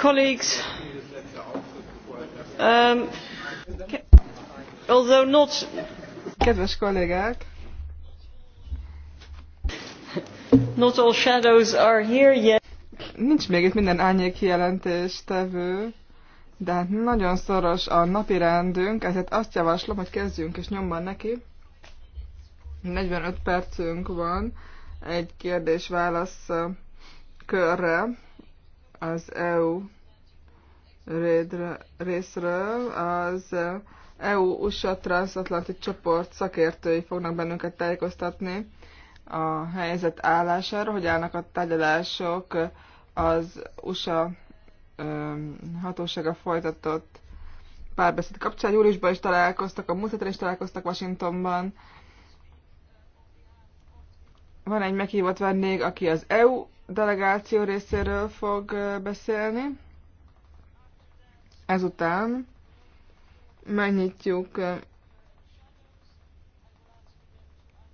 colleagues um, although not kedves kollégák not all shadows are here yet nincs még itt minden árnyék tevő de hát nagyon szoros a napi rendünk, ezért azt javaslom, hogy kezdjünk és nyomban neki. 45 percünk van egy kérdés-válasz körre az EU részről. Az EU-USA transatlanti csoport szakértői fognak bennünket tájékoztatni a helyzet állására, hogy állnak a tárgyalások az USA hatósága folytatott párbeszéd kapcsán. Júliusban is találkoztak, a múlt héten is találkoztak Washingtonban, van egy meghívott vendég, aki az EU delegáció részéről fog beszélni. Ezután megnyitjuk,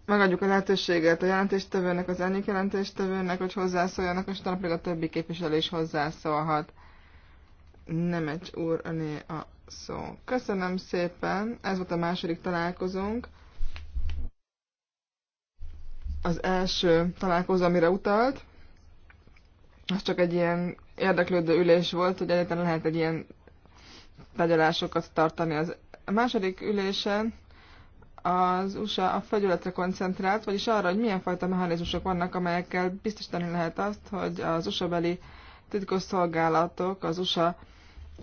megadjuk a lehetőséget a jelentéstevőnek, az elnök jelentéstevőnek, hogy hozzászóljanak, és talán a többi képviselő is hozzászólhat. Nem egy úr, öné a szó. Köszönöm szépen, ez volt a második találkozónk az első találkozó, amire utalt, az csak egy ilyen érdeklődő ülés volt, hogy egyetlen lehet egy ilyen tárgyalásokat tartani. Az a második ülésen az USA a fegyületre koncentrált, vagyis arra, hogy milyen fajta mechanizmusok vannak, amelyekkel biztosítani lehet azt, hogy az USA-beli titkosszolgálatok az USA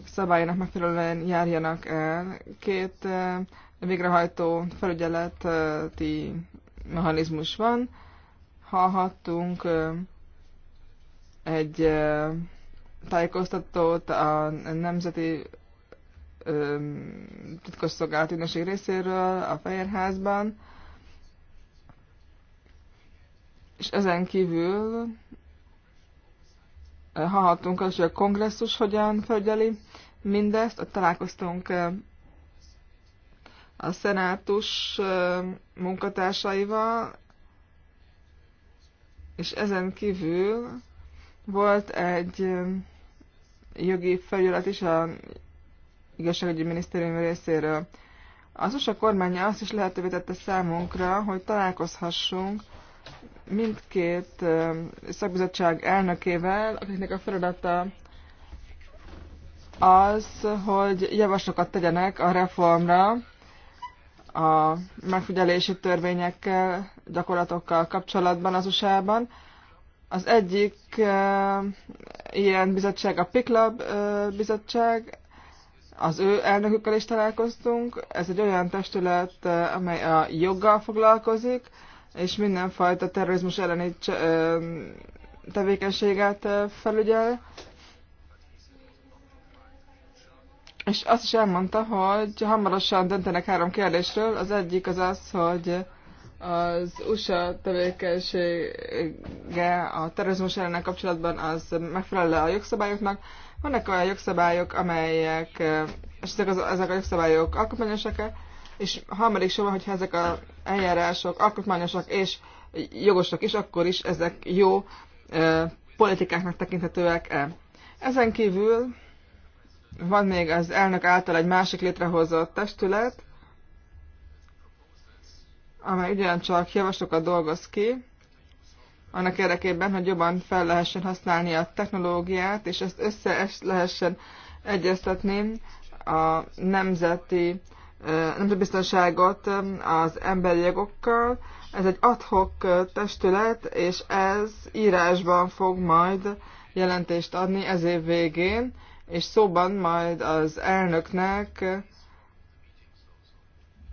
szabályának megfelelően járjanak el. Két eh, végrehajtó felügyeleti mechanizmus van. Hallhattunk egy tájékoztatót a Nemzeti Titkosszolgálati Ügynökség részéről a Fehérházban, és ezen kívül hallhattunk az, hogy a kongresszus hogyan felügyeli mindezt, ott találkoztunk a szenátus munkatársaival, és ezen kívül volt egy jogi felület is a igazságügyi minisztérium részéről. Az USA kormánya azt is lehetővé tette számunkra, hogy találkozhassunk mindkét szakbizottság elnökével, akiknek a feladata az, hogy javaslatokat tegyenek a reformra, a megfigyelési törvényekkel, gyakorlatokkal kapcsolatban az USA-ban. Az egyik uh, ilyen bizottság a PICLAB uh, bizottság, az ő elnökükkel is találkoztunk. Ez egy olyan testület, amely a joggal foglalkozik, és mindenfajta terrorizmus elleni tevékenységet felügyel. és azt is elmondta, hogy hamarosan döntenek három kérdésről. Az egyik az az, hogy az USA tevékenysége a terrorizmus ellen kapcsolatban az megfelel a jogszabályoknak. Vannak olyan jogszabályok, amelyek, és ezek, az, ezek a jogszabályok alkotmányosak -e, és harmadik sorban, hogyha ezek az eljárások alkotmányosak és jogosak is, akkor is ezek jó eh, politikáknak tekinthetőek-e. Ezen kívül van még az elnök által egy másik létrehozott testület, amely ugyancsak javaslókat dolgoz ki, annak érdekében, hogy jobban fel lehessen használni a technológiát, és ezt össze lehessen egyeztetni a nemzeti nemzetbiztonságot az emberi jogokkal. Ez egy adhok testület, és ez írásban fog majd jelentést adni ez év végén, és szóban majd az elnöknek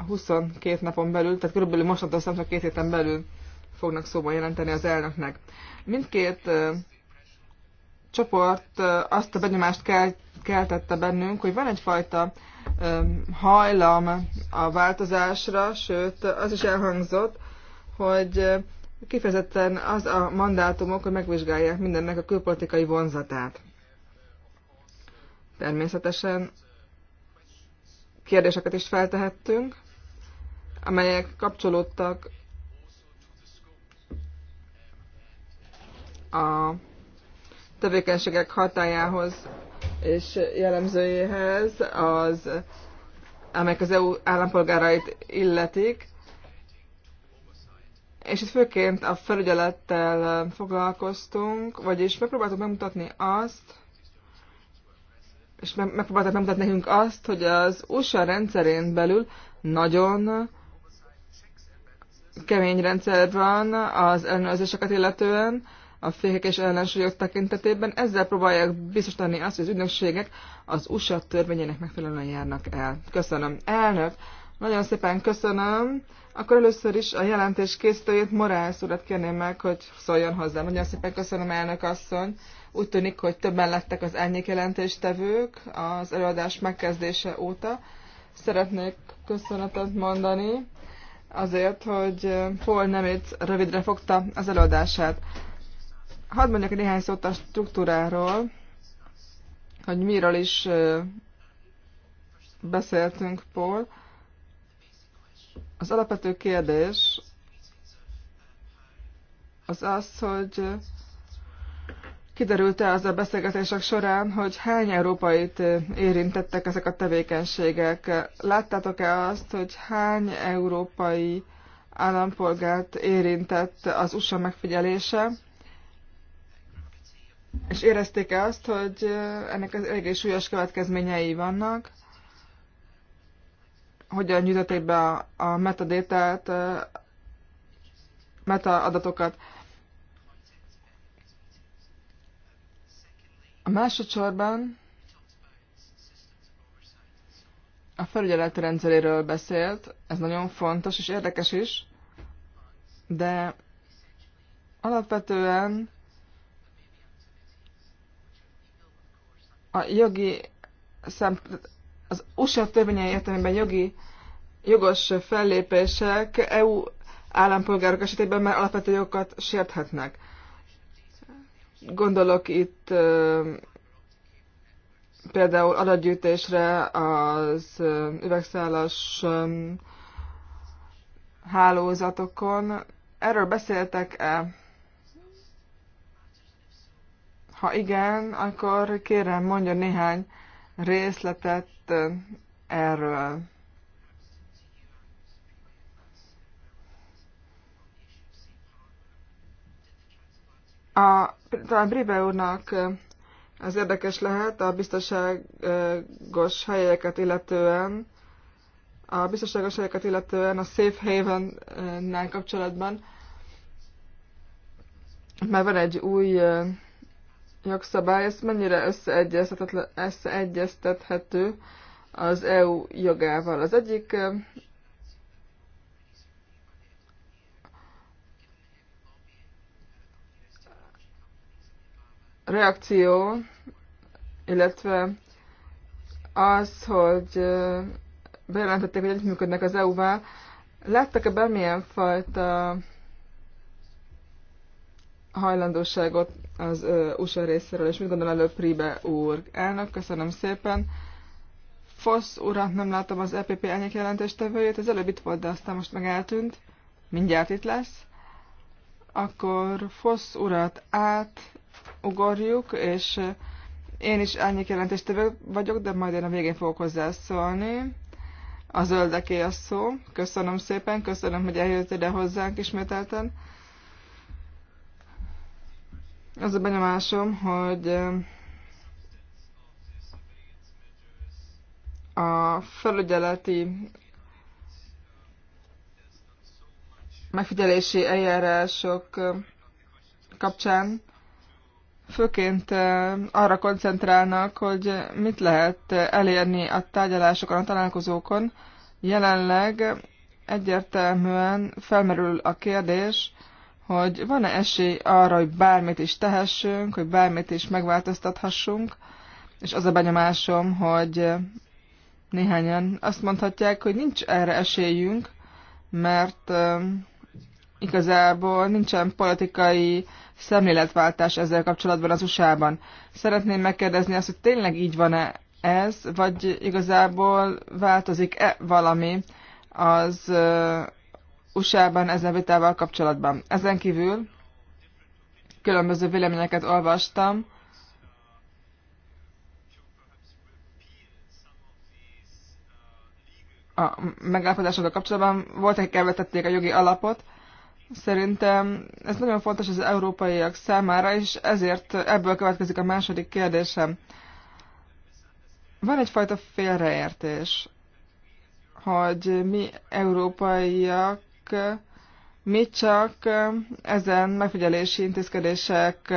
22 napon belül, tehát körülbelül mostantól számítva két héten belül fognak szóban jelenteni az elnöknek. Mindkét csoport azt a benyomást keltette bennünk, hogy van egyfajta hajlam a változásra, sőt az is elhangzott, hogy kifejezetten az a mandátumok, hogy megvizsgálják mindennek a külpolitikai vonzatát. Természetesen kérdéseket is feltehettünk, amelyek kapcsolódtak a tevékenységek hatájához és jellemzőjéhez, az, amelyek az EU állampolgárait illetik, és itt főként a felügyelettel foglalkoztunk, vagyis megpróbáltuk megmutatni azt, és megpróbálták megmutatni nekünk azt, hogy az USA rendszerén belül nagyon kemény rendszer van az ellenőrzéseket illetően, a fékek és ellensúlyok tekintetében. Ezzel próbálják biztosítani azt, hogy az ügynökségek az USA törvényének megfelelően járnak el. Köszönöm. Elnök, nagyon szépen köszönöm. Akkor először is a jelentés készítőjét, Morász urat kérném meg, hogy szóljon hozzá. Nagyon szépen köszönöm, elnök asszony. Úgy tűnik, hogy többen lettek az jelentéstevők az előadás megkezdése óta. Szeretnék köszönetet mondani azért, hogy eh, Paul Nemitz rövidre fogta az előadását. Hadd mondjak néhány szót a struktúráról, hogy miről is eh, beszéltünk, Paul. Az alapvető kérdés az az, hogy eh, Kiderült-e az a beszélgetések során, hogy hány európait érintettek ezek a tevékenységek? Láttátok-e azt, hogy hány európai állampolgárt érintett az USA megfigyelése? És érezték-e azt, hogy ennek az egész súlyos következményei vannak? Hogyan gyűjtötték be a, a metadétát, metaadatokat? adatokat? A másodszorban a felügyelet rendszeréről beszélt, ez nagyon fontos és érdekes is, de alapvetően a jogi szem, az USA törvényei értelemben jogi jogos fellépések EU állampolgárok esetében már alapvető jogokat sérthetnek. Gondolok itt például adatgyűjtésre az üvegszálas hálózatokon. Erről beszéltek-e? Ha igen, akkor kérem mondja néhány részletet erről. A, talán Bribe úrnak ez érdekes lehet a biztonságos helyeket illetően, a biztonságos helyeket illetően a Safe haven nál kapcsolatban, mert van egy új jogszabály, ez mennyire összeegyeztethető az EU jogával. Az egyik reakció, illetve az, hogy bejelentették, hogy együttműködnek az EU-val, láttak e bármilyen fajta hajlandóságot az USA részéről, és mit gondol előbb Pribe úr? Elnök, köszönöm szépen. Fosz urat nem látom az EPP elnök jelentéstevőjét, az előbb itt volt, de aztán most meg eltűnt. Mindjárt itt lesz. Akkor Fosz urat át ugorjuk, és eh, én is árnyék jelentéstevő vagyok, de majd én a végén fogok hozzászólni. A zöldeké a szó. Köszönöm szépen, köszönöm, hogy eljött ide hozzánk ismételten. Az a benyomásom, hogy eh, a felügyeleti megfigyelési eljárások eh, kapcsán főként arra koncentrálnak, hogy mit lehet elérni a tárgyalásokon, a találkozókon. Jelenleg egyértelműen felmerül a kérdés, hogy van-e esély arra, hogy bármit is tehessünk, hogy bármit is megváltoztathassunk, és az a benyomásom, hogy néhányan azt mondhatják, hogy nincs erre esélyünk, mert igazából nincsen politikai szemléletváltás ezzel kapcsolatban az USA-ban. Szeretném megkérdezni azt, hogy tényleg így van-e ez, vagy igazából változik-e valami az USA-ban ezen vitával kapcsolatban. Ezen kívül különböző véleményeket olvastam, a megállapodásokkal kapcsolatban voltak, akik elvetették a jogi alapot, Szerintem ez nagyon fontos az európaiak számára, és ezért ebből következik a második kérdésem. Van egyfajta félreértés, hogy mi európaiak mi csak ezen megfigyelési intézkedések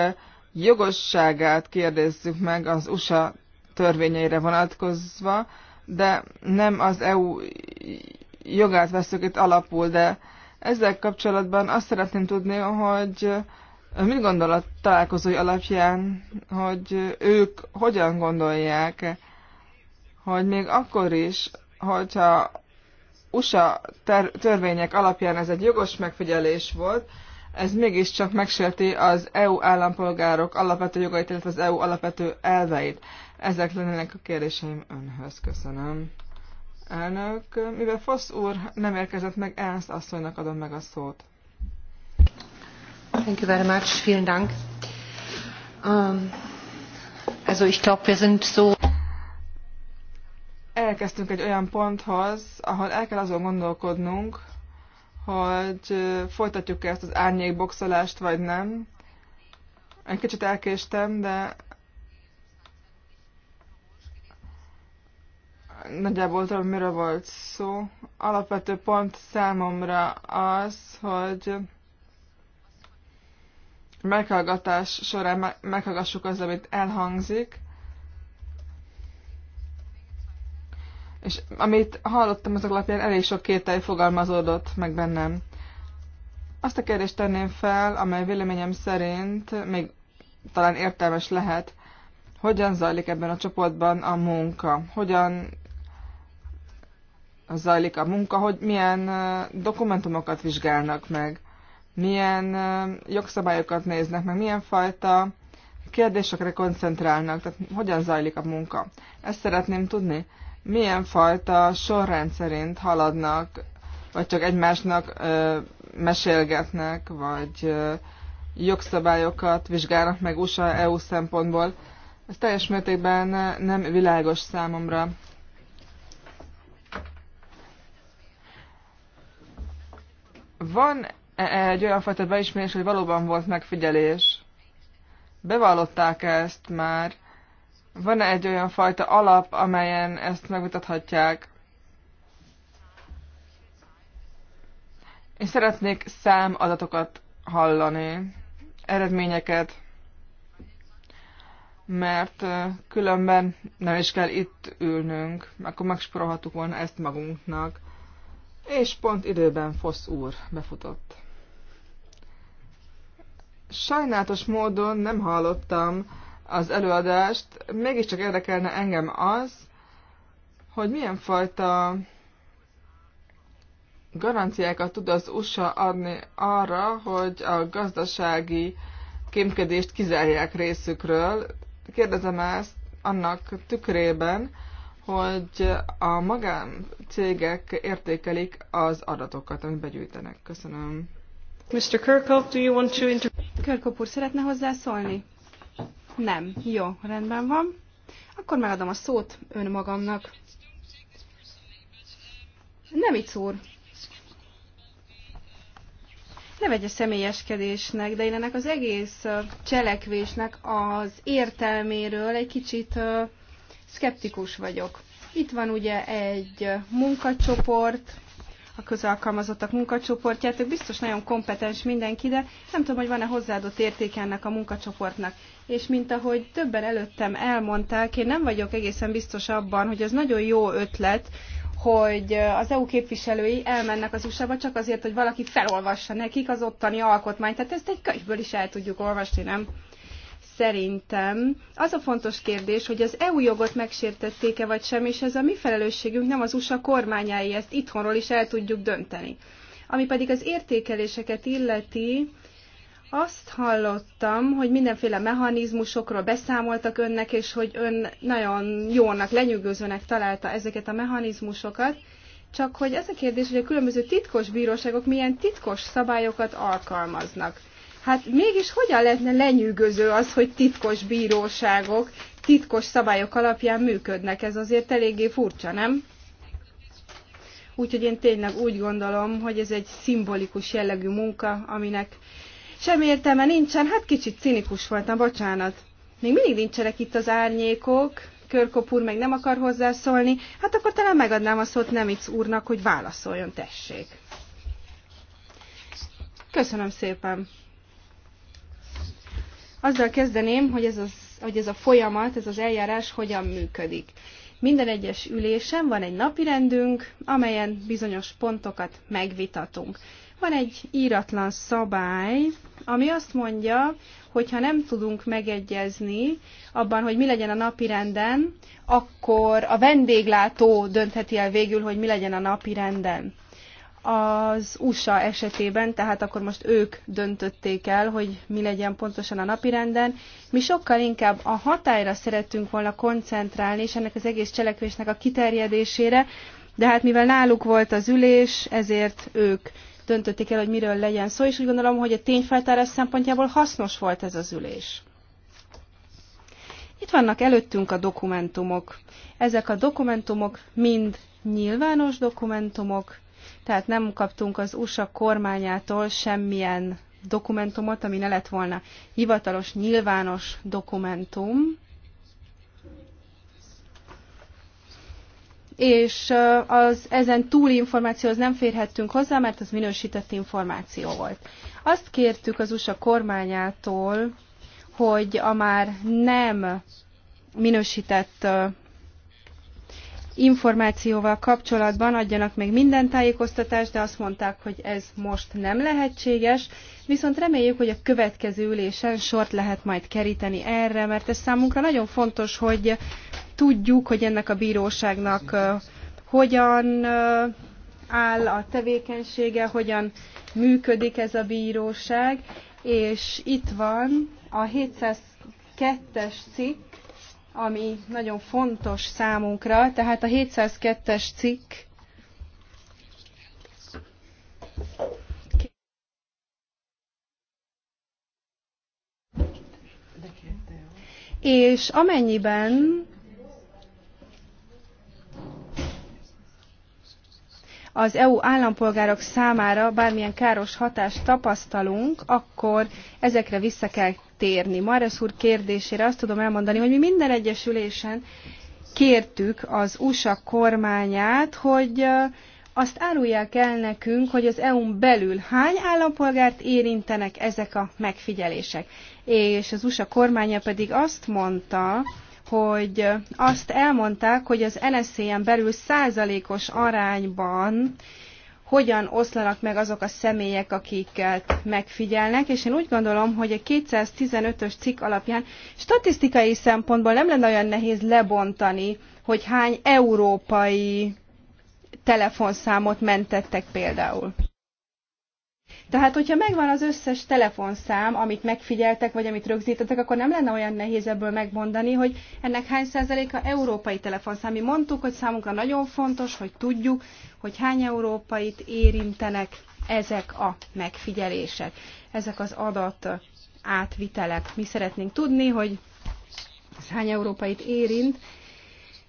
jogosságát kérdezzük meg az USA törvényeire vonatkozva, de nem az EU jogát veszük itt alapul, de ezzel kapcsolatban azt szeretném tudni, hogy mit gondol a találkozói alapján, hogy ők hogyan gondolják, hogy még akkor is, hogyha USA törvények alapján ez egy jogos megfigyelés volt, ez mégiscsak megsérti az EU állampolgárok alapvető jogait, illetve az EU alapvető elveit. Ezek lennének a kérdéseim önhöz. Köszönöm. Elnök, mivel Fosz úr nem érkezett meg, Ernst asszonynak adom meg a szót. Thank you very much, vielen Dank. Um, also ich glaube, wir sind so elkezdtünk egy olyan ponthoz, ahol el kell azon gondolkodnunk, hogy folytatjuk -e ezt az árnyékboxolást, vagy nem. Egy kicsit elkéstem, de nagyjából tudom, miről volt szó. Alapvető pont számomra az, hogy meghallgatás során meghallgassuk az, amit elhangzik, És amit hallottam azok alapján, elég sok kétel fogalmazódott meg bennem. Azt a kérdést tenném fel, amely véleményem szerint még talán értelmes lehet, hogyan zajlik ebben a csoportban a munka, hogyan zajlik a munka, hogy milyen dokumentumokat vizsgálnak meg, milyen jogszabályokat néznek meg, milyen fajta kérdésekre koncentrálnak, tehát hogyan zajlik a munka. Ezt szeretném tudni, milyen fajta sorrend szerint haladnak, vagy csak egymásnak ö, mesélgetnek, vagy ö, jogszabályokat vizsgálnak meg USA-EU e szempontból. Ez teljes mértékben nem világos számomra van -e egy olyan fajta beismerés, hogy valóban volt megfigyelés? Bevallották -e ezt már? Van-e egy olyan fajta alap, amelyen ezt megmutathatják? Én szeretnék számadatokat hallani, eredményeket, mert különben nem is kell itt ülnünk, akkor megsporolhattuk volna ezt magunknak. És pont időben Fosz úr befutott. Sajnálatos módon nem hallottam az előadást, mégiscsak érdekelne engem az, hogy milyen fajta garanciákat tud az USA adni arra, hogy a gazdasági kémkedést kizárják részükről. Kérdezem ezt annak tükrében, hogy a magán cégek értékelik az adatokat, amit begyűjtenek. Köszönöm. Mr. Kirkhope, do you want to inter- Kirkhope úr, szeretne hozzászólni? Nem. Jó, rendben van. Akkor megadom a szót önmagamnak. Nem így úr. Ne vegye személyeskedésnek, de én ennek az egész cselekvésnek az értelméről egy kicsit uh, szkeptikus vagyok. Itt van ugye egy munkacsoport, a közalkalmazottak munkacsoportját, ők biztos nagyon kompetens mindenki, de nem tudom, hogy van-e hozzáadott értéke ennek a munkacsoportnak. És mint ahogy többen előttem elmondták, én nem vagyok egészen biztos abban, hogy ez nagyon jó ötlet, hogy az EU képviselői elmennek az USA-ba csak azért, hogy valaki felolvassa nekik az ottani alkotmányt. Tehát ezt egy könyvből is el tudjuk olvasni, nem? szerintem az a fontos kérdés, hogy az EU jogot megsértették-e vagy sem, és ez a mi felelősségünk nem az USA kormányái, ezt itthonról is el tudjuk dönteni. Ami pedig az értékeléseket illeti, azt hallottam, hogy mindenféle mechanizmusokról beszámoltak önnek, és hogy ön nagyon jónak, lenyűgözőnek találta ezeket a mechanizmusokat. Csak hogy ez a kérdés, hogy a különböző titkos bíróságok milyen titkos szabályokat alkalmaznak. Hát mégis hogyan lehetne lenyűgöző az, hogy titkos bíróságok titkos szabályok alapján működnek? Ez azért eléggé furcsa, nem? Úgyhogy én tényleg úgy gondolom, hogy ez egy szimbolikus jellegű munka, aminek semmi értelme nincsen. Hát kicsit cinikus voltam, bocsánat. Még mindig nincsenek itt az árnyékok, Körkopúr meg nem akar hozzászólni, hát akkor talán megadnám a szót Nemic úrnak, hogy válaszoljon, tessék. Köszönöm szépen. Azzal kezdeném, hogy ez, az, hogy ez a folyamat, ez az eljárás hogyan működik. Minden egyes ülésen van egy napirendünk, amelyen bizonyos pontokat megvitatunk. Van egy íratlan szabály, ami azt mondja, hogy ha nem tudunk megegyezni abban, hogy mi legyen a napirenden, akkor a vendéglátó döntheti el végül, hogy mi legyen a napirenden az USA esetében, tehát akkor most ők döntötték el, hogy mi legyen pontosan a napirenden. Mi sokkal inkább a hatályra szerettünk volna koncentrálni, és ennek az egész cselekvésnek a kiterjedésére, de hát mivel náluk volt az ülés, ezért ők döntötték el, hogy miről legyen szó, és úgy gondolom, hogy a tényfeltárás szempontjából hasznos volt ez az ülés. Itt vannak előttünk a dokumentumok. Ezek a dokumentumok mind nyilvános dokumentumok, tehát nem kaptunk az USA kormányától semmilyen dokumentumot, ami ne lett volna hivatalos, nyilvános dokumentum. És az ezen túli információhoz nem férhettünk hozzá, mert az minősített információ volt. Azt kértük az USA kormányától, hogy a már nem minősített információval kapcsolatban adjanak meg minden tájékoztatást, de azt mondták, hogy ez most nem lehetséges, viszont reméljük, hogy a következő ülésen sort lehet majd keríteni erre, mert ez számunkra nagyon fontos, hogy tudjuk, hogy ennek a bíróságnak hogyan áll a tevékenysége, hogyan működik ez a bíróság, és itt van a 702-es cikk, ami nagyon fontos számunkra, tehát a 702-es cikk és amennyiben az EU állampolgárok számára bármilyen káros hatást tapasztalunk, akkor ezekre vissza kell térni. Mares úr kérdésére azt tudom elmondani, hogy mi minden egyesülésen kértük az USA kormányát, hogy azt árulják el nekünk, hogy az EU-n belül hány állampolgárt érintenek ezek a megfigyelések. És az USA kormánya pedig azt mondta, hogy azt elmondták, hogy az NSZ-en belül százalékos arányban hogyan oszlanak meg azok a személyek, akiket megfigyelnek, és én úgy gondolom, hogy a 215-ös cikk alapján statisztikai szempontból nem lenne olyan nehéz lebontani, hogy hány európai telefonszámot mentettek például. Tehát, hogyha megvan az összes telefonszám, amit megfigyeltek, vagy amit rögzítettek, akkor nem lenne olyan nehéz ebből megmondani, hogy ennek hány százaléka európai telefonszám. Mi mondtuk, hogy számunkra nagyon fontos, hogy tudjuk, hogy hány európait érintenek ezek a megfigyelések, ezek az adat átvitelek. Mi szeretnénk tudni, hogy ez hány európait érint,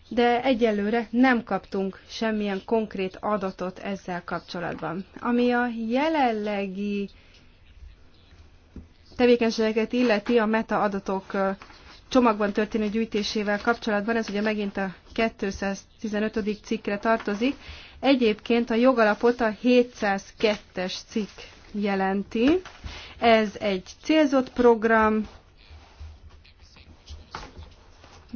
de egyelőre nem kaptunk semmilyen konkrét adatot ezzel kapcsolatban. Ami a jelenlegi tevékenységeket illeti a metaadatok csomagban történő gyűjtésével kapcsolatban, ez ugye megint a 215. cikkre tartozik, egyébként a jogalapot a 702-es cikk jelenti. Ez egy célzott program,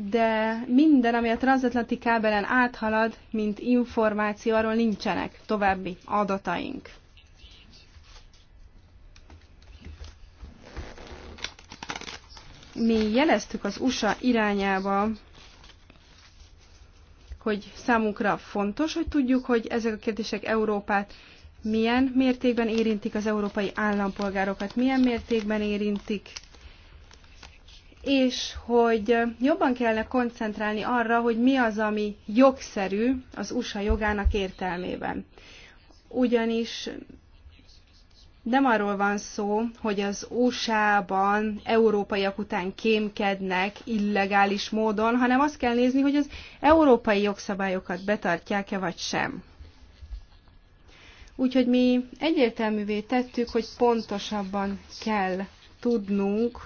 de minden, ami a transatlanti kábelen áthalad, mint információ, arról nincsenek további adataink. Mi jeleztük az USA irányába, hogy számunkra fontos, hogy tudjuk, hogy ezek a kérdések Európát milyen mértékben érintik az európai állampolgárokat, milyen mértékben érintik és hogy jobban kellene koncentrálni arra, hogy mi az, ami jogszerű az USA jogának értelmében. Ugyanis nem arról van szó, hogy az USA-ban európaiak után kémkednek illegális módon, hanem azt kell nézni, hogy az európai jogszabályokat betartják-e vagy sem. Úgyhogy mi egyértelművé tettük, hogy pontosabban kell tudnunk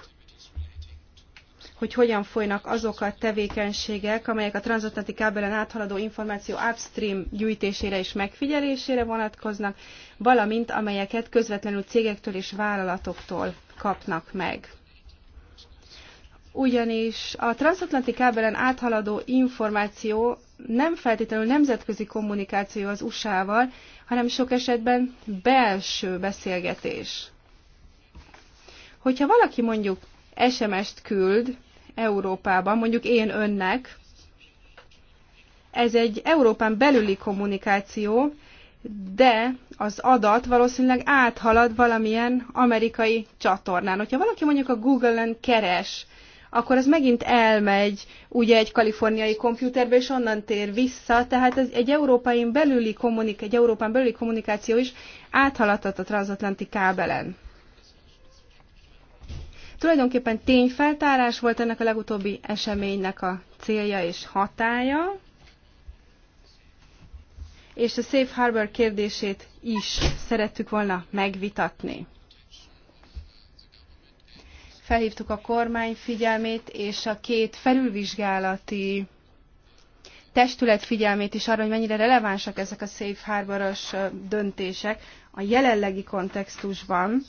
hogy hogyan folynak azok a tevékenységek, amelyek a transatlanti kábelen áthaladó információ upstream gyűjtésére és megfigyelésére vonatkoznak, valamint amelyeket közvetlenül cégektől és vállalatoktól kapnak meg ugyanis a transatlanti kábelen áthaladó információ nem feltétlenül nemzetközi kommunikáció az USA-val, hanem sok esetben belső beszélgetés. Hogyha valaki mondjuk SMS-t küld Európában, mondjuk én önnek. Ez egy Európán belüli kommunikáció, de az adat valószínűleg áthalad valamilyen amerikai csatornán. Hogyha valaki mondjuk a Google-en keres, akkor ez megint elmegy ugye egy kaliforniai komputerbe, és onnan tér vissza, tehát ez egy európai belüli kommunik- egy Európán belüli kommunikáció is áthaladhat a transatlanti kábelen. Tulajdonképpen tényfeltárás volt ennek a legutóbbi eseménynek a célja és hatája, és a Safe Harbor kérdését is szerettük volna megvitatni. Felhívtuk a kormány figyelmét és a két felülvizsgálati testület figyelmét is arra, hogy mennyire relevánsak ezek a Safe Harboros döntések a jelenlegi kontextusban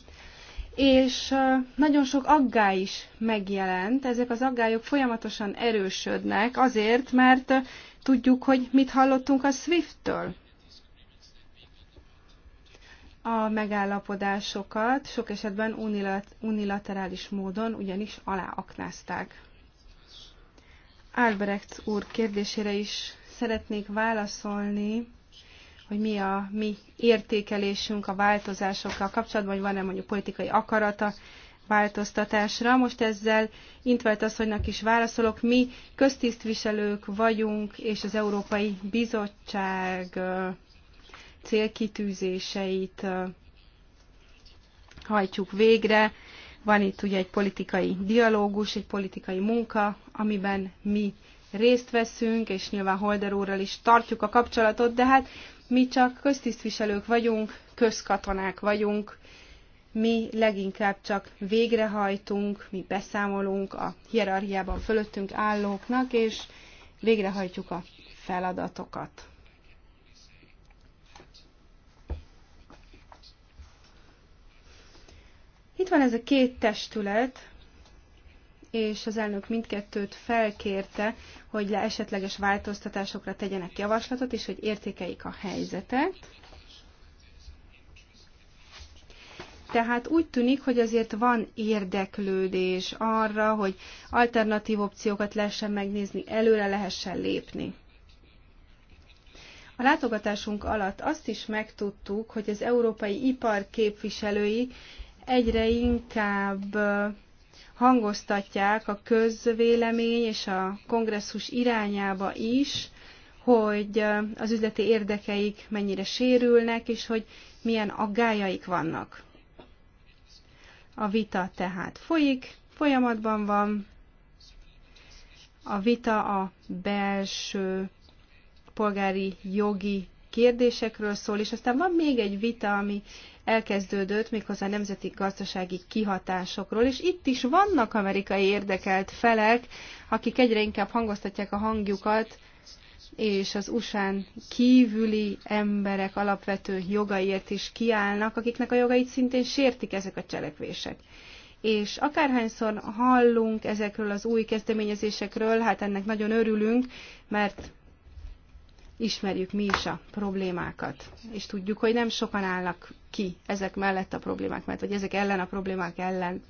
és nagyon sok aggá is megjelent. Ezek az aggályok folyamatosan erősödnek azért, mert tudjuk, hogy mit hallottunk a SWIFT-től. A megállapodásokat sok esetben unilat- unilaterális módon ugyanis aláaknázták. Albrecht úr kérdésére is szeretnék válaszolni hogy mi a mi értékelésünk a változásokkal kapcsolatban, hogy van-e mondjuk politikai akarata változtatásra. Most ezzel intvált asszonynak is válaszolok. Mi köztisztviselők vagyunk, és az Európai Bizottság célkitűzéseit hajtjuk végre. Van itt ugye egy politikai dialógus, egy politikai munka, amiben mi részt veszünk, és nyilván Holder úrral is tartjuk a kapcsolatot, de hát mi csak köztisztviselők vagyunk, közkatonák vagyunk, mi leginkább csak végrehajtunk, mi beszámolunk a hierarchiában fölöttünk állóknak, és végrehajtjuk a feladatokat. Itt van ez a két testület, és az elnök mindkettőt felkérte, hogy le esetleges változtatásokra tegyenek javaslatot, és hogy értékeik a helyzetet. Tehát úgy tűnik, hogy azért van érdeklődés arra, hogy alternatív opciókat lehessen megnézni, előre lehessen lépni. A látogatásunk alatt azt is megtudtuk, hogy az európai ipar képviselői egyre inkább hangoztatják a közvélemény és a kongresszus irányába is, hogy az üzleti érdekeik mennyire sérülnek, és hogy milyen aggájaik vannak. A vita tehát folyik, folyamatban van, a vita a belső polgári jogi kérdésekről szól, és aztán van még egy vita, ami elkezdődött, méghozzá nemzeti gazdasági kihatásokról, és itt is vannak amerikai érdekelt felek, akik egyre inkább hangoztatják a hangjukat, és az usa kívüli emberek alapvető jogaiért is kiállnak, akiknek a jogait szintén sértik ezek a cselekvések. És akárhányszor hallunk ezekről az új kezdeményezésekről, hát ennek nagyon örülünk, mert ismerjük mi is a problémákat, és tudjuk, hogy nem sokan állnak ki ezek mellett a problémák mert vagy ezek ellen a problémák ellen.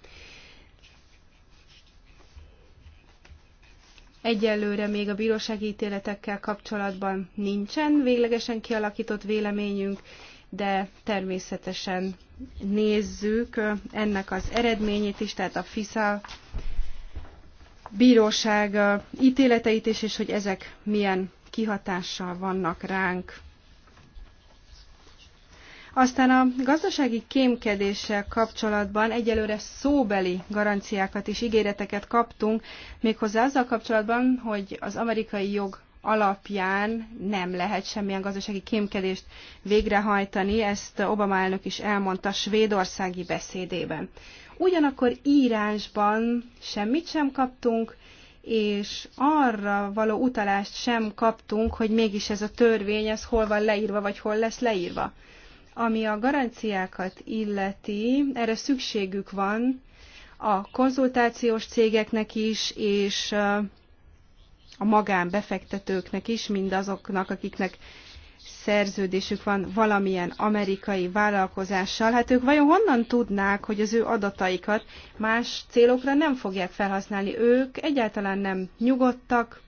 Egyelőre még a bírósági ítéletekkel kapcsolatban nincsen véglegesen kialakított véleményünk, de természetesen nézzük ennek az eredményét is, tehát a FISA bíróság ítéleteit is, és hogy ezek milyen kihatással vannak ránk. Aztán a gazdasági kémkedéssel kapcsolatban egyelőre szóbeli garanciákat és ígéreteket kaptunk, méghozzá azzal kapcsolatban, hogy az amerikai jog alapján nem lehet semmilyen gazdasági kémkedést végrehajtani, ezt Obama elnök is elmondta svédországi beszédében. Ugyanakkor írásban semmit sem kaptunk, és arra való utalást sem kaptunk, hogy mégis ez a törvény, ez hol van leírva, vagy hol lesz leírva. Ami a garanciákat illeti, erre szükségük van a konzultációs cégeknek is, és a magánbefektetőknek is, mindazoknak, akiknek szerződésük van valamilyen amerikai vállalkozással, hát ők vajon honnan tudnák, hogy az ő adataikat más célokra nem fogják felhasználni? Ők egyáltalán nem nyugodtak,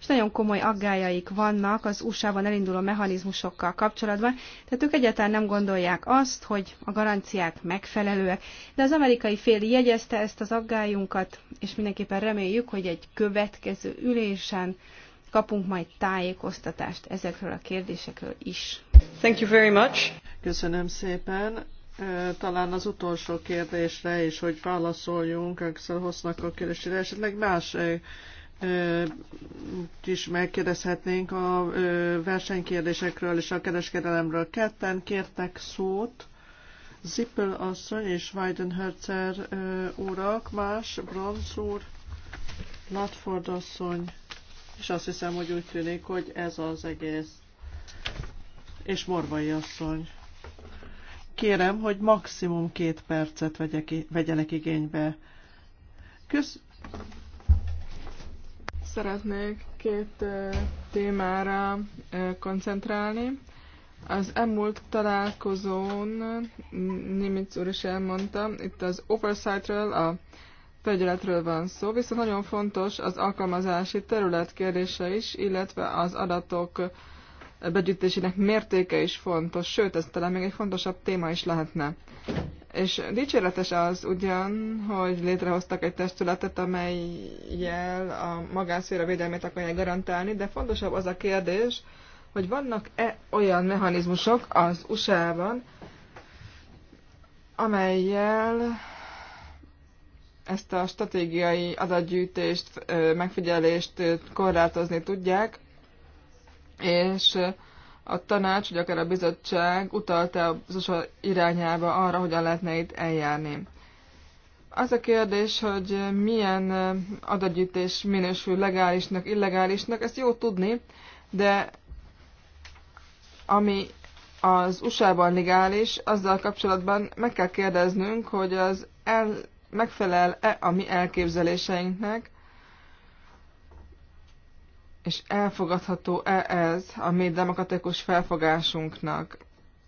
és nagyon komoly aggájaik vannak az USA-ban elinduló mechanizmusokkal kapcsolatban, tehát ők egyáltalán nem gondolják azt, hogy a garanciák megfelelőek. De az amerikai fél jegyezte ezt az aggályunkat, és mindenképpen reméljük, hogy egy következő ülésen kapunk majd tájékoztatást ezekről a kérdésekről is. Thank you very much. Köszönöm szépen. Talán az utolsó kérdésre is, hogy válaszoljunk Axel hoznak a kérdésére, esetleg más is megkérdezhetnénk a versenykérdésekről és a kereskedelemről. Ketten kértek szót. Zippel asszony és Weidenherzer urak, más, Bronz úr, Latford asszony és azt hiszem, hogy úgy tűnik, hogy ez az egész. És Morvai asszony. Kérem, hogy maximum két percet vegyek, vegyenek igénybe. Kösz... Szeretnék két témára koncentrálni. Az elmúlt találkozón mm, Nimitz úr is elmondta, itt az oversight a felügyeletről van szó, viszont nagyon fontos az alkalmazási terület kérdése is, illetve az adatok begyűjtésének mértéke is fontos, sőt, ez talán még egy fontosabb téma is lehetne. És dicséretes az ugyan, hogy létrehoztak egy testületet, amelyel a magánszféra védelmét akarják garantálni, de fontosabb az a kérdés, hogy vannak-e olyan mechanizmusok az USA-ban, amelyel ezt a stratégiai adatgyűjtést, megfigyelést korlátozni tudják, és a tanács, vagy akár a bizottság utalta az USA irányába arra, hogyan lehetne itt eljárni. Az a kérdés, hogy milyen adatgyűjtés minősül legálisnak, illegálisnak, ezt jó tudni, de ami az USA-ban legális, azzal kapcsolatban meg kell kérdeznünk, hogy az el, megfelel-e a mi elképzeléseinknek, és elfogadható-e ez a mi demokratikus felfogásunknak.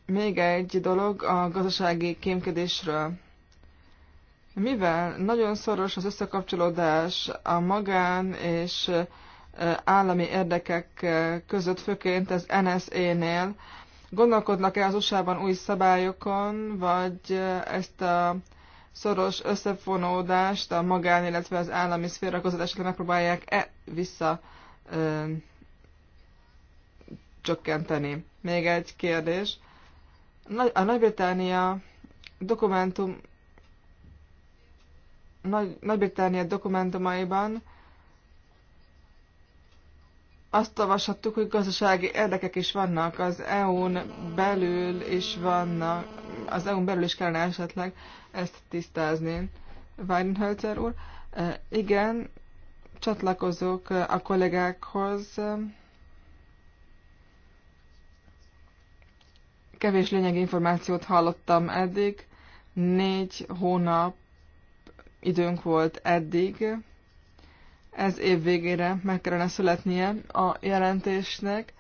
Még egy dolog a gazdasági kémkedésről. Mivel nagyon szoros az összekapcsolódás a magán és állami érdekek között, főként az NSA-nél, gondolkodnak-e az USA-ban új szabályokon, vagy ezt a szoros összefonódást a magán, illetve az állami szféra között esetleg megpróbálják-e vissza ö, csökkenteni. Még egy kérdés. A Nagy-Britannia dokumentum Nagy, Nagy-Britannia dokumentumaiban azt olvashattuk, hogy gazdasági érdekek is vannak, az EU-n belül is vannak, az EU-n belül is kellene esetleg ezt tisztázni. Weidenhölzer úr, e, igen, csatlakozok a kollégákhoz. Kevés lényegi információt hallottam eddig, négy hónap időnk volt eddig, ez év végére meg kellene születnie a jelentésnek.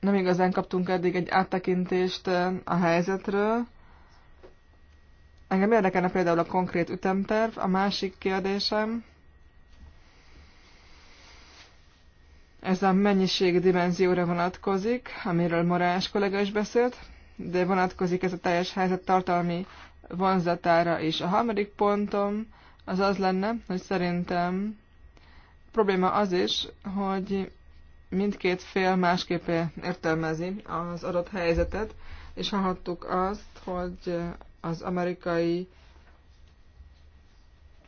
Nem igazán kaptunk eddig egy áttekintést eh, a helyzetről. Engem érdekelne például a konkrét ütemterv. A másik kérdésem, ez a mennyiség dimenzióra vonatkozik, amiről Morás kollega is beszélt, de vonatkozik ez a teljes helyzet tartalmi vonzatára is. A harmadik pontom az az lenne, hogy szerintem probléma az is, hogy mindkét fél másképp értelmezi az adott helyzetet, és hallhattuk azt, hogy az amerikai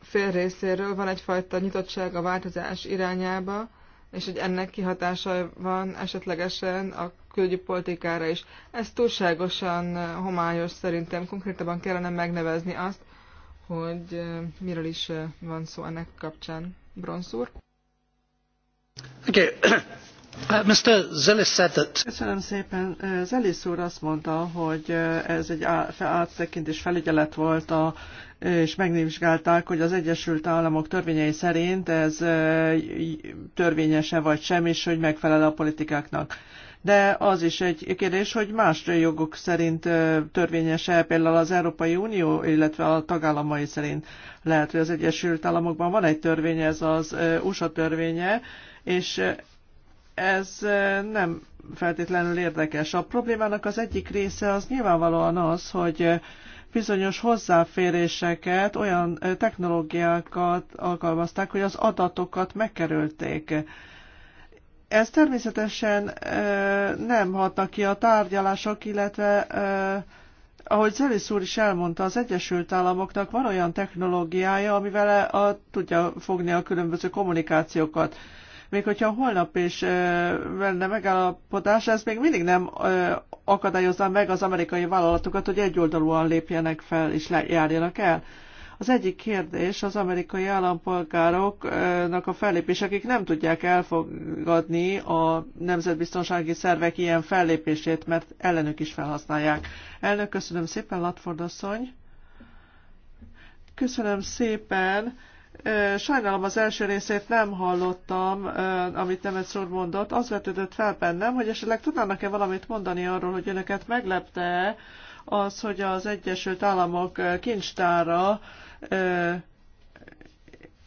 fél részéről van egyfajta nyitottság a változás irányába, és hogy ennek kihatása van esetlegesen a külügyi politikára is. Ez túlságosan homályos szerintem. Konkrétabban kellene megnevezni azt, hogy miről is van szó ennek kapcsán. Bronsz úr? Okay. Uh, Mr. Zelis said that... Köszönöm szépen. Uh, úr azt mondta, hogy uh, ez egy áttekintés felügyelet volt, a, és megvizsgálták, hogy az Egyesült Államok törvényei szerint ez törvényese vagy sem, és hogy megfelel a politikáknak. De az is egy kérdés, hogy más jogok szerint törvényese, például az Európai Unió, illetve a tagállamai szerint lehet, hogy az Egyesült Államokban van egy törvény, ez az USA törvénye, és ez nem feltétlenül érdekes. A problémának az egyik része az nyilvánvalóan az, hogy bizonyos hozzáféréseket, olyan technológiákat alkalmazták, hogy az adatokat megkerülték. Ez természetesen nem hatnak ki a tárgyalások, illetve ahogy Zelis úr is elmondta, az Egyesült Államoknak van olyan technológiája, amivel a, tudja fogni a különböző kommunikációkat még hogyha holnap is lenne megállapodás, ez még mindig nem akadályozza meg az amerikai vállalatokat, hogy egyoldalúan lépjenek fel és járjanak el. Az egyik kérdés az amerikai állampolgároknak a fellépés, akik nem tudják elfogadni a nemzetbiztonsági szervek ilyen fellépését, mert ellenük is felhasználják. Elnök, köszönöm szépen, Latford asszony. Köszönöm szépen. Sajnálom, az első részét nem hallottam, amit Nemetsz úr mondott. Az vetődött fel bennem, hogy esetleg tudnának-e valamit mondani arról, hogy önöket meglepte az, hogy az Egyesült Államok kincstára,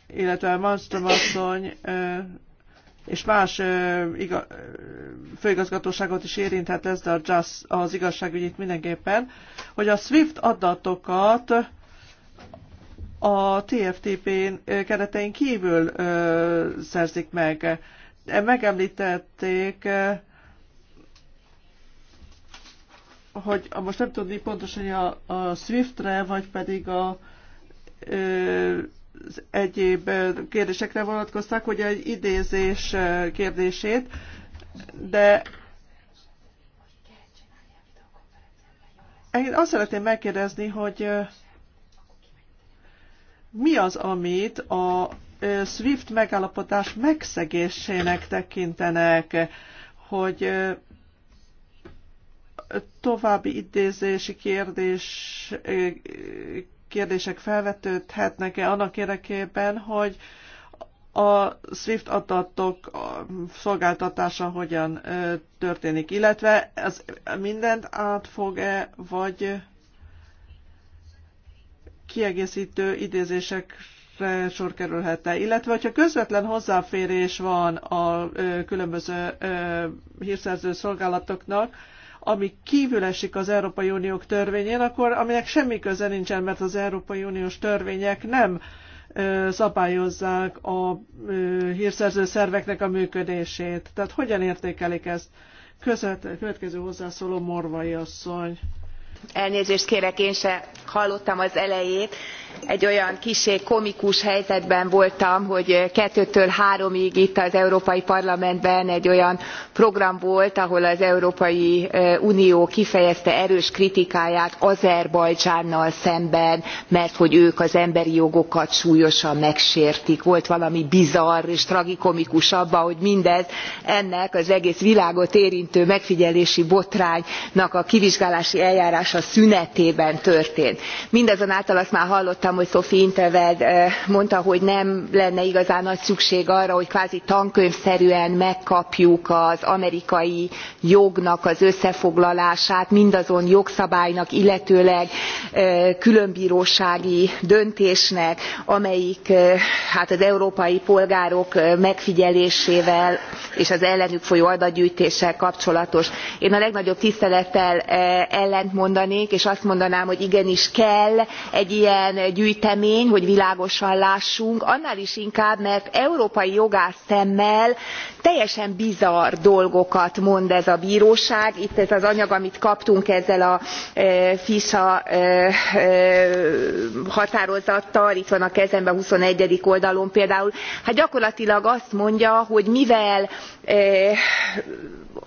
illetve Malmström asszony és más iga, főigazgatóságot is érinthet ez, de a az igazságügyit mindenképpen, hogy a SWIFT adatokat a TFTP keretein kívül szerzik meg. E, megemlítették, hogy most nem tudni pontosan, hogy a, a Swiftre, vagy pedig a az egyéb kérdésekre vonatkoztak, hogy egy idézés kérdését, de én azt szeretném megkérdezni, hogy mi az, amit a SWIFT megállapodás megszegésének tekintenek, hogy további idézési kérdés, kérdések felvetődhetnek-e annak érdekében, hogy a SWIFT adatok szolgáltatása hogyan történik, illetve ez mindent átfog-e, vagy kiegészítő idézések sor kerülhet-e, illetve hogyha közvetlen hozzáférés van a különböző hírszerző szolgálatoknak, ami kívül esik az Európai Unió törvényén, akkor aminek semmi köze nincsen, mert az Európai Uniós törvények nem szabályozzák a hírszerző szerveknek a működését. Tehát hogyan értékelik ezt? Közvet, következő hozzászóló Morvai asszony elnézést kérek én se hallottam az elejét egy olyan kissé komikus helyzetben voltam hogy kettőtől háromig itt az európai parlamentben egy olyan program volt ahol az európai unió kifejezte erős kritikáját azerbajdzsánnal szemben merthogy ők az emberi jogokat súlyosan megsértik. volt valami bizarr és tragikomikus abban hogy mindez ennek az egész világot érintő megfigyelési botránynak a kivizsgálási eljárása szünetében történt. mindazonáltal azt már hallottam hallottam hogy sophia in 't veld eh, mondta hogy nem lenne igazán nagy szükség arra hogy kvázi tankönyvszerűen megkapjuk az amerikai jognak az összefoglalását mindazon jogszabálynak illetőleg eh, különbrósági döntésnek amelyik eh, hát az európai polgárok megfigyelésével és az ellenük folyó adatgyűjtéssel kapcsolatos. én a legnagyobb tisztelettel ellentmondanék és azt mondanám hogy igenis kell egy ilyen gyűjtemény hogy világosan lássunk annál is inkább mert európai jogász szemmel teljesen bizarr dolgokat mond ez a bróság itt ez az anyag amit kaptunk ezzel a e, fisa e, e, határozattal itt van a kezemben twenty one oldalon például hát gyakorlatilag azt mondja hogy mivel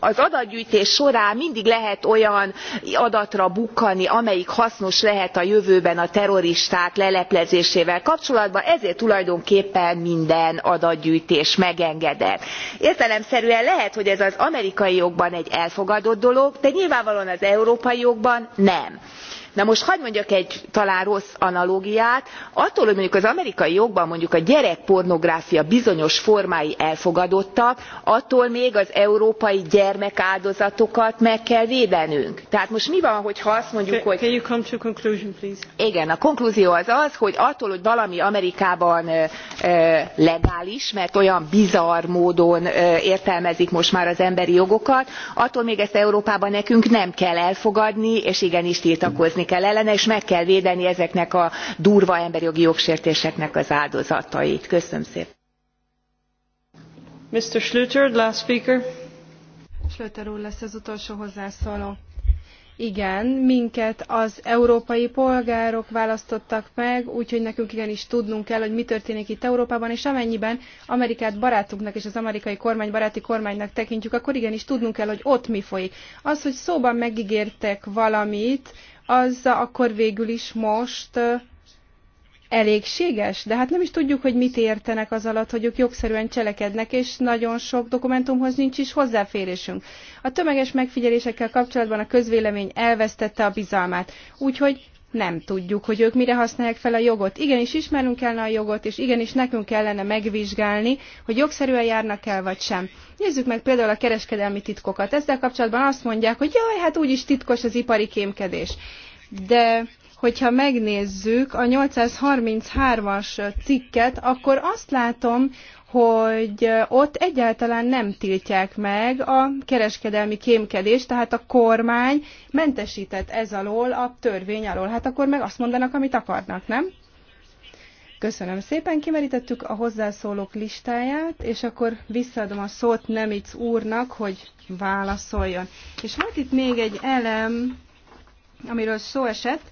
az adatgyűjtés során mindig lehet olyan adatra bukkanni amelyik hasznos lehet a jövőben a terroristák leleplezésével kapcsolatban ezért tulajdonképpen minden adatgyűjtés megengedett. értelemszerűen lehet hogy ez az amerikai jogban egy elfogadott dolog de nyilvánvalóan az európai jogban nem na most hadd mondjak egy talán rossz analógiát attól hogy mondjuk az amerikai jogban mondjuk a gyerekpornográfia bizonyos formái elfogadottak attól még az európai gyermekáldozatokat meg kell védenünk. tehát most mi van hogyha azt mondjuk hogy igen a konklúzió az az hogy attól hogy valami amerikában legális mert olyan bizarr módon értelmezik most már az emberi jogokat attól még ezt európában nekünk nem kell elfogadni és igenis tiltakozni dolgozni kell ellene és meg kell védeni ezeknek a durva emberi jogi jogsértéseknek az áldozatait. köszönöm szépen. Mr. Schlüter, last speaker. Schlüter úr lesz az utolsó hozzászóló. Igen, minket az európai polgárok választottak meg, úgyhogy nekünk igenis tudnunk kell, hogy mi történik itt Európában, és amennyiben Amerikát barátunknak és az amerikai kormány baráti kormánynak tekintjük, akkor igenis tudnunk kell, hogy ott mi folyik. Az, hogy szóban megígértek valamit, az akkor végül is most elégséges, de hát nem is tudjuk, hogy mit értenek az alatt, hogy ők jogszerűen cselekednek, és nagyon sok dokumentumhoz nincs is hozzáférésünk. A tömeges megfigyelésekkel kapcsolatban a közvélemény elvesztette a bizalmát, úgyhogy nem tudjuk, hogy ők mire használják fel a jogot. Igenis ismernünk kellene a jogot, és igenis nekünk kellene megvizsgálni, hogy jogszerűen járnak el, vagy sem. Nézzük meg például a kereskedelmi titkokat. Ezzel kapcsolatban azt mondják, hogy jaj, hát úgyis titkos az ipari kémkedés. De hogyha megnézzük a 833-as cikket, akkor azt látom, hogy ott egyáltalán nem tiltják meg a kereskedelmi kémkedést, tehát a kormány mentesített ez alól, a törvény alól. Hát akkor meg azt mondanak, amit akarnak, nem? Köszönöm szépen, kimerítettük a hozzászólók listáját, és akkor visszaadom a szót Nemic úrnak, hogy válaszoljon. És volt itt még egy elem, amiről szó esett,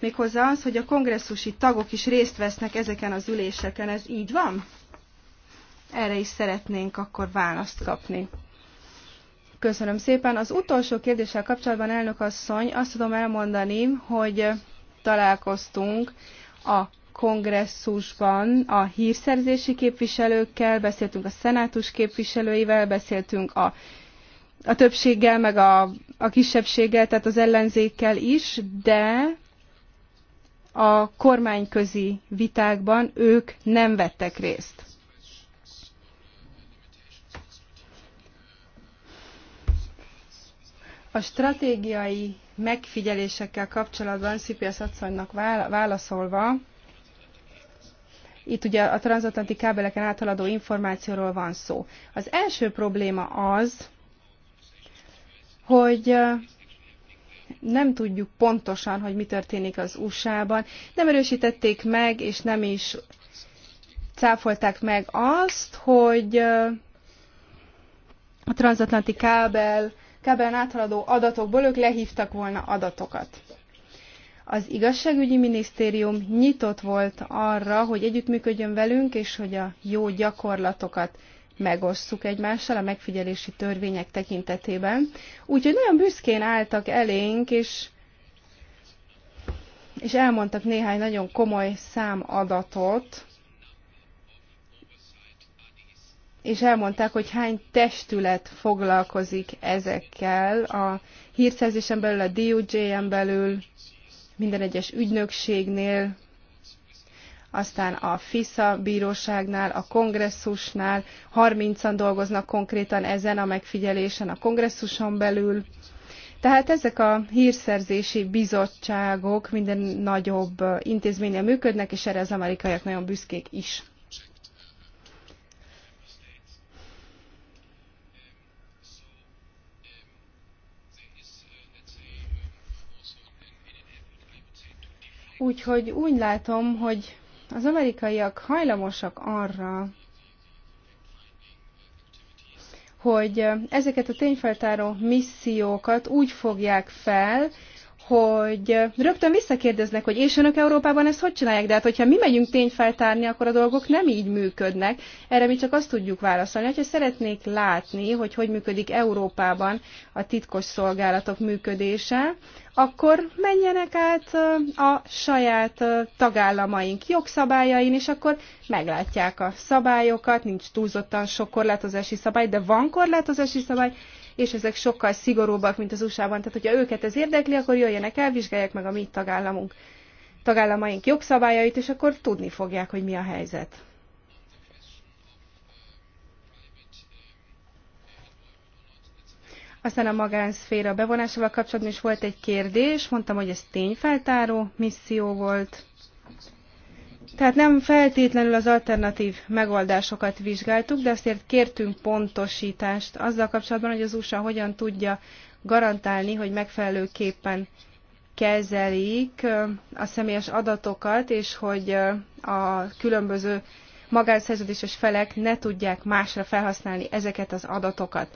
méghozzá az, hogy a kongresszusi tagok is részt vesznek ezeken az üléseken. Ez így van? Erre is szeretnénk akkor választ kapni. Köszönöm szépen. Az utolsó kérdéssel kapcsolatban, elnök asszony, azt tudom elmondani, hogy találkoztunk a kongresszusban a hírszerzési képviselőkkel, beszéltünk a szenátus képviselőivel, beszéltünk a, a többséggel, meg a, a kisebbséggel, tehát az ellenzékkel is, de a kormányközi vitákban ők nem vettek részt. A stratégiai megfigyelésekkel kapcsolatban Szipia asszonynak válaszolva, itt ugye a transatlanti kábeleken áthaladó információról van szó. Az első probléma az, hogy nem tudjuk pontosan, hogy mi történik az USA-ban. Nem erősítették meg, és nem is cáfolták meg azt, hogy a transatlanti kábel, kábelen áthaladó adatokból ők lehívtak volna adatokat. Az igazságügyi minisztérium nyitott volt arra, hogy együttműködjön velünk, és hogy a jó gyakorlatokat megosszuk egymással a megfigyelési törvények tekintetében. Úgyhogy nagyon büszkén álltak elénk, és, és elmondtak néhány nagyon komoly számadatot, és elmondták, hogy hány testület foglalkozik ezekkel a hírszerzésen belül, a duj en belül, minden egyes ügynökségnél, aztán a FISA bíróságnál, a kongresszusnál, 30-an dolgoznak konkrétan ezen a megfigyelésen a kongresszuson belül. Tehát ezek a hírszerzési bizottságok minden nagyobb intézményen működnek, és erre az amerikaiak nagyon büszkék is. Úgyhogy úgy látom, hogy az amerikaiak hajlamosak arra, hogy eh, ezeket a tényfeltáró missziókat úgy fogják fel, hogy rögtön visszakérdeznek, hogy és önök Európában ezt hogy csinálják, de hát hogyha mi megyünk tényfeltárni, akkor a dolgok nem így működnek. Erre mi csak azt tudjuk válaszolni, hogyha szeretnék látni, hogy hogy működik Európában a titkos szolgálatok működése, akkor menjenek át a saját tagállamaink jogszabályain, és akkor meglátják a szabályokat, nincs túlzottan sok korlátozási szabály, de van korlátozási szabály, és ezek sokkal szigorúbbak, mint az USA-ban. Tehát, hogyha őket ez érdekli, akkor jöjjenek el, vizsgálják meg a mi tagállamunk, tagállamaink jogszabályait, és akkor tudni fogják, hogy mi a helyzet. Aztán a magánszféra bevonásával kapcsolatban is volt egy kérdés, mondtam, hogy ez tényfeltáró misszió volt. Tehát nem feltétlenül az alternatív megoldásokat vizsgáltuk, de azért kértünk pontosítást azzal kapcsolatban, hogy az USA hogyan tudja garantálni, hogy megfelelőképpen kezelik a személyes adatokat, és hogy a különböző magánszerződéses felek ne tudják másra felhasználni ezeket az adatokat.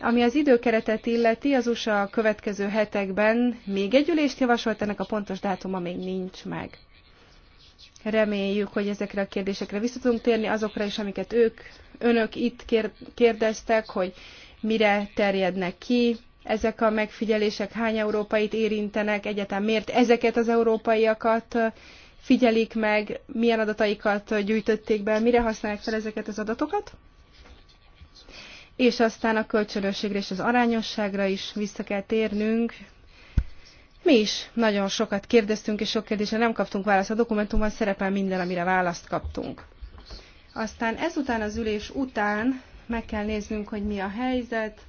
Ami az időkeretet illeti, az USA a következő hetekben még egy ülést javasolt, ennek a pontos dátuma még nincs meg. Reméljük, hogy ezekre a kérdésekre vissza tudunk térni, azokra is, amiket ők, önök itt kérdeztek, hogy mire terjednek ki, ezek a megfigyelések hány európait érintenek, egyetem miért ezeket az európaiakat figyelik meg, milyen adataikat gyűjtötték be, mire használják fel ezeket az adatokat. És aztán a kölcsönösségre és az arányosságra is vissza kell térnünk, mi is nagyon sokat kérdeztünk, és sok kérdésre nem kaptunk választ. A dokumentumban szerepel minden, amire választ kaptunk. Aztán ezután az ülés után meg kell néznünk, hogy mi a helyzet,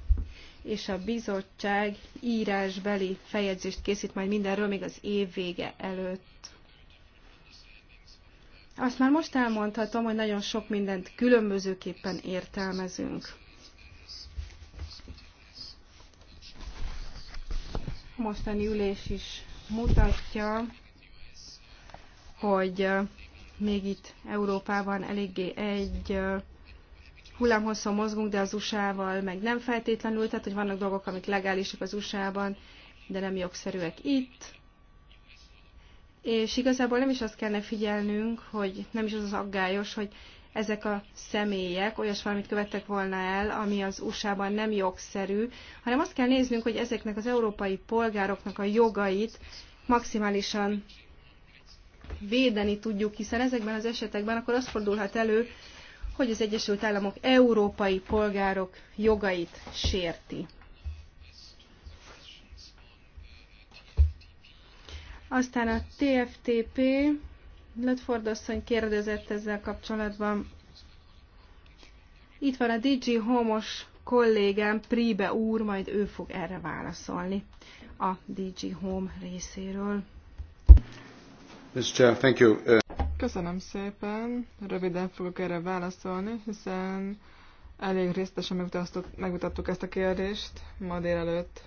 és a bizottság írásbeli feljegyzést készít majd mindenről még az év vége előtt. Azt már most elmondhatom, hogy nagyon sok mindent különbözőképpen értelmezünk. mostani ülés is mutatja, hogy még itt Európában eléggé egy hullámhosszon mozgunk, de az USA-val meg nem feltétlenül, tehát hogy vannak dolgok, amik legálisak az USA-ban, de nem jogszerűek itt. És igazából nem is azt kellene figyelnünk, hogy nem is az az aggályos, hogy ezek a személyek olyasmit követtek volna el, ami az USA-ban nem jogszerű, hanem azt kell néznünk, hogy ezeknek az európai polgároknak a jogait maximálisan védeni tudjuk, hiszen ezekben az esetekben akkor az fordulhat elő, hogy az Egyesült Államok európai polgárok jogait sérti. Aztán a TFTP Ledford asszony kérdezett ezzel kapcsolatban. Itt van a DG Homos kollégám, Príbe úr, majd ő fog erre válaszolni a DG Home részéről. Uh, Köszönöm szépen. Röviden fogok erre válaszolni, hiszen elég részletesen megmutattuk ezt a kérdést ma délelőtt.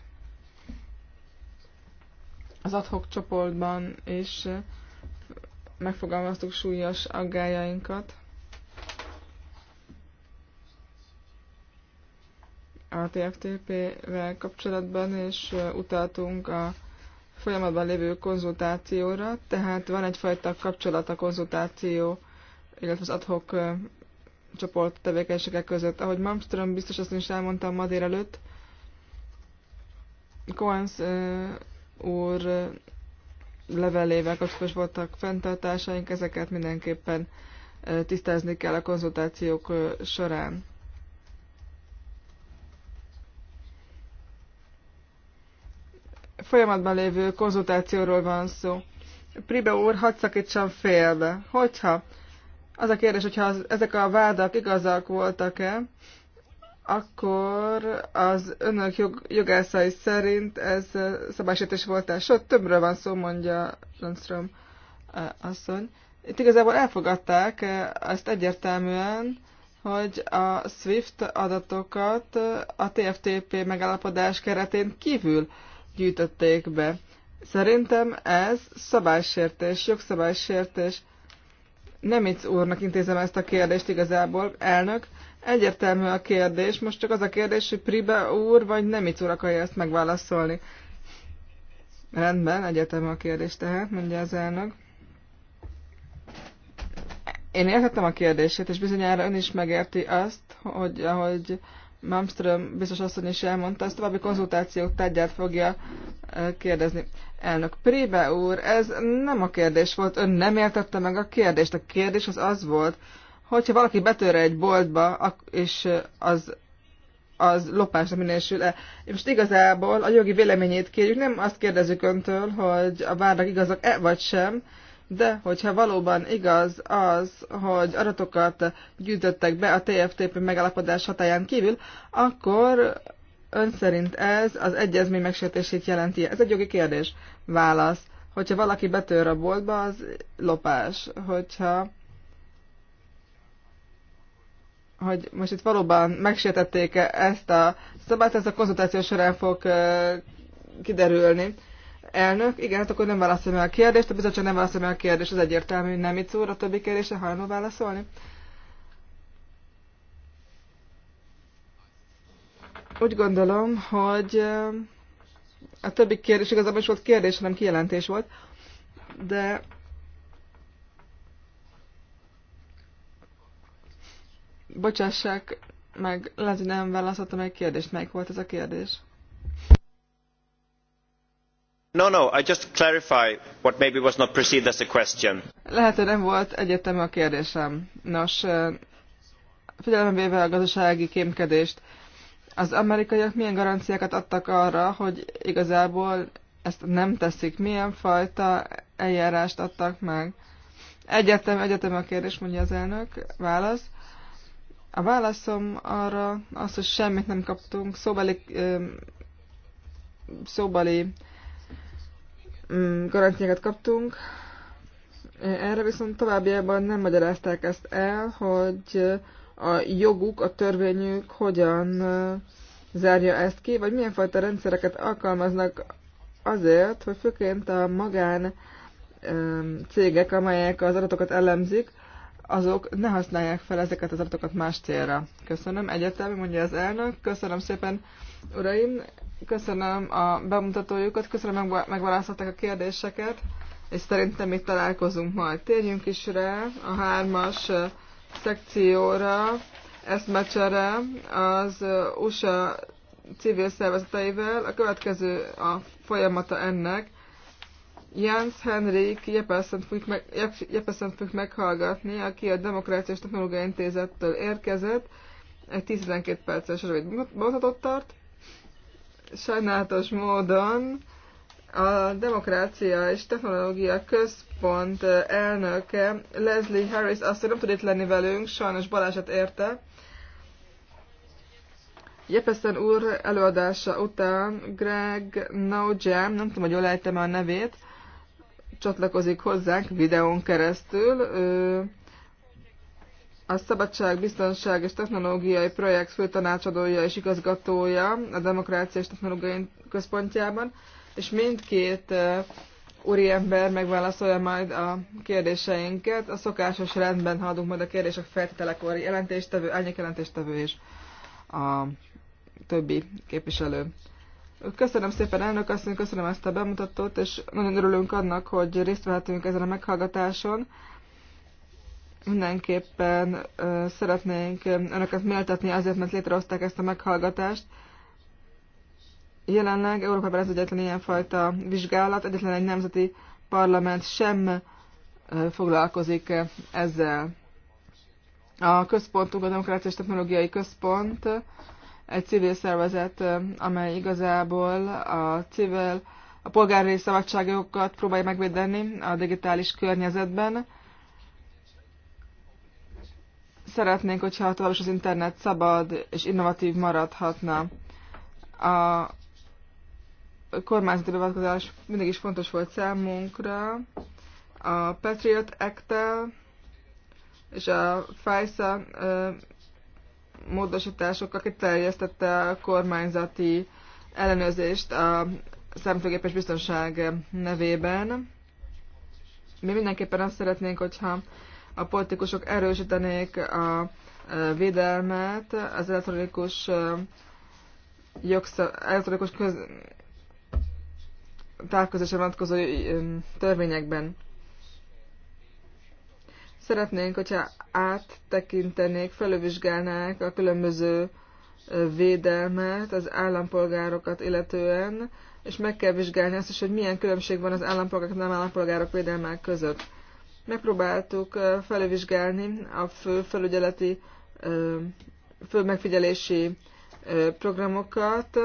Az adhok csoportban is megfogalmaztuk súlyos aggájainkat. a TFTP-vel kapcsolatban, és utaltunk a folyamatban lévő konzultációra, tehát van egyfajta kapcsolat a konzultáció, illetve az adhok csoport tevékenységek között. Ahogy Malmström biztos azt is elmondtam ma délelőtt, Coens úr levelével kapcsolatos voltak fenntartásaink, ezeket mindenképpen tisztázni kell a konzultációk során. Folyamatban lévő konzultációról van szó. Pribe úr, hadd szakítsam félbe. Hogyha? Az a kérdés, hogyha az, ezek a vádak igazak voltak-e, akkor az önök jog, jogászai szerint ez szabálysértés volt el. Sőt, többről van szó, mondja Lundström asszony. Itt igazából elfogadták ezt egyértelműen, hogy a SWIFT adatokat a TFTP megállapodás keretén kívül gyűjtötték be. Szerintem ez szabálysértés, jogszabálysértés. Nem itt úrnak intézem ezt a kérdést igazából, elnök. Egyértelmű a kérdés, most csak az a kérdés, hogy Pribe úr vagy nem itt úr akarja ezt megválaszolni. Rendben, egyértelmű a kérdés tehát, mondja az elnök. Én értettem a kérdését, és bizonyára ön is megérti azt, hogy ahogy Malmström biztos asszony is elmondta, ezt további konzultációk tárgyát fogja kérdezni. Elnök Pribe úr, ez nem a kérdés volt, ön nem értette meg a kérdést. A kérdés az az volt, hogyha valaki betör egy boltba, és az, az lopásra minősül -e. Most igazából a jogi véleményét kérjük, nem azt kérdezzük öntől, hogy a vádak igazak-e vagy sem, de hogyha valóban igaz az, hogy adatokat gyűjtöttek be a TFTP megállapodás hatáján kívül, akkor ön szerint ez az egyezmény megsértését jelenti. Ez egy jogi kérdés. Válasz. Hogyha valaki betör a boltba, az lopás. Hogyha hogy most itt valóban megsértették -e ezt a szabályt, ez a konzultáció során fog kiderülni. Elnök, igen, hát akkor nem válaszol meg a kérdést, a bizottság nem válaszol meg a kérdést, az egyértelmű, nem itt úr, a többi kérdésre hajlandó válaszolni. Úgy gondolom, hogy a többi kérdés igazából is volt kérdés, hanem kijelentés volt, de bocsássák meg, lehet, hogy nem válaszoltam egy kérdést. Melyik volt ez a kérdés? No, no, I just clarify what maybe was not perceived as a question. Lehet, hogy nem volt egyetemű a kérdésem. Nos, figyelembe véve a gazdasági kémkedést, az amerikaiak milyen garanciákat adtak arra, hogy igazából ezt nem teszik? Milyen fajta eljárást adtak meg? Egyetem, egyetem a kérdés, mondja az elnök. Válasz. A válaszom arra az, hogy semmit nem kaptunk. Szóbeli, szóbeli garanciákat kaptunk. Erre viszont továbbiában nem magyarázták ezt el, hogy a joguk, a törvényük hogyan zárja ezt ki, vagy milyen fajta rendszereket alkalmaznak azért, hogy főként a magán cégek, amelyek az adatokat elemzik, azok ne használják fel ezeket az adatokat más célra. Köszönöm egyetem, mondja az elnök. Köszönöm szépen, uraim. Köszönöm a bemutatójukat, köszönöm, meg megválaszolták a kérdéseket, és szerintem itt találkozunk majd. Térjünk is rá a hármas szekcióra, eszmecsere az USA civil szervezeteivel. A következő a folyamata ennek. Jens Henrik Jeppesen fogjuk, meg, meghallgatni, aki a Demokrácia és Technológia Intézettől érkezett. Egy 12 perces rövid bemutatót tart. Sajnálatos módon a Demokrácia és Technológia Központ elnöke Leslie Harris azt, hogy nem tud itt lenni velünk, sajnos baleset érte. Jepesen úr előadása után Greg Nojam, nem tudom, hogy jól a nevét, csatlakozik hozzánk videón keresztül. Ő a Szabadság, Biztonság és Technológiai Projekt főtanácsadója és igazgatója a Demokrácia és Technológiai Központjában, és mindkét úriember megválaszolja majd a kérdéseinket. A szokásos rendben haladunk majd a kérdések feltételekor jelentéstevő, elnyék jelentéstevő és a többi képviselő. Köszönöm szépen, elnök asszony, köszönöm ezt a bemutatót, és nagyon örülünk annak, hogy részt vehetünk ezen a meghallgatáson. Mindenképpen ö, szeretnénk önöket méltatni azért, mert létrehozták ezt a meghallgatást. Jelenleg Európában ez egyetlen ilyenfajta vizsgálat, egyetlen egy nemzeti parlament sem ö, foglalkozik ezzel. A központunk, a Demokrácia és Technológiai Központ, egy civil szervezet, amely igazából a civil, a polgári szabadságokat próbálja megvédeni a digitális környezetben. Szeretnénk, hogyha tovább is az internet szabad és innovatív maradhatna. A kormányzati beavatkozás mindig is fontos volt számunkra. A Patriot act és a FISA módosításokkal kiterjesztette a kormányzati ellenőrzést a számítógépes biztonság nevében. Mi mindenképpen azt szeretnénk, hogyha a politikusok erősítenék a e, védelmet az elektronikus e, jogszab, elektronikus köz, távközösen vonatkozó e, törvényekben. Szeretnénk, hogyha áttekintenék, felülvizsgálnák a különböző védelmet az állampolgárokat illetően, és meg kell vizsgálni azt is, hogy milyen különbség van az állampolgárok nem állampolgárok védelmek között. Megpróbáltuk felülvizsgálni a fő felügyeleti, fő megfigyelési programokat,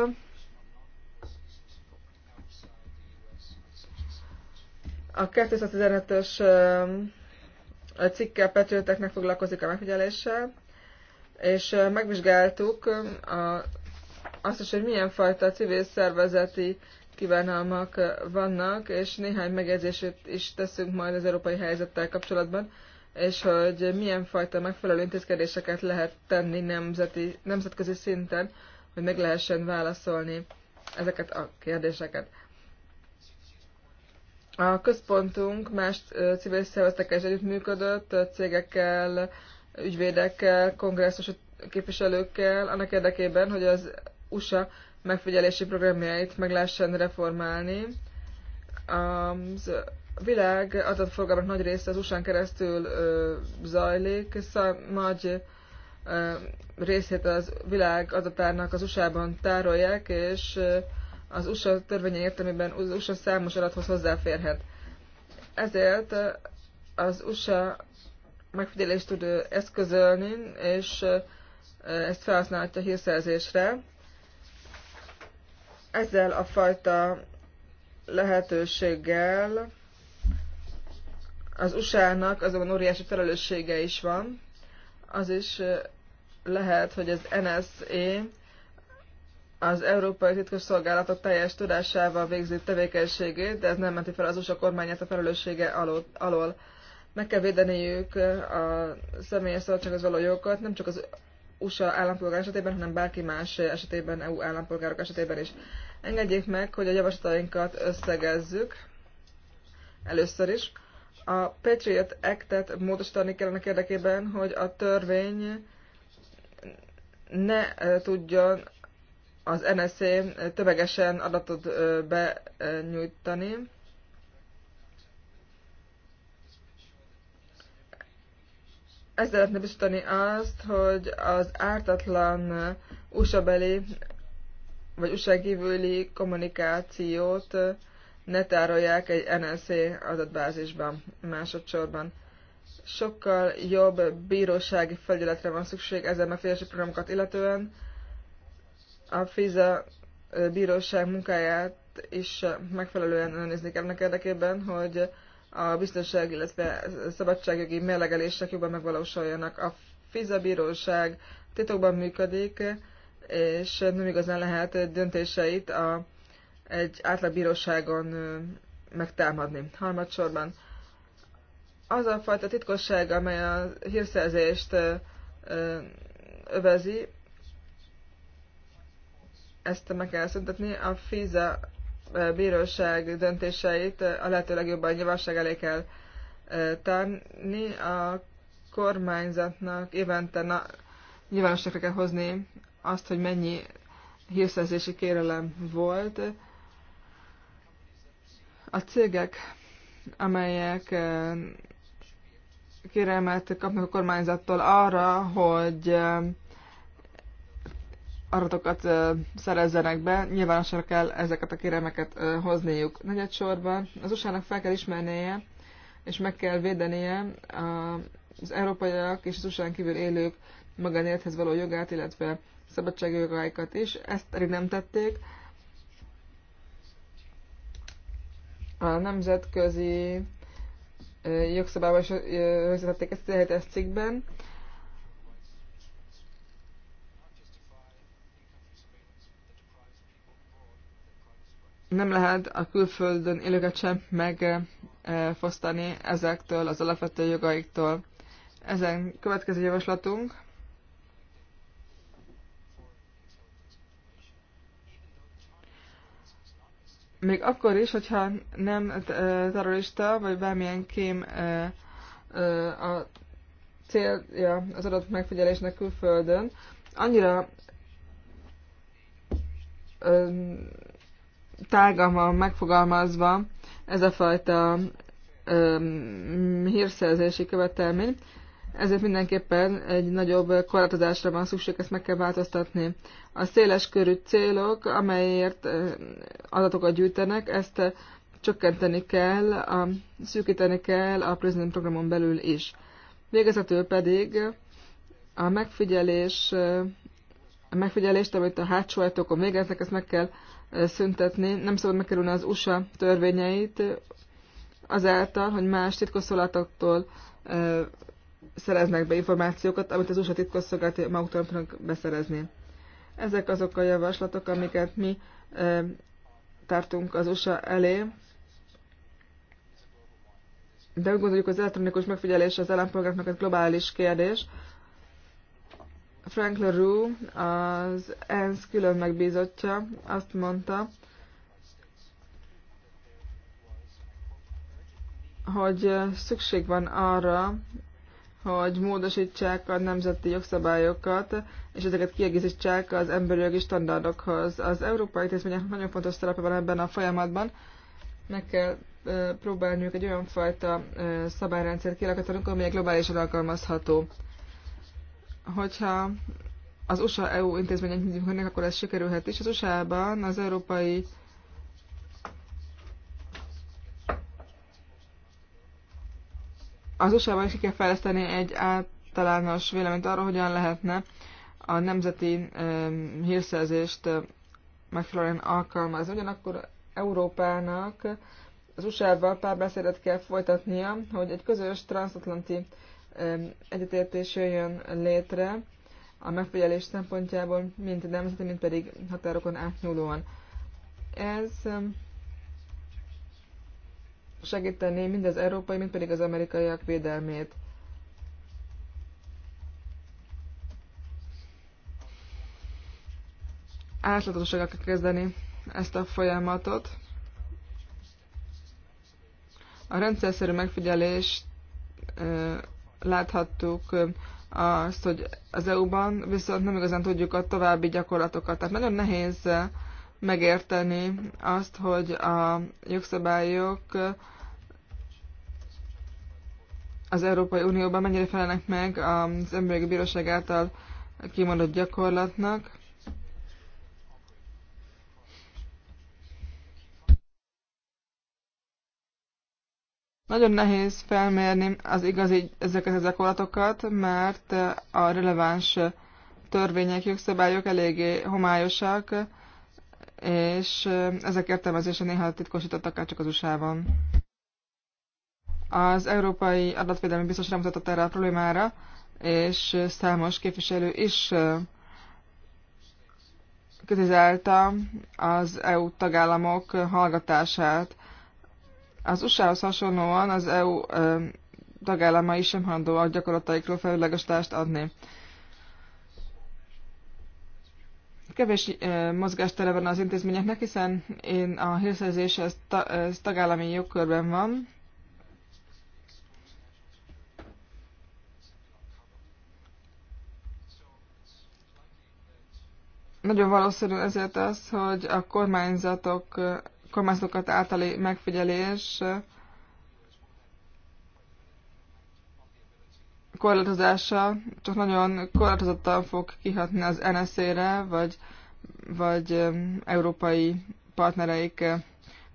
a 215-ös a cikkel petőteknek foglalkozik a megfigyeléssel, és megvizsgáltuk a, azt is, hogy milyen fajta civil szervezeti kívánalmak vannak, és néhány megjegyzését is teszünk majd az európai helyzettel kapcsolatban, és hogy milyen fajta megfelelő intézkedéseket lehet tenni nemzeti, nemzetközi szinten, hogy meg lehessen válaszolni ezeket a kérdéseket. A központunk más civil szervezetekkel is együttműködött, cégekkel, ügyvédekkel, kongresszus képviselőkkel, annak érdekében, hogy az USA megfigyelési programjait meg lehessen reformálni. A világ adatforgalmak nagy része az USA-n keresztül ö, zajlik, szóval nagy ö, részét az világ adatárnak az USA-ban tárolják, és ö, az USA törvénye értelmében az USA számos adathoz hozzáférhet. Ezért eh, az USA megfigyelést tud eh, eszközölni, és eh, ezt felhasználhatja hírszerzésre. Ezzel a fajta lehetőséggel az USA-nak azonban óriási felelőssége is van. Az is lehet, hogy az NSA az Európai Titkos Szolgálatok teljes tudásával végzi tevékenységét, de ez nem menti fel az USA kormányát a felelőssége alól. alól. Meg kell védeniük a személyes szabadsághoz való jogokat, nem csak az USA állampolgár esetében, hanem bárki más esetében, EU állampolgárok esetében is. Engedjék meg, hogy a javaslatainkat összegezzük. Először is. A Patriot Act-et módosítani kellene érdekében, hogy a törvény ne eh, tudjon az NSZ tömegesen adatot benyújtani. Ezzel lehetne biztosítani azt, hogy az ártatlan usa vagy usa kívüli kommunikációt ne tárolják egy NSZ adatbázisban másodszorban. Sokkal jobb bírósági felügyeletre van szükség ezen megfigyelési programokat illetően, a FISA bíróság munkáját is megfelelően nézni kell ennek érdekében, hogy a biztonság, illetve szabadságjogi mellegelések jobban megvalósuljanak. A FISA bíróság titokban működik, és nem igazán lehet döntéseit a, egy átlagbíróságon megtámadni. Harmadsorban az a fajta titkosság, amely a hírszerzést övezi, ezt meg kell szüntetni. A FISA eh, bíróság döntéseit eh, a lehető legjobban nyilvánosság elé kell eh, tárni. A kormányzatnak évente na, nyilvánosságra kell hozni azt, hogy mennyi hírszerzési kérelem volt. A cégek, amelyek kérelmet kapnak a kormányzattól arra, hogy adatokat szerezzenek be, nyilvánosra kell ezeket a kéremeket hozniuk. Negyedsorban az usa fel kell ismernie, és meg kell védenie az európaiak és az usa kívül élők magánélethez való jogát, illetve szabadságjogaikat is. Ezt pedig nem tették. A nemzetközi jogszabályban is rögzítették ezt a cikkben. nem lehet a külföldön élőket sem megfosztani eh, eh, ezektől az alapvető jogaiktól. Ezen következő javaslatunk. Még akkor is, hogyha nem eh, terrorista, vagy bármilyen kém a célja az adott megfigyelésnek külföldön, annyira tágan van megfogalmazva ez a fajta um, hírszerzési követelmény, ezért mindenképpen egy nagyobb korlátozásra van szükség, ezt meg kell változtatni. A széles körű célok, amelyért adatokat gyűjtenek, ezt csökkenteni kell, a, szűkíteni kell a Prism programon belül is. Végezetül pedig a megfigyelés, a megfigyelést, amit a hátsó ajtókon végeznek, ezt meg kell szüntetni. Nem szabad megkerülni az USA törvényeit azáltal, hogy más titkosszolatoktól szereznek be információkat, amit az USA titkosszolgálati maguktól tudnak beszerezni. Ezek azok a javaslatok, amiket mi tartunk az USA elé. De úgy gondoljuk, az elektronikus megfigyelés az állampolgároknak egy globális kérdés, Frank LaRue, az ENSZ külön megbízottja, azt mondta, hogy szükség van arra, hogy módosítsák a nemzeti jogszabályokat, és ezeket kiegészítsák az emberi jogi standardokhoz. Az európai intézményeknek nagyon fontos szerepe van ebben a folyamatban. Meg kell e, próbálniuk egy olyan fajta e, szabályrendszert kialakítanunk, amely globálisan alkalmazható hogyha az USA-EU intézmények működnek, akkor ez sikerülhet is. Az USA-ban az európai az USA-ban is ki kell fejleszteni egy általános véleményt arra, hogyan lehetne a nemzeti um, hírszerzést megfelelően alkalmazni. Ugyanakkor Európának az USA-val párbeszédet kell folytatnia, hogy egy közös transatlanti egyetértés jöjjön létre a megfigyelés szempontjából, mint nemzeti, mint pedig határokon átnyúlóan. Ez segíteni mind az európai, mind pedig az amerikaiak védelmét. Átláthatósággal kell kezdeni ezt a folyamatot. A rendszerszerű megfigyelés láthattuk azt, hogy az EU-ban, viszont nem igazán tudjuk a további gyakorlatokat. Tehát nagyon nehéz megérteni azt, hogy a jogszabályok az Európai Unióban mennyire felelnek meg az Emberi Bíróság által kimondott gyakorlatnak. Nagyon nehéz felmérni az igazi ezeket az gyakorlatokat, mert a releváns törvények, jogszabályok eléggé homályosak, és ezek értelmezése néha titkosított akár csak az USA-ban. Az Európai Adatvédelmi Biztos mutatott erre a problémára, és számos képviselő is kritizálta az EU tagállamok hallgatását az USA-hoz hasonlóan az EU tagállamai sem a gyakorlataikról felülegesítást adni. Kevés mozgástere van az intézményeknek, hiszen én a hírszerzés ez, ta, ez tagállami jogkörben van. Nagyon valószínű ezért az, hogy a kormányzatok Kormányzókat általi megfigyelés korlátozása csak nagyon korlátozottan fog kihatni az NSZ-re, vagy, vagy európai partnereik eh,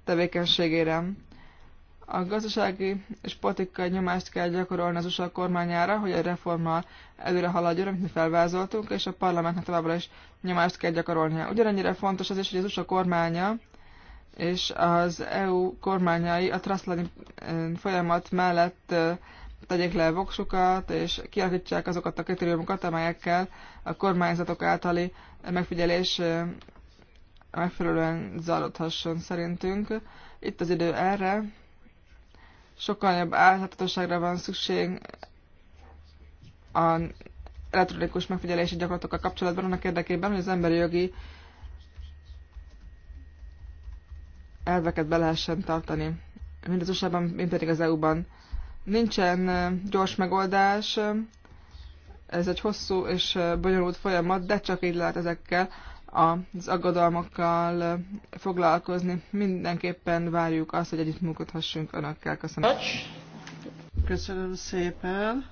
tevékenységére. A gazdasági és politikai nyomást kell gyakorolni az USA kormányára, hogy a reformmal előre haladjon, amit mi felvázoltunk, és a parlamentnek továbbra is nyomást kell gyakorolnia. Ugyanennyire fontos az is, hogy az USA kormánya és az EU kormányai a Traszlani eh, folyamat mellett eh, tegyék le voksukat, és kialakítsák azokat a kritériumokat, amelyekkel a kormányzatok általi megfigyelés eh, megfelelően zajlódhasson szerintünk. Itt az idő erre. Sokkal jobb átláthatóságra van szükség a elektronikus megfigyelési gyakorlatokkal kapcsolatban annak érdekében, hogy az emberi jogi elveket be lehessen tartani, mind az USA-ban, mind pedig az EU-ban. Nincsen gyors megoldás, ez egy hosszú és bonyolult folyamat, de csak így lehet ezekkel az aggodalmakkal foglalkozni. Mindenképpen várjuk azt, hogy együtt működhessünk önökkel. Köszönöm. Köszönöm szépen.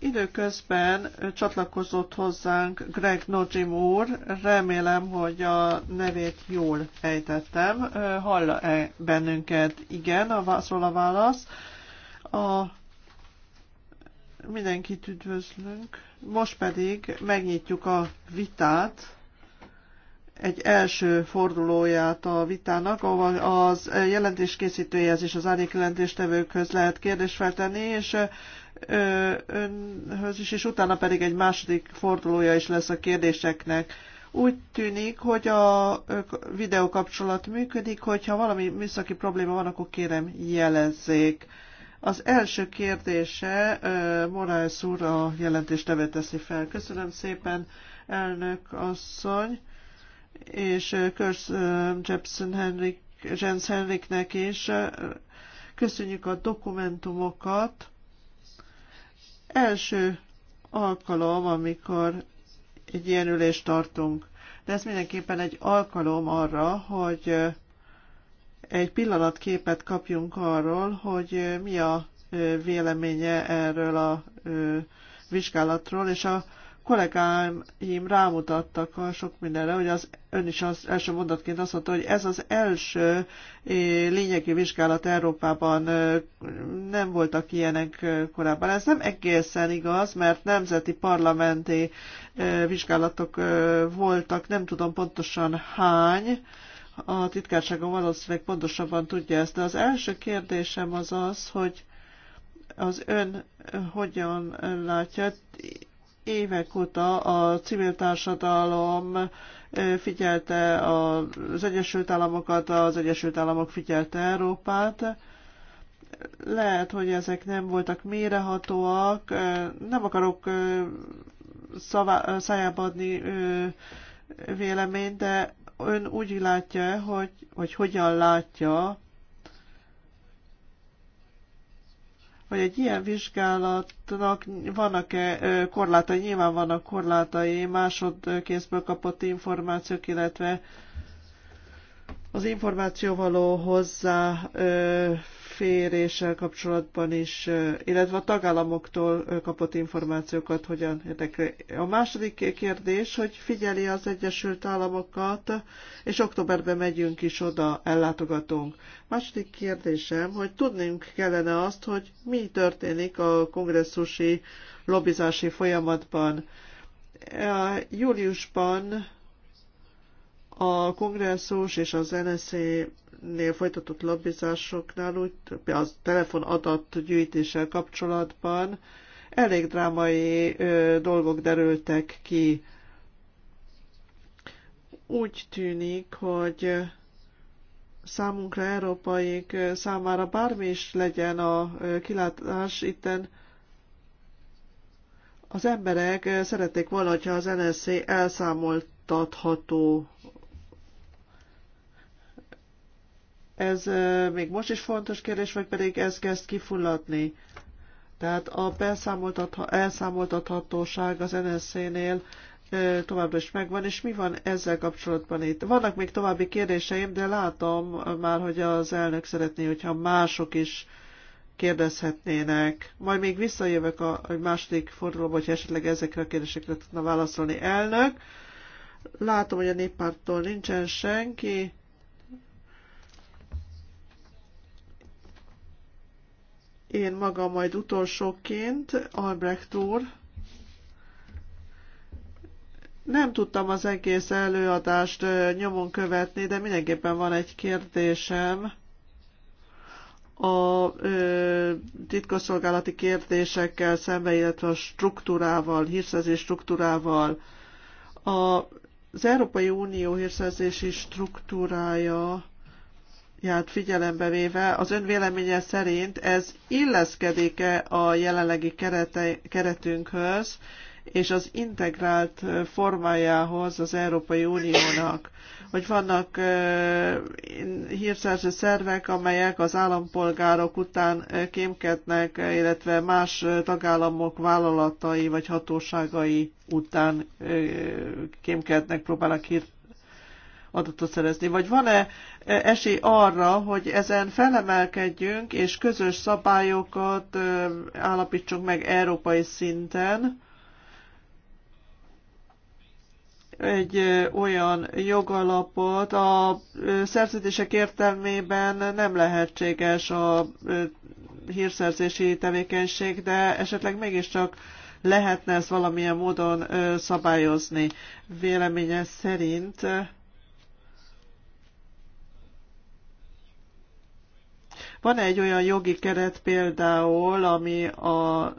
Időközben csatlakozott hozzánk Greg Nojim úr, remélem, hogy a nevét jól ejtettem. Hall-e bennünket? Igen, a, szól a válasz. A mindenkit üdvözlünk. Most pedig megnyitjuk a vitát egy első fordulóját a vitának, ahol az jelentéskészítőjehez és az jelentéstevőkhöz lehet kérdést feltenni, és önhöz is, és utána pedig egy második fordulója is lesz a kérdéseknek. Úgy tűnik, hogy a videókapcsolat működik, hogyha valami műszaki probléma van, akkor kérem jelezzék. Az első kérdése Morales úr a jelentéstevő teszi fel. Köszönöm szépen, elnök asszony és Körs Henrik, Jens Henriknek is köszönjük a dokumentumokat. Első alkalom, amikor egy ilyen ülést tartunk. De ez mindenképpen egy alkalom arra, hogy egy pillanatképet kapjunk arról, hogy mi a véleménye erről a vizsgálatról, és a kollégáim rámutattak sok mindenre, hogy az ön is az első mondatként azt mondta, hogy ez az első eh, lényegi vizsgálat Európában eh, nem voltak ilyenek eh, korábban. Ez nem egészen igaz, mert nemzeti parlamenti vizsgálatok voltak, nem tudom pontosan hány, a titkárságon valószínűleg pontosabban tudja ezt, de az első kérdésem az az, hogy az ön hogyan látja, évek óta a civil társadalom figyelte az Egyesült Államokat, az Egyesült Államok figyelte Európát. Lehet, hogy ezek nem voltak mérehatóak. Nem akarok szájába adni véleményt, de ön úgy látja, hogy, hogy hogyan látja hogy egy ilyen vizsgálatnak vannak-e korlátai, nyilván vannak korlátai, másodkézből kapott információk, illetve az információ való hozzá hozzáféréssel kapcsolatban is, illetve a tagállamoktól kapott információkat hogyan érdekli. A második kérdés, hogy figyeli az Egyesült Államokat, és októberben megyünk is oda, ellátogatunk. Második kérdésem, hogy tudnunk kellene azt, hogy mi történik a kongresszusi lobbizási folyamatban. A júliusban a kongresszus és az NSZ nél folytatott lobbizásoknál, úgy, telefon telefonadat gyűjtéssel kapcsolatban elég drámai ö, dolgok derültek ki. Úgy tűnik, hogy számunkra, európaiak számára bármi is legyen a kilátás, itten az emberek szerették volna, hogyha az NSZ elszámoltatható Ez még most is fontos kérdés, vagy pedig ez kezd kifulladni? Tehát a elszámoltathatóság az NSZ-nél továbbra is megvan, és mi van ezzel kapcsolatban itt? Vannak még további kérdéseim, de látom már, hogy az elnök szeretné, hogyha mások is kérdezhetnének. Majd még visszajövök a, a második fordulóba, hogy esetleg ezekre a kérdésekre tudna válaszolni elnök. Látom, hogy a néppárttól nincsen senki. Én magam majd utolsóként, Albrecht úr, nem tudtam az egész előadást nyomon követni, de mindenképpen van egy kérdésem a ö, titkosszolgálati kérdésekkel szemben, illetve a struktúrával, hírszerzés struktúrával. A, az Európai Unió hírszerzési struktúrája ját figyelembe véve, az ön véleménye szerint ez illeszkedik-e a jelenlegi kerete, keretünkhöz és az integrált formájához az Európai Uniónak? Hogy vannak hírszerző szervek, amelyek az állampolgárok után kémkednek, illetve más tagállamok vállalatai vagy hatóságai után kémkednek, próbálnak hírt adatot szerezni? Vagy van-e e, esély arra, hogy ezen felemelkedjünk, és közös szabályokat állapítsunk meg európai szinten, egy olyan jogalapot a szerződések értelmében nem lehetséges a hírszerzési tevékenység, de esetleg mégiscsak lehetne ezt valamilyen módon szabályozni. Véleménye szerint Van egy olyan jogi keret például, ami a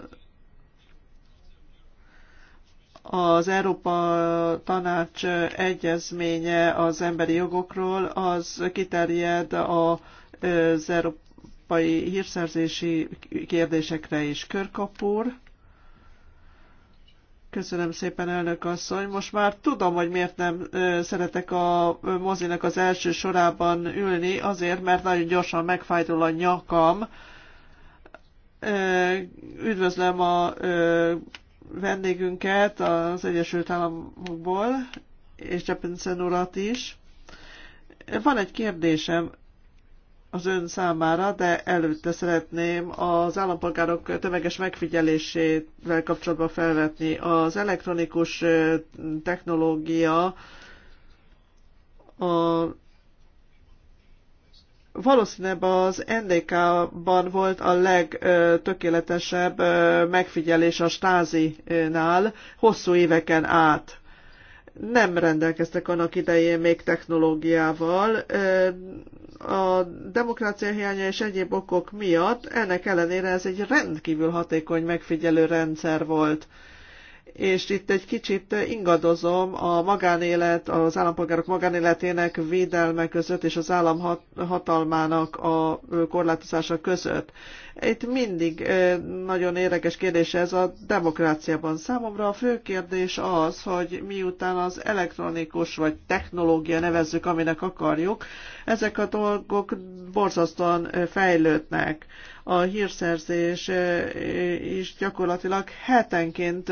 az Európa Tanács egyezménye az emberi jogokról, az kiterjed az európai hírszerzési kérdésekre is. Körkapúr. Köszönöm szépen, elnök asszony. Most már tudom, hogy miért nem szeretek a mozinak az első sorában ülni, azért, mert nagyon gyorsan megfájdul a nyakam. Üdvözlöm a vendégünket az Egyesült Államokból, és Csepinsen urat is. Van egy kérdésem az ön számára, de előtte szeretném az állampolgárok tömeges megfigyelésével kapcsolatban felvetni. Az elektronikus technológia a valószínűleg az NDK-ban volt a legtökéletesebb megfigyelés a stázinál hosszú éveken át nem rendelkeztek annak idején még technológiával. A demokrácia hiánya és egyéb okok miatt ennek ellenére ez egy rendkívül hatékony megfigyelő rendszer volt és itt egy kicsit ingadozom a magánélet, az állampolgárok magánéletének védelme között és az állam hatalmának a korlátozása között. Itt mindig nagyon érdekes kérdés ez a demokráciában. Számomra a fő kérdés az, hogy miután az elektronikus vagy technológia nevezzük, aminek akarjuk, ezek a dolgok borzasztóan fejlődnek a hírszerzés is gyakorlatilag hetenként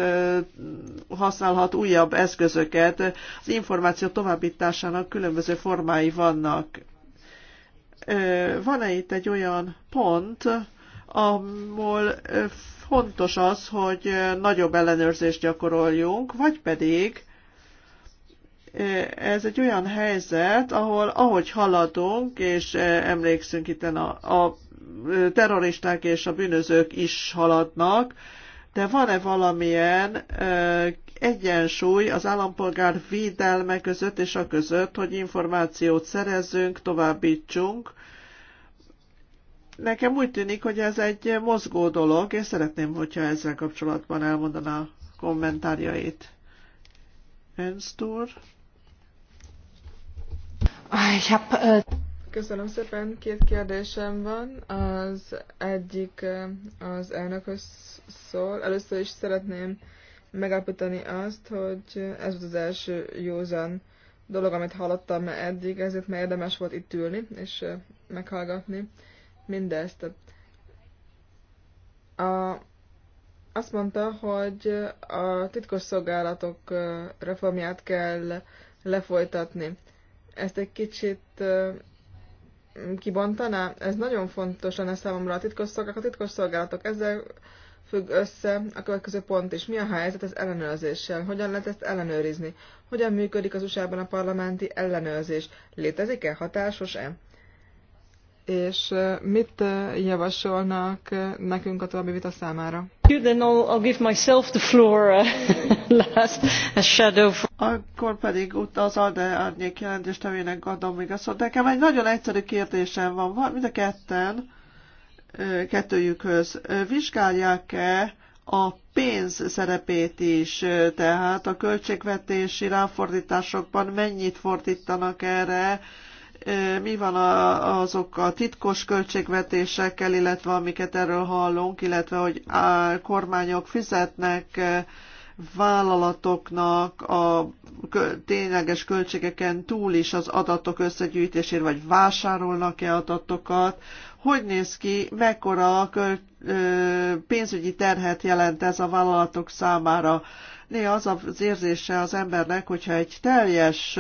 használhat újabb eszközöket. Az információ továbbításának különböző formái vannak. Van-e itt egy olyan pont, ahol fontos az, hogy nagyobb ellenőrzést gyakoroljunk, vagy pedig ez egy olyan helyzet, ahol ahogy haladunk, és emlékszünk itt a, a terroristák és a bűnözők is haladnak, de van-e valamilyen egyensúly az állampolgár védelme között és a között, hogy információt szerezzünk, továbbítsunk. Nekem úgy tűnik, hogy ez egy mozgó dolog, és szeretném, hogyha ezzel kapcsolatban elmondaná kommentárjait. Ernst úr? Ich Köszönöm szépen. Két kérdésem van. Az egyik eh, az elnökhöz szól. Először is szeretném megállapítani azt, hogy ez volt az első józan dolog, amit hallottam eddig, ezért már érdemes volt itt ülni és eh, meghallgatni mindezt. A, azt mondta, hogy a titkos szolgálatok eh, reformját kell lefolytatni. Ezt egy kicsit kibontaná? Ez nagyon fontos lenne számomra a titkosszolgálatok. A titkosszolgálatok ezzel függ össze a következő pont is. Mi a helyzet az ellenőrzéssel? Hogyan lehet ezt ellenőrizni? Hogyan működik az USA-ban a parlamenti ellenőrzés? Létezik-e? Hatásos-e? és mit javasolnak nekünk a további vita számára? Then I'll, give myself the floor uh, last shadow. Akkor pedig az Alde Árnyék jelentéstevének adom még a szót. Nekem egy nagyon egyszerű kérdésem van. van mind a ketten, kettőjükhöz. Vizsgálják-e a pénz szerepét is, tehát a költségvetési ráfordításokban mennyit fordítanak erre, mi van a, azok a titkos költségvetésekkel, illetve amiket erről hallunk, illetve hogy a kormányok fizetnek vállalatoknak a tényleges költségeken túl is az adatok összegyűjtésére, vagy vásárolnak-e adatokat, hogy néz ki, mekkora a pénzügyi terhet jelent ez a vállalatok számára. Néha az az érzése az embernek, hogyha egy teljes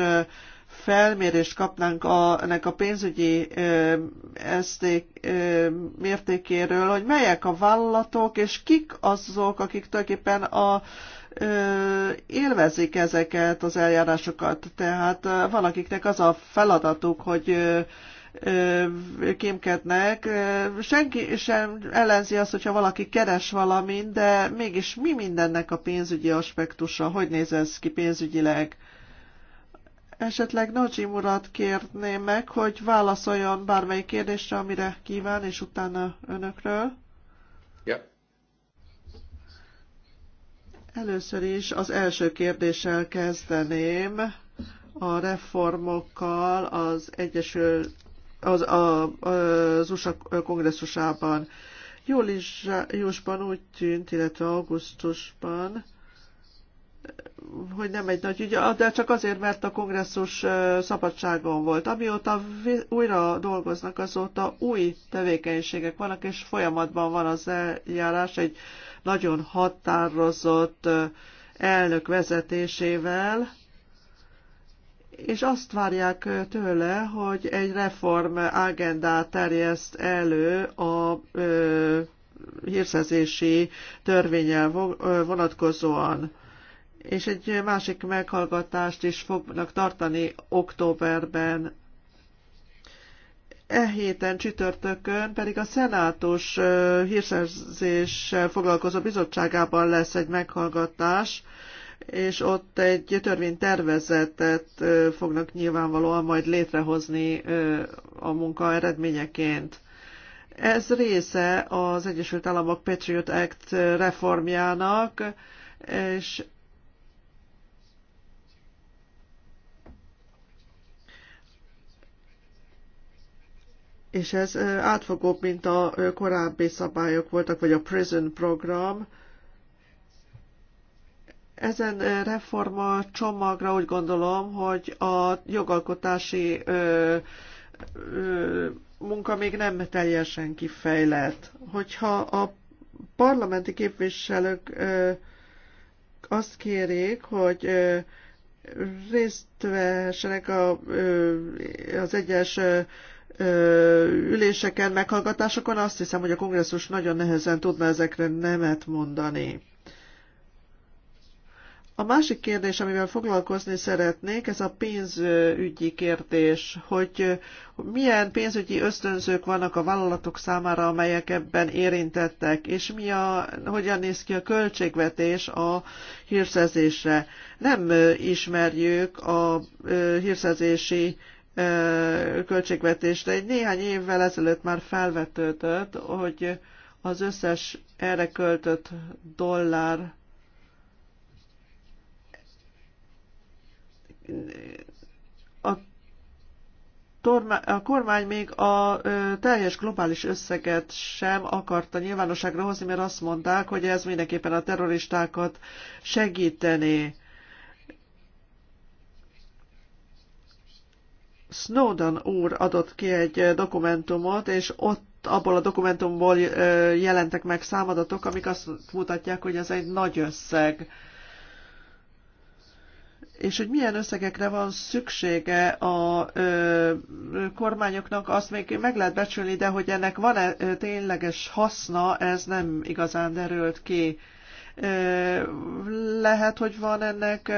felmérést kapnánk a, ennek a pénzügyi ö, eszték, ö, mértékéről, hogy melyek a vállalatok, és kik azok, akik tulajdonképpen a ö, élvezik ezeket az eljárásokat. Tehát ö, van, akiknek az a feladatuk, hogy ö, kémkednek. Senki sem ellenzi azt, hogyha valaki keres valamit, de mégis mi mindennek a pénzügyi aspektusa? Hogy néz ez ki pénzügyileg? Esetleg Nagy urat kérném meg, hogy válaszoljon bármelyik kérdésre, amire kíván, és utána önökről. Először is az első kérdéssel kezdeném a reformokkal az Egyesül, az, a, az USA kongresszusában. júliusban úgy tűnt, illetve augusztusban, hogy nem egy nagy ügy, de csak azért, mert a kongresszus szabadságon volt. Amióta újra dolgoznak, azóta új tevékenységek vannak, és folyamatban van az eljárás egy nagyon határozott elnök vezetésével, és azt várják tőle, hogy egy reform agendát terjeszt elő a hírszerzési törvényel vonatkozóan és egy másik meghallgatást is fognak tartani októberben. E héten csütörtökön pedig a szenátus hírszerzéssel foglalkozó bizottságában lesz egy meghallgatás, és ott egy törvénytervezetet fognak nyilvánvalóan majd létrehozni a munka eredményeként. Ez része az Egyesült Államok Patriot Act reformjának, és és ez átfogóbb, mint a korábbi szabályok voltak, vagy a Prison program. Ezen reforma csomagra úgy gondolom, hogy a jogalkotási ö, ö, munka még nem teljesen kifejlett. Hogyha a parlamenti képviselők ö, azt kérik, hogy ö, részt vehessenek a, ö, az egyes ö, üléseken, meghallgatásokon azt hiszem, hogy a kongresszus nagyon nehezen tudna ezekre nemet mondani. A másik kérdés, amivel foglalkozni szeretnék, ez a pénzügyi kérdés, hogy milyen pénzügyi ösztönzők vannak a vállalatok számára, amelyek ebben érintettek, és mi a, hogyan néz ki a költségvetés a hírszerzésre. Nem ismerjük a hírszerzési költségvetésre. Egy néhány évvel ezelőtt már felvetődött, hogy az összes erre költött dollár a, a kormány még a ö, teljes globális összeget sem akarta nyilvánosságra hozni, mert azt mondták, hogy ez mindenképpen a terroristákat segítené Snowden úr adott ki egy dokumentumot, és ott abból a dokumentumból jelentek meg számadatok, amik azt mutatják, hogy ez egy nagy összeg. És hogy milyen összegekre van szüksége a ö, kormányoknak, azt még meg lehet becsülni, de hogy ennek van-e tényleges haszna, ez nem igazán derült ki. Lehet, hogy van ennek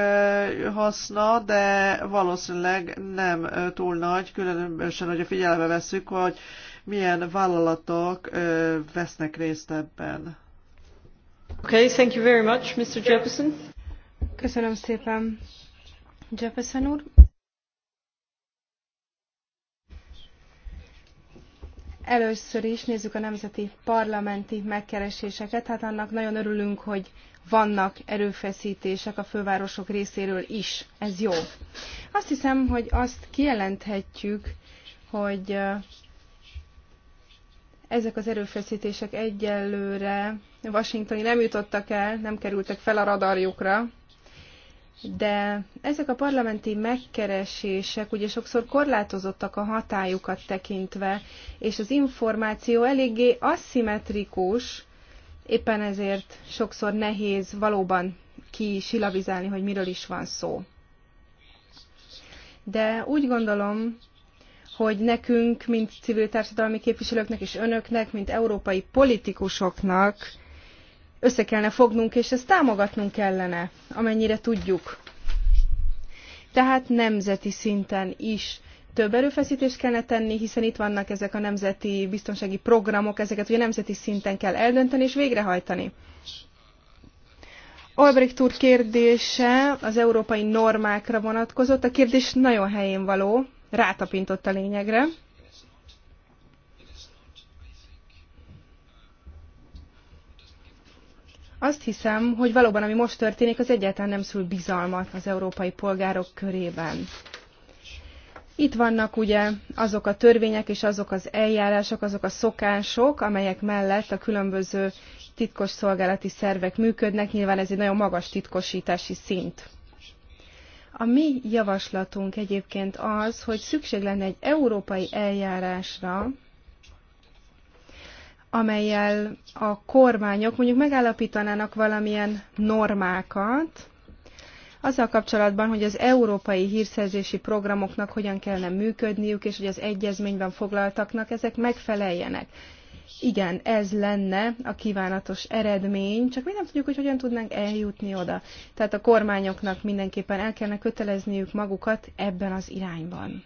haszna, de valószínűleg nem túl nagy, különösen, hogyha figyelembe vesszük, hogy milyen vállalatok vesznek részt ebben. Okay, thank you very much, Mr. Jefferson. Köszönöm szépen, Jefferson úr. Először is nézzük a nemzeti parlamenti megkereséseket. Hát annak nagyon örülünk, hogy vannak erőfeszítések a fővárosok részéről is. Ez jó. Azt hiszem, hogy azt kijelenthetjük, hogy ezek az erőfeszítések egyelőre Washingtoni nem jutottak el, nem kerültek fel a radarjukra, de ezek a parlamenti megkeresések ugye sokszor korlátozottak a hatájukat tekintve, és az információ eléggé aszimmetrikus, éppen ezért sokszor nehéz valóban kisilavizálni, hogy miről is van szó. De úgy gondolom, hogy nekünk, mint civil társadalmi képviselőknek és önöknek, mint európai politikusoknak össze kellene fognunk, és ezt támogatnunk kellene, amennyire tudjuk. Tehát nemzeti szinten is több erőfeszítést kellene tenni, hiszen itt vannak ezek a nemzeti biztonsági programok, ezeket ugye nemzeti szinten kell eldönteni és végrehajtani. Albrecht úr kérdése az európai normákra vonatkozott. A kérdés nagyon helyén való, rátapintott a lényegre. Azt hiszem, hogy valóban ami most történik, az egyáltalán nem szül bizalmat az európai polgárok körében. Itt vannak ugye azok a törvények és azok az eljárások, azok a szokások, amelyek mellett a különböző titkos szolgálati szervek működnek, nyilván ez egy nagyon magas titkosítási szint. A mi javaslatunk egyébként az, hogy szükség lenne egy európai eljárásra, amelyel a kormányok mondjuk megállapítanának valamilyen normákat, azzal kapcsolatban, hogy az európai hírszerzési programoknak hogyan kellene működniük, és hogy az egyezményben foglaltaknak ezek megfeleljenek. Igen, ez lenne a kívánatos eredmény, csak mi nem tudjuk, hogy hogyan tudnánk eljutni oda. Tehát a kormányoknak mindenképpen el kellene kötelezniük magukat ebben az irányban.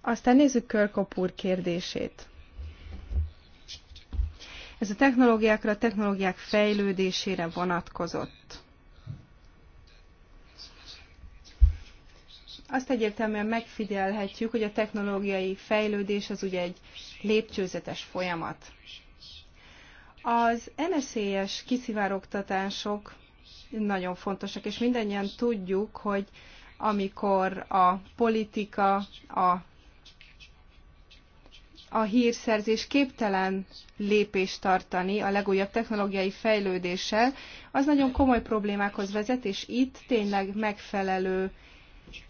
Aztán nézzük Körkop úr kérdését. Ez a technológiákra, a technológiák fejlődésére vonatkozott. Azt egyértelműen megfigyelhetjük, hogy a technológiai fejlődés az ugye egy lépcsőzetes folyamat. Az NSZ-es kiszivárogtatások nagyon fontosak, és mindannyian tudjuk, hogy amikor a politika, a a hírszerzés képtelen lépést tartani a legújabb technológiai fejlődéssel, az nagyon komoly problémákhoz vezet, és itt tényleg megfelelő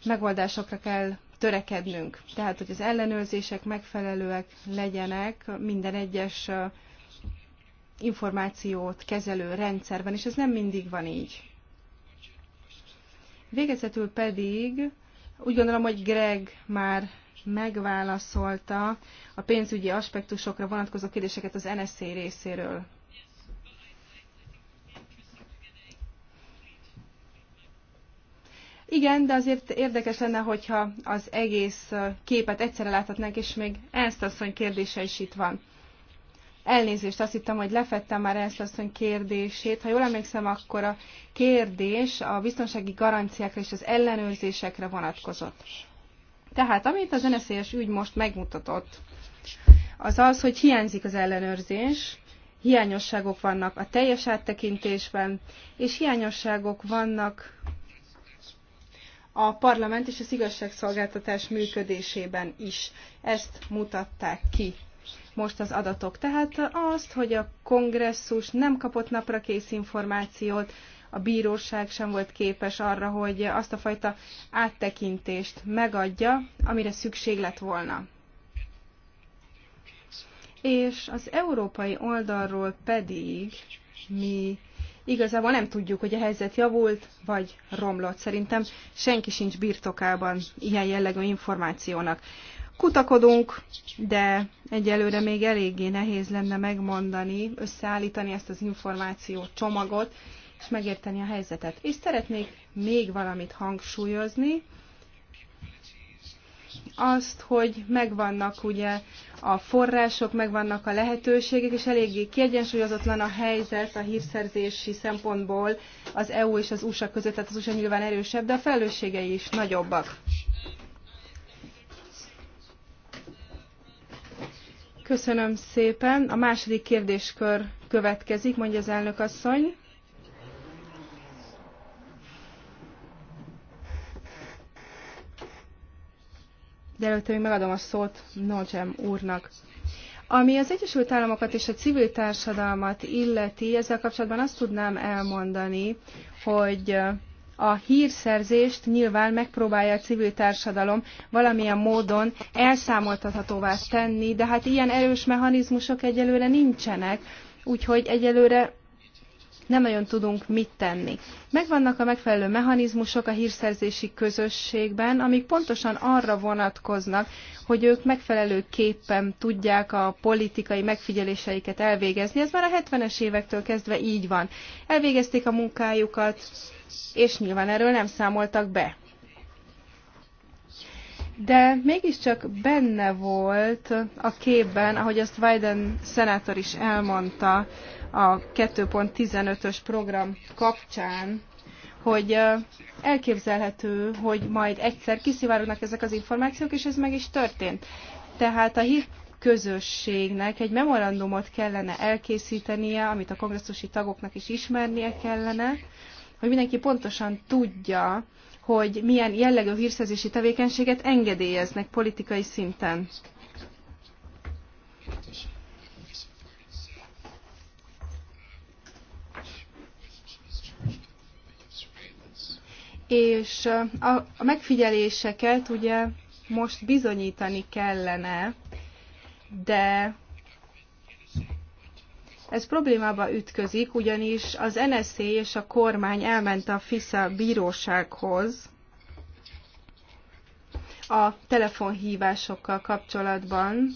megoldásokra kell törekednünk. Tehát, hogy az ellenőrzések megfelelőek legyenek minden egyes információt kezelő rendszerben, és ez nem mindig van így. Végezetül pedig úgy gondolom, hogy Greg már megválaszolta a pénzügyi aspektusokra vonatkozó kérdéseket az NSZ részéről. Igen, de azért érdekes lenne, hogyha az egész képet egyszerre láthatnánk, és még ezt asszony kérdése is itt van. Elnézést, azt hittem, hogy lefettem már ezt asszony kérdését. Ha jól emlékszem, akkor a kérdés a biztonsági garanciákra és az ellenőrzésekre vonatkozott. Tehát amit az NSZ-es ügy most megmutatott, az az, hogy hiányzik az ellenőrzés, hiányosságok vannak a teljes áttekintésben, és hiányosságok vannak a parlament és az igazságszolgáltatás működésében is. Ezt mutatták ki most az adatok. Tehát azt, hogy a kongresszus nem kapott napra kész információt, a bíróság sem volt képes arra, hogy azt a fajta áttekintést megadja, amire szükség lett volna. És az európai oldalról pedig mi igazából nem tudjuk, hogy a helyzet javult vagy romlott. Szerintem senki sincs birtokában ilyen jellegű információnak. Kutakodunk, de egyelőre még eléggé nehéz lenne megmondani, összeállítani ezt az információ csomagot, és megérteni a helyzetet. És szeretnék még valamit hangsúlyozni, azt, hogy megvannak ugye a források, megvannak a lehetőségek, és eléggé kiegyensúlyozatlan a helyzet a hírszerzési szempontból az EU és az USA között, tehát az USA nyilván erősebb, de a felelősségei is nagyobbak. Köszönöm szépen. A második kérdéskör következik, mondja az elnök asszony. de előtte még megadom a szót Nogem úrnak. Ami az Egyesült Államokat és a civil társadalmat illeti, ezzel kapcsolatban azt tudnám elmondani, hogy a hírszerzést nyilván megpróbálja a civil társadalom valamilyen módon elszámoltathatóvá tenni, de hát ilyen erős mechanizmusok egyelőre nincsenek, úgyhogy egyelőre nem nagyon tudunk mit tenni. Megvannak a megfelelő mechanizmusok a hírszerzési közösségben, amik pontosan arra vonatkoznak, hogy ők megfelelő képpen tudják a politikai megfigyeléseiket elvégezni. Ez már a 70-es évektől kezdve így van. Elvégezték a munkájukat, és nyilván erről nem számoltak be de mégiscsak benne volt a képben, ahogy azt Biden szenátor is elmondta a 2.15-ös program kapcsán, hogy elképzelhető, hogy majd egyszer kiszivárognak ezek az információk, és ez meg is történt. Tehát a hit közösségnek egy memorandumot kellene elkészítenie, amit a kongresszusi tagoknak is ismernie kellene, hogy mindenki pontosan tudja, hogy milyen jellegű hírszerzési tevékenységet engedélyeznek politikai szinten. És a megfigyeléseket ugye most bizonyítani kellene, de ez problémába ütközik, ugyanis az NSZ és a kormány elment a FISA bírósághoz a telefonhívásokkal kapcsolatban,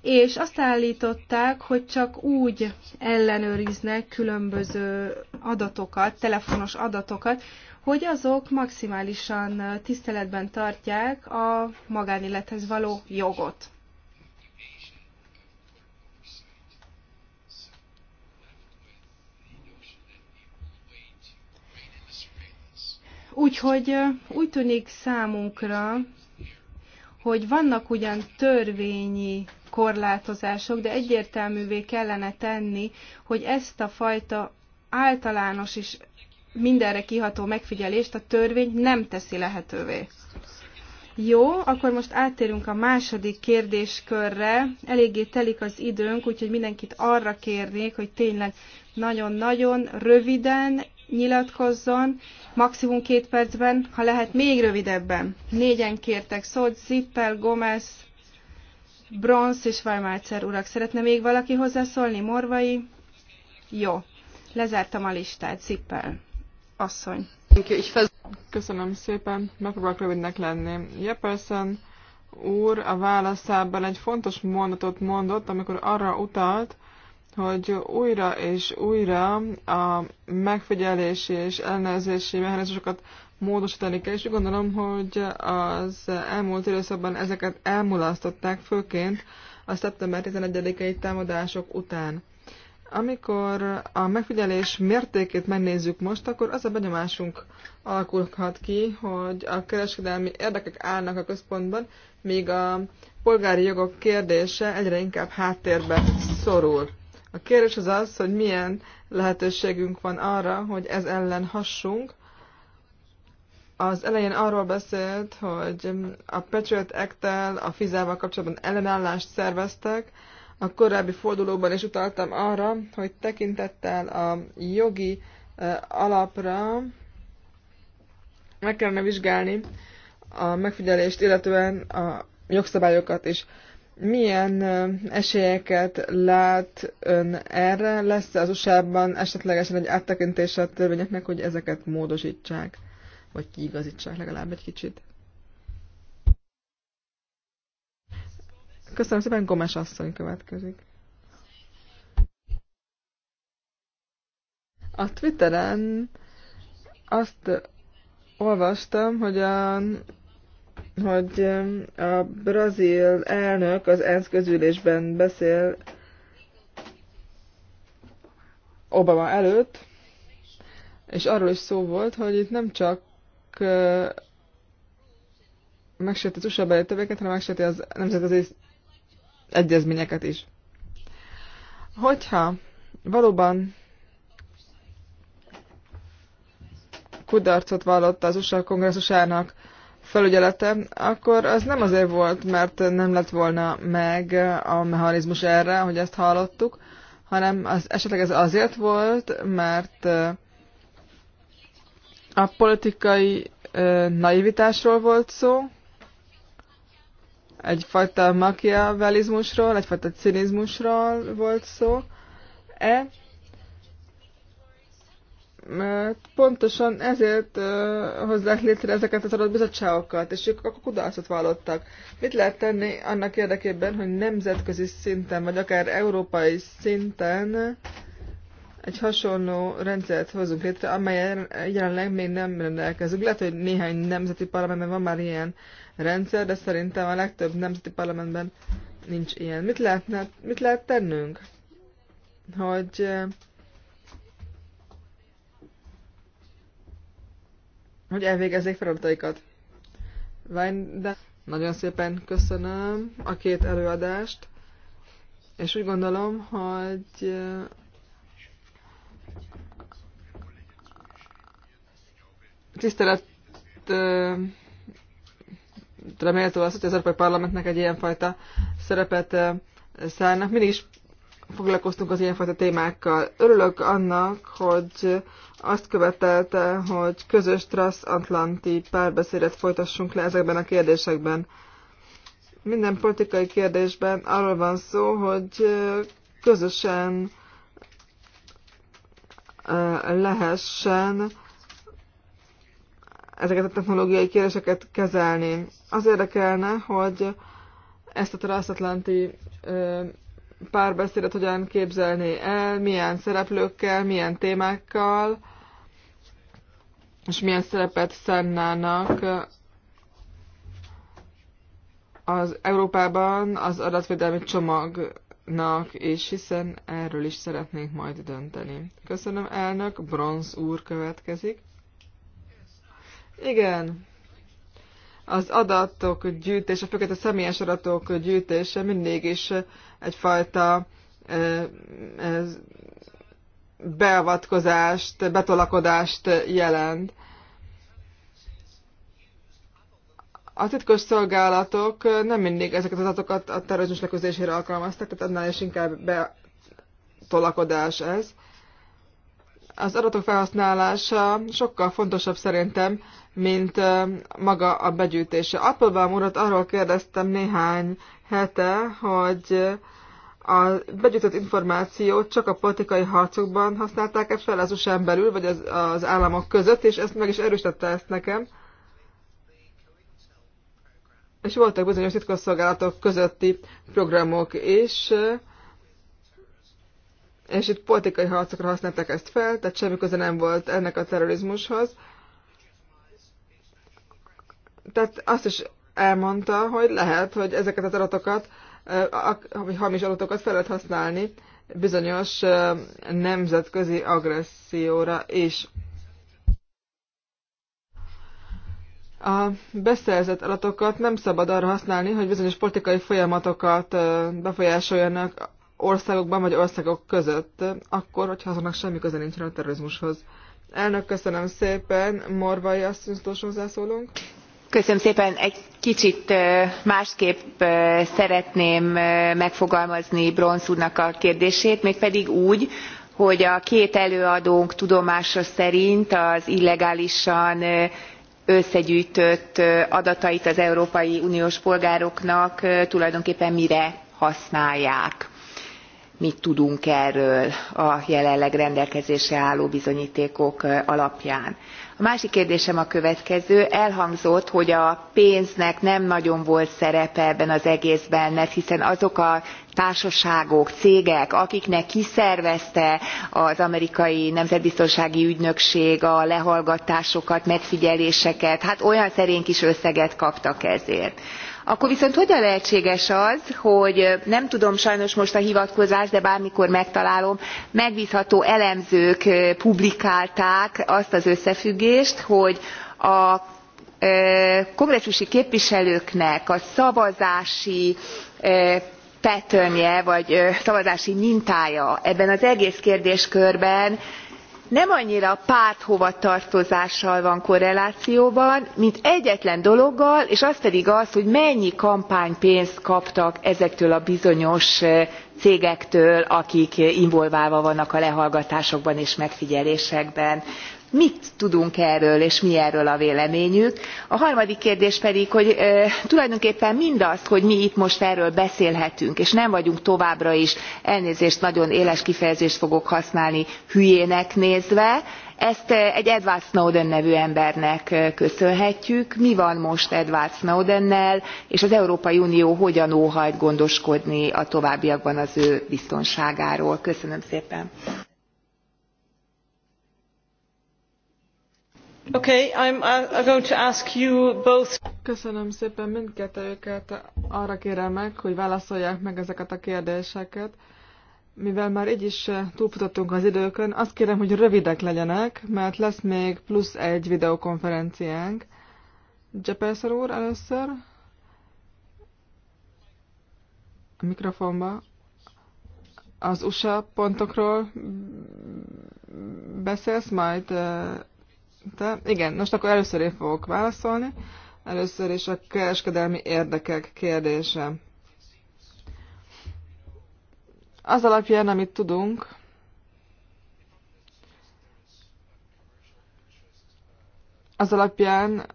és azt állították, hogy csak úgy ellenőriznek különböző adatokat, telefonos adatokat, hogy azok maximálisan tiszteletben tartják a magánélethez való jogot. Úgyhogy úgy tűnik számunkra, hogy vannak ugyan törvényi korlátozások, de egyértelművé kellene tenni, hogy ezt a fajta általános és mindenre kiható megfigyelést a törvény nem teszi lehetővé. Jó, akkor most áttérünk a második kérdéskörre. Eléggé telik az időnk, úgyhogy mindenkit arra kérnék, hogy tényleg nagyon-nagyon röviden nyilatkozzon, maximum két percben, ha lehet még rövidebben. Négyen kértek szót, Zippel, Gomez, Bronz és Weimarcer urak. Szeretne még valaki hozzászólni? Morvai? Jó. Lezártam a listát. Zippel. Asszony. Köszönöm szépen. Megpróbálok rövidnek lenni. Jeperson, úr a válaszában egy fontos mondatot mondott, amikor arra utalt, hogy újra és újra a megfigyelési és ellenőrzési mechanizmusokat módosítani kell, és úgy gondolom, hogy az elmúlt időszakban ezeket elmulasztották, főként a szeptember 11-i támadások után. Amikor a megfigyelés mértékét megnézzük most, akkor az a benyomásunk alakulhat ki, hogy a kereskedelmi érdekek állnak a központban, míg a polgári jogok kérdése egyre inkább háttérbe szorul. A kérdés az az, hogy milyen lehetőségünk van arra, hogy ez ellen hassunk. Az elején arról beszélt, hogy a Patriot act a Fizával kapcsolatban ellenállást szerveztek. A korábbi fordulóban is utaltam arra, hogy tekintettel a jogi alapra meg kellene vizsgálni a megfigyelést, illetően a jogszabályokat is. Milyen esélyeket lát ön erre? lesz az USA-ban esetlegesen egy áttekintés a törvényeknek, hogy ezeket módosítsák, vagy kiigazítsák legalább egy kicsit? Köszönöm szépen, Gomes asszony következik. A Twitteren azt olvastam, hogy a hogy a brazil elnök az ENSZ közülésben beszél Obama előtt, és arról is szó volt, hogy itt nem csak megsérti az USA beléptöveket, hanem megsérti az nemzetközi egyezményeket is. Hogyha valóban kudarcot vallott az USA kongresszusának felügyelete, akkor az nem azért volt, mert nem lett volna meg a mechanizmus erre, hogy ezt hallottuk, hanem az, esetleg ez azért volt, mert a politikai naivitásról volt szó, egyfajta makiavelizmusról, egyfajta cinizmusról volt szó, e mert pontosan ezért hozzák létre ezeket az adott bizottságokat, és ők akkor kudarcot vallottak. Mit lehet tenni annak érdekében, hogy nemzetközi szinten, vagy akár európai szinten egy hasonló rendszert hozunk létre, amelyen jelenleg még nem rendelkezünk. Lehet, hogy néhány nemzeti parlamentben van már ilyen rendszer, de szerintem a legtöbb nemzeti parlamentben nincs ilyen. Mit, lehetne, mit lehet tennünk? Hogy hogy elvégezzék feladataikat. de nagyon szépen köszönöm a két előadást, és úgy gondolom, hogy eh, tisztelet eh, reméltó az, hogy az Európai Parlamentnek egy ilyenfajta szerepet eh, szállnak. Mindig is foglalkoztunk az ilyenfajta témákkal. Örülök annak, hogy azt követelte, hogy közös transatlanti párbeszédet folytassunk le ezekben a kérdésekben. Minden politikai kérdésben arról van szó, hogy közösen lehessen ezeket a technológiai kérdéseket kezelni. Az érdekelne, hogy ezt a transatlanti párbeszédet hogyan képzelné el, milyen szereplőkkel, milyen témákkal, és milyen szerepet szennának eh, az Európában az adatvédelmi csomagnak, és hiszen erről is szeretnénk majd dönteni. Köszönöm elnök, Bronz úr következik. Igen, az adatok gyűjtése, főként a személyes adatok gyűjtése mindig is egyfajta eh, beavatkozást, betolakodást jelent. A titkos szolgálatok nem mindig ezeket az adatokat a terrorizmus leküzdésére alkalmazták, tehát annál is inkább betolakodás ez. Az adatok felhasználása sokkal fontosabb szerintem, mint maga a begyűjtése. Applebaum urat arról kérdeztem néhány hete, hogy a begyűjtött információt csak a politikai harcokban használták-e fel az usa belül, vagy az, az államok között, és ezt meg is erősítette ezt nekem. És voltak bizonyos titkosszolgálatok közötti programok is, és itt politikai harcokra használták ezt fel, tehát semmi köze nem volt ennek a terrorizmushoz. Tehát azt is elmondta, hogy lehet, hogy ezeket az adatokat hamis adatokat fel lehet használni bizonyos nemzetközi agresszióra is. A beszerzett adatokat nem szabad arra használni, hogy bizonyos politikai folyamatokat befolyásoljanak országokban vagy országok között, akkor, hogyha azonnak semmi köze nincsen a terrorizmushoz. Elnök, köszönöm szépen. Morvai asszony, hozzászólunk egy kicsit másképp szeretném megfogalmazni brons úrnak a kérdését mégpedig úgy hogy a két előadónk tudomása szerint az illegálisan összegyűjtött adatait az európai uniós polgároknak tulajdonképpen mire használják mit tudunk erről a jelenleg rendelkezésre álló bizonytékok alapján a másik kérdésem a következő elhangzott hogy a pénznek nem nagyon volt szerepe ebben az egészben mert hiszen azok a társaságok cégek akiknek kiszervezte az amerikai nemzetbiztonsági ügynökség a lehallgatásokat megfigyeléseket hát olyan szerény kis összeget kaptak ezért akkor viszont hogyan lehetséges az hogy nem tudom sajnos most a hivatkozást de bármikor megtalálom megbzható elemzők publikálták azt az összefüggést hogy a kongresszusi képviselőknek a szavazási patternje vagy szavazási mintája ebben az egész kérdéskörben nem annyira párthovatartozással van korrelációban mint egyetlen dologgal és az pedig az hogy mennyi kampánypénzt kaptak ezektől a bizonyos cégektől akik involválva vannak a lehallgatásokban és megfigyelésekben mit tudunk erről és mi erről a véleményük? a harmadik kérdés pedig hogy tulajdonképpen mindazt hogy mi itt most erről beszélhetünk és nem vagyunk továbbra is elnézést nagyon éles kifejezést fogok használni hülyének nézve ezt egy edward snowden nevű embernek köszönhetjük. mi van most edward snowdennel és az európai unió hogyan óhajt gondoskodni a továbbiakban az ő biztonságáról? köszönöm szépen! Köszönöm szépen mindkettőjüket. Arra kérem meg, hogy válaszolják meg ezeket a kérdéseket. Mivel már így is eh, túlfutottunk az időkön, azt kérem, hogy rövidek legyenek, mert lesz még plusz egy videokonferenciánk. Jepelszer úr először. A mikrofonba. Az USA pontokról beszélsz majd eh, de igen, most akkor először én fogok válaszolni. Először is a kereskedelmi érdekek kérdése. Az alapján, amit tudunk, az alapján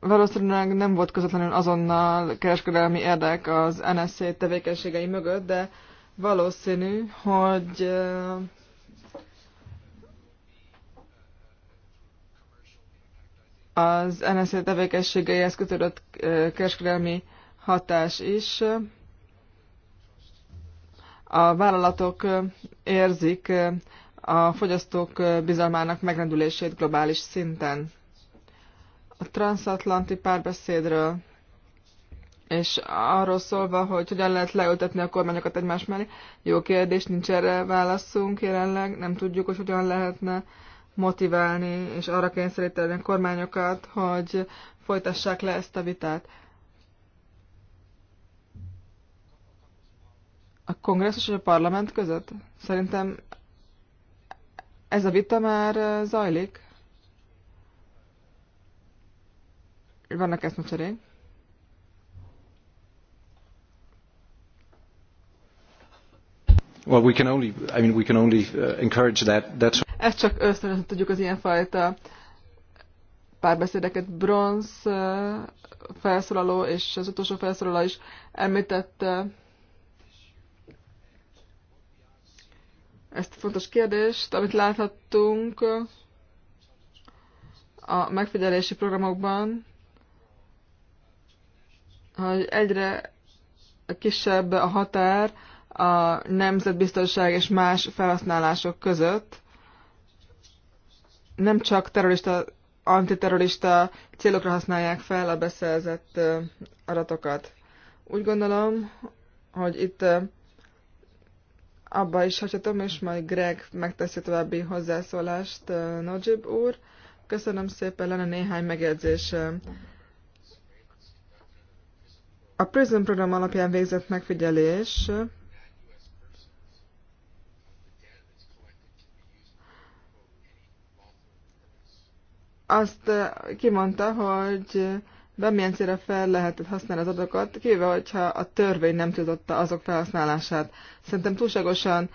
valószínűleg nem volt közvetlenül azonnal kereskedelmi érdek az NSZ tevékenységei mögött, de valószínű, hogy az NSZ tevékenységeihez kötődött kereskedelmi hatás is. A vállalatok érzik a fogyasztók bizalmának megrendülését globális szinten. A transatlanti párbeszédről és arról szólva, hogy hogyan lehet leültetni a kormányokat egymás mellé, jó kérdés, nincs erre válaszunk jelenleg, nem tudjuk, hogy hogyan lehetne motiválni, és arra kényszeríteni a kormányokat, hogy folytassák le ezt a vitát. A kongresszus és a parlament között? Szerintem ez a vita már eh, zajlik. Vannak eszmecserék. Ezt csak ösztönösen tudjuk az ilyenfajta párbeszédeket. Bronz uh, felszólaló és az utolsó felszólaló is említette ezt a fontos kérdést, amit láthattunk a megfigyelési programokban, hogy egyre kisebb a határ a nemzetbiztonság és más felhasználások között nem csak terrorista, antiterrorista célokra használják fel a beszerzett adatokat. Úgy gondolom, hogy itt abba is hagyhatom, és majd Greg megteszi további hozzászólást, Nojib úr. Köszönöm szépen, lenne néhány megjegyzés. A PRISM program alapján végzett megfigyelés azt kimondta, hogy bármilyen célra fel lehetett használni az adatokat, kivéve, hogyha a törvény nem tiltotta azok felhasználását. Szerintem túlságosan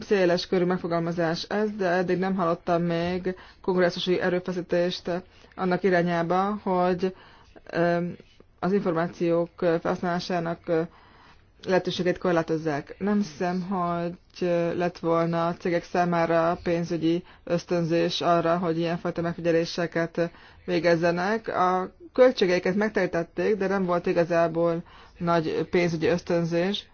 széles körű megfogalmazás ez, de eddig nem hallottam még kongresszusi erőfeszítést annak irányába, hogy az információk felhasználásának lehetőségét korlátozzák. Nem hiszem, hogy lett volna a cégek számára pénzügyi ösztönzés arra, hogy ilyenfajta megfigyeléseket végezzenek. A költségeiket megterítették, de nem volt igazából nagy pénzügyi ösztönzés.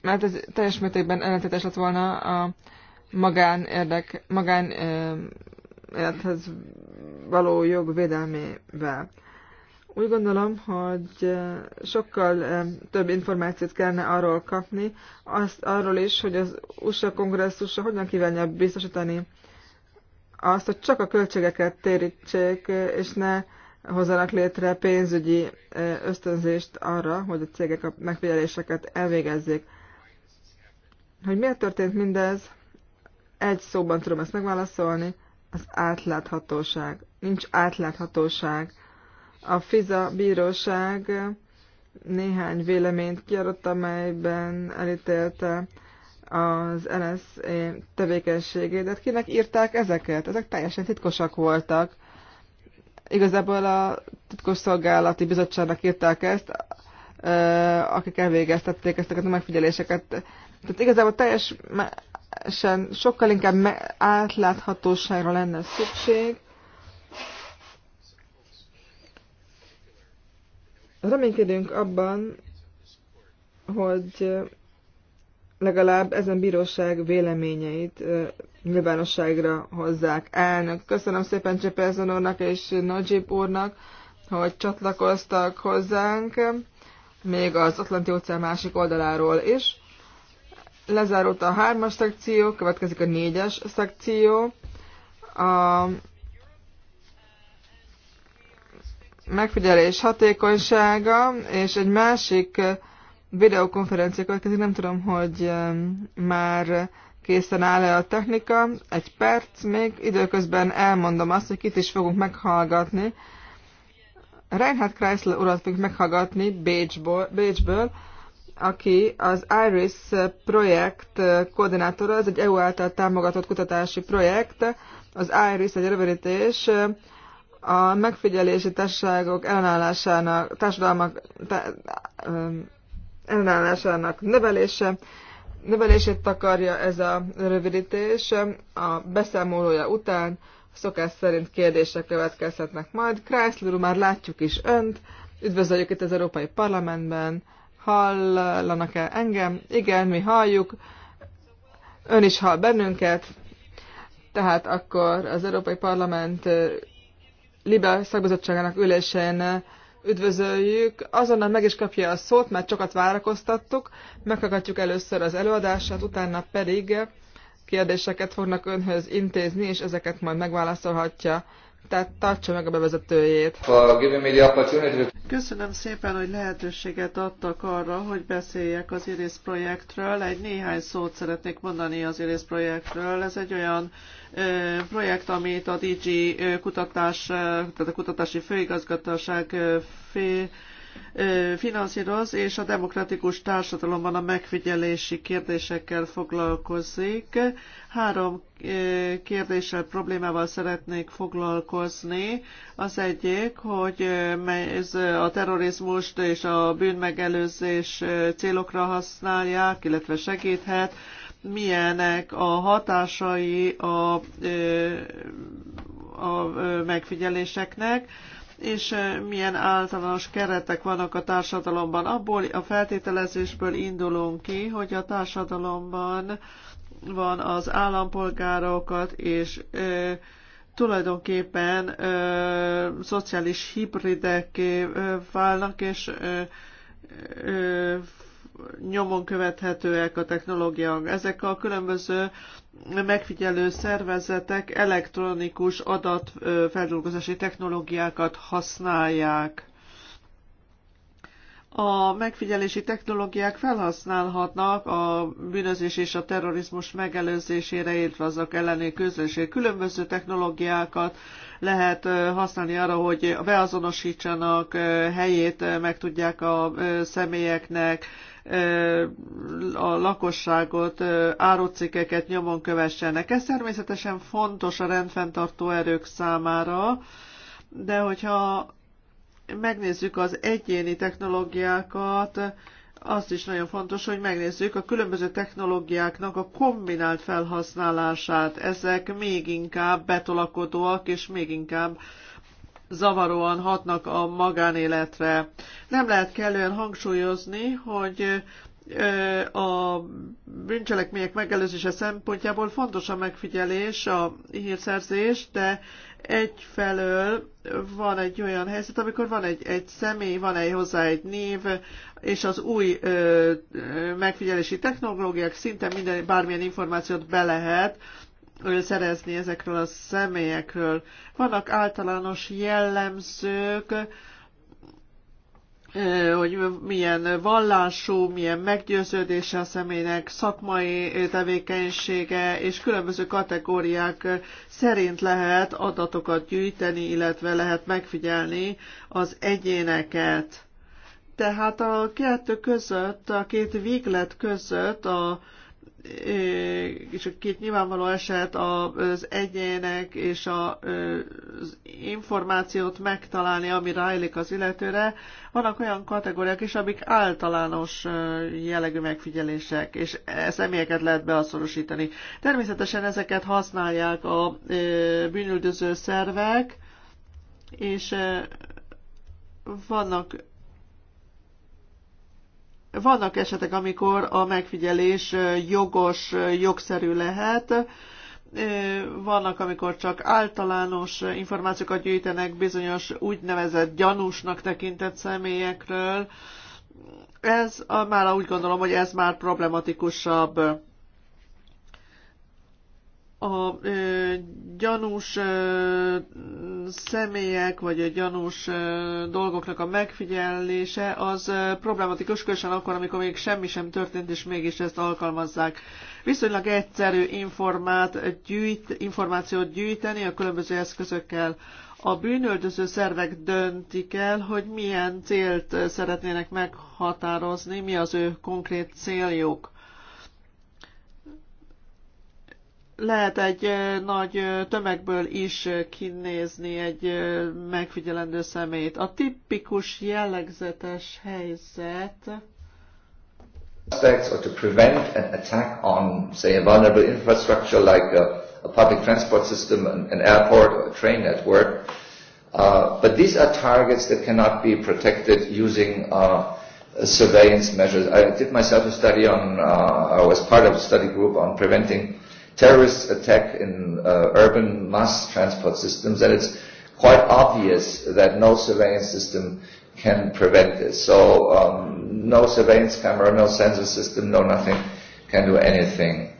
Mert ez teljes mértékben ellentétes lett volna a magán érdek, magán élethez való jog védelmével. Úgy gondolom, hogy eh, sokkal eh, több információt kellene arról kapni, azt arról is, hogy az USA kongresszusa hogyan kívánja biztosítani azt, hogy csak a költségeket térítsék, eh, és ne hozzanak létre pénzügyi ösztönzést arra, hogy a cégek a megfigyeléseket elvégezzék. Hogy miért történt mindez? Egy szóban tudom ezt megválaszolni, az átláthatóság. Nincs átláthatóság a FISA bíróság néhány véleményt kiadott, amelyben elítélte az NSZ tevékenységét. De hát kinek írták ezeket? Ezek teljesen titkosak voltak. Igazából a titkos szolgálati bizottságnak írták ezt, akik elvégeztették ezt a megfigyeléseket. Tehát igazából teljesen sokkal inkább átláthatóságra lenne szükség, Reménykedünk abban, hogy legalább ezen bíróság véleményeit nyilvánosságra hozzák. Elnök, köszönöm szépen Csepezon úrnak és Najib úrnak, hogy csatlakoztak hozzánk, még az Atlanti óceán másik oldaláról is. Lezárult a hármas szekció, következik a négyes szekció. A megfigyelés hatékonysága, és egy másik videokonferencia következik, nem tudom, hogy már készen áll-e a technika. Egy perc még, időközben elmondom azt, hogy kit is fogunk meghallgatni. Reinhard Kreisler urat fogjuk meghallgatni Bécsból, Bécsből, aki az IRIS projekt koordinátora, ez egy EU által támogatott kutatási projekt, az IRIS egy rövidítés, a megfigyelési társaságok ellenállásának, társadalmak tá, ellenállásának növelése, növelését takarja ez a rövidítés. A beszámolója után szokás szerint kérdések következhetnek majd. Chrysler már látjuk is önt, üdvözöljük itt az Európai Parlamentben, hallanak-e engem? Igen, mi halljuk, ön is hall bennünket, tehát akkor az Európai Parlament Libe szakbizottságának ülésén eh, üdvözöljük. Azonnal meg is kapja a szót, mert sokat várakoztattuk. Meghallgatjuk először az előadását, utána pedig kérdéseket fognak önhöz intézni, és ezeket majd megválaszolhatja tehát tartsa meg a bevezetőjét. Köszönöm szépen, hogy lehetőséget adtak arra, hogy beszéljek az Iris projektről. Egy néhány szót szeretnék mondani az Iris projektről. Ez egy olyan ö, projekt, amit a DG kutatás, tehát a kutatási főigazgatóság fő finanszíroz, és a demokratikus társadalomban a megfigyelési kérdésekkel foglalkozik. Három kérdéssel, problémával szeretnék foglalkozni. Az egyik, hogy ez a terrorizmust és a bűnmegelőzés célokra használják, illetve segíthet milyenek a hatásai a, a megfigyeléseknek és milyen általános keretek vannak a társadalomban. Abból a feltételezésből indulunk ki, hogy a társadalomban van az állampolgárokat, és e, tulajdonképpen e, szociális hibridek válnak, és e, nyomon követhetőek a technológiák. Ezek a különböző megfigyelő szervezetek elektronikus adatfeldolgozási technológiákat használják. A megfigyelési technológiák felhasználhatnak a bűnözés és a terrorizmus megelőzésére, illetve azok elleni közlési Különböző technológiákat lehet használni arra, hogy beazonosítsanak helyét, meg tudják a személyeknek, a lakosságot, árucikeket nyomon kövessenek. Ez természetesen fontos a rendfenntartó erők számára, de hogyha megnézzük az egyéni technológiákat, azt is nagyon fontos, hogy megnézzük a különböző technológiáknak a kombinált felhasználását. Ezek még inkább betolakodóak, és még inkább zavaróan hatnak a magánéletre. Nem lehet kellően hangsúlyozni, hogy a bűncselekmények megelőzése szempontjából fontos a megfigyelés, a hírszerzés, de egyfelől van egy olyan helyzet, amikor van egy, egy személy, van egy hozzá egy név, és az új ö, megfigyelési technológiák szinte minden, bármilyen információt be lehet, ö, szerezni ezekről a személyekről. Vannak általános jellemzők, hogy milyen vallású, milyen meggyőződése a személynek, szakmai tevékenysége, és különböző kategóriák szerint lehet adatokat gyűjteni, illetve lehet megfigyelni az egyéneket. Tehát a kettő között, a két véglet között a és két nyilvánvaló eset az egyének és az információt megtalálni, ami rájlik az illetőre. Vannak olyan kategóriák is, amik általános jellegű megfigyelések, és személyeket lehet beazonosítani. Természetesen ezeket használják a bűnüldöző szervek, és vannak vannak esetek, amikor a megfigyelés jogos, jogszerű lehet, vannak, amikor csak általános információkat gyűjtenek bizonyos úgynevezett gyanúsnak tekintett személyekről. Ez már úgy gondolom, hogy ez már problematikusabb a ö, gyanús ö, személyek vagy a gyanús ö, dolgoknak a megfigyelése az ö, problematikus, különösen akkor, amikor még semmi sem történt, és mégis ezt alkalmazzák. Viszonylag egyszerű informát gyűjt, információt gyűjteni a különböző eszközökkel. A bűnöldöző szervek döntik el, hogy milyen célt szeretnének meghatározni, mi az ő konkrét céljuk lehet egy nagy tömegből is kinézni egy megfigyelendő szemét. A tipikus jellegzetes helyzet aspects or to prevent an attack on, say, a vulnerable infrastructure like a, a public transport system, an, an airport, or a train network. Uh, but these are targets that cannot be protected using uh, surveillance measures. I did myself a study on, uh, I was part of a study group on preventing terrorist attack in uh, urban mass transport systems, and it's quite obvious that no surveillance system can prevent this. So um, no surveillance camera, no sensor system, no nothing can do anything.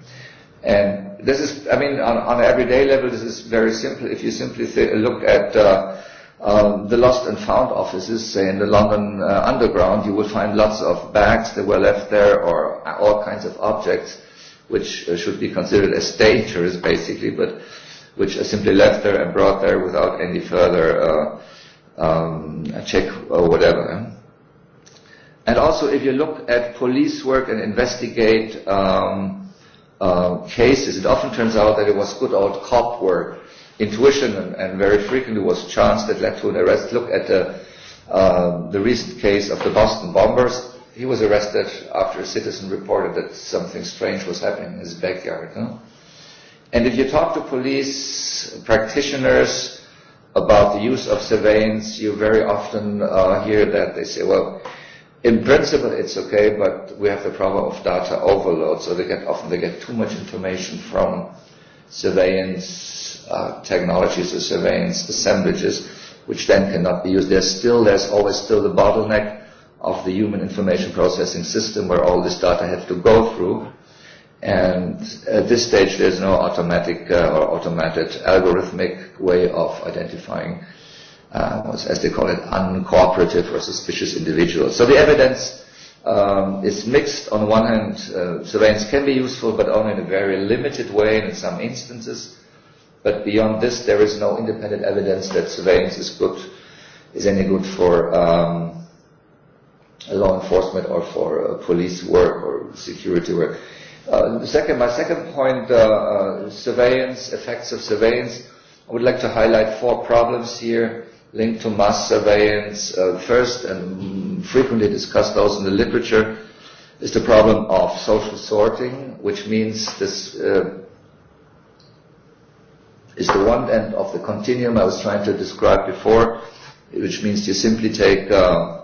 And this is, I mean, on, on an everyday level, this is very simple. If you simply th- look at uh, um, the lost and found offices, say in the London uh, underground, you will find lots of bags that were left there or all kinds of objects which uh, should be considered as dangerous, basically, but which are simply left there and brought there without any further uh, um, check or whatever. And also, if you look at police work and investigate um, uh, cases, it often turns out that it was good old cop work, intuition, and, and very frequently was chance that led to an arrest. Look at the, uh, the recent case of the Boston bombers he was arrested after a citizen reported that something strange was happening in his backyard. No? And if you talk to police practitioners about the use of surveillance, you very often uh, hear that they say, well, in principle it's okay, but we have the problem of data overload, so they get often they get too much information from surveillance uh, technologies or surveillance assemblages, which then cannot be used. There's still, there's always still the bottleneck of the human information processing system where all this data have to go through. And at this stage, there's no automatic uh, or automated algorithmic way of identifying, uh, as they call it, uncooperative or suspicious individuals. So the evidence um, is mixed. On the one hand, uh, surveillance can be useful, but only in a very limited way and in some instances. But beyond this, there is no independent evidence that surveillance is good, is any good for um, law enforcement or for uh, police work or security work. Uh, second, my second point, uh, uh, surveillance, effects of surveillance. I would like to highlight four problems here linked to mass surveillance. Uh, first, and frequently discussed those in the literature, is the problem of social sorting, which means this uh, is the one end of the continuum I was trying to describe before, which means you simply take uh,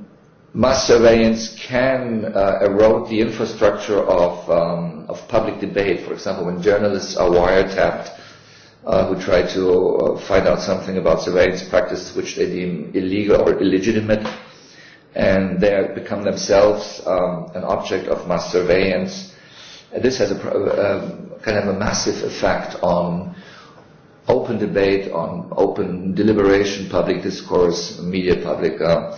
mass surveillance can uh, erode the infrastructure of, um, of public debate. For example, when journalists are wiretapped uh, who try to uh, find out something about surveillance practice which they deem illegal or illegitimate, and they become themselves um, an object of mass surveillance. And this has a uh, um, kind of a massive effect on open debate, on open deliberation, public discourse, media public. Uh,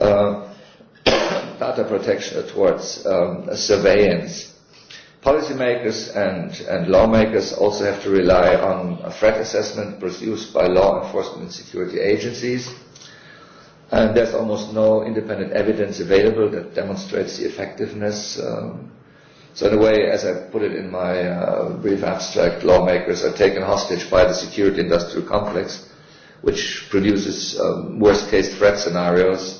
uh, data protection towards um, surveillance. Policymakers and, and lawmakers also have to rely on a threat assessment produced by law enforcement and security agencies. And there's almost no independent evidence available that demonstrates the effectiveness. Um, so in a way, as I put it in my uh, brief abstract, lawmakers are taken hostage by the security industrial complex, which produces um, worst-case threat scenarios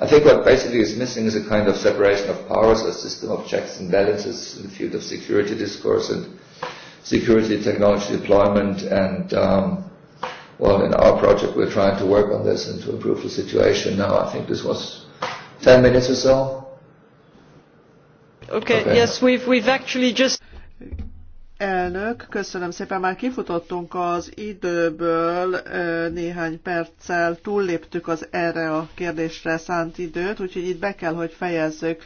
I think what basically is missing is a kind of separation of powers, a system of checks and balances in the field of security discourse and security technology deployment. And um, well, in our project, we're trying to work on this and to improve the situation. Now, I think this was 10 minutes or so. Okay. okay. Yes, we've we've actually just Elnök, köszönöm szépen, már kifutottunk az időből, néhány perccel túlléptük az erre a kérdésre szánt időt, úgyhogy itt be kell, hogy fejezzük.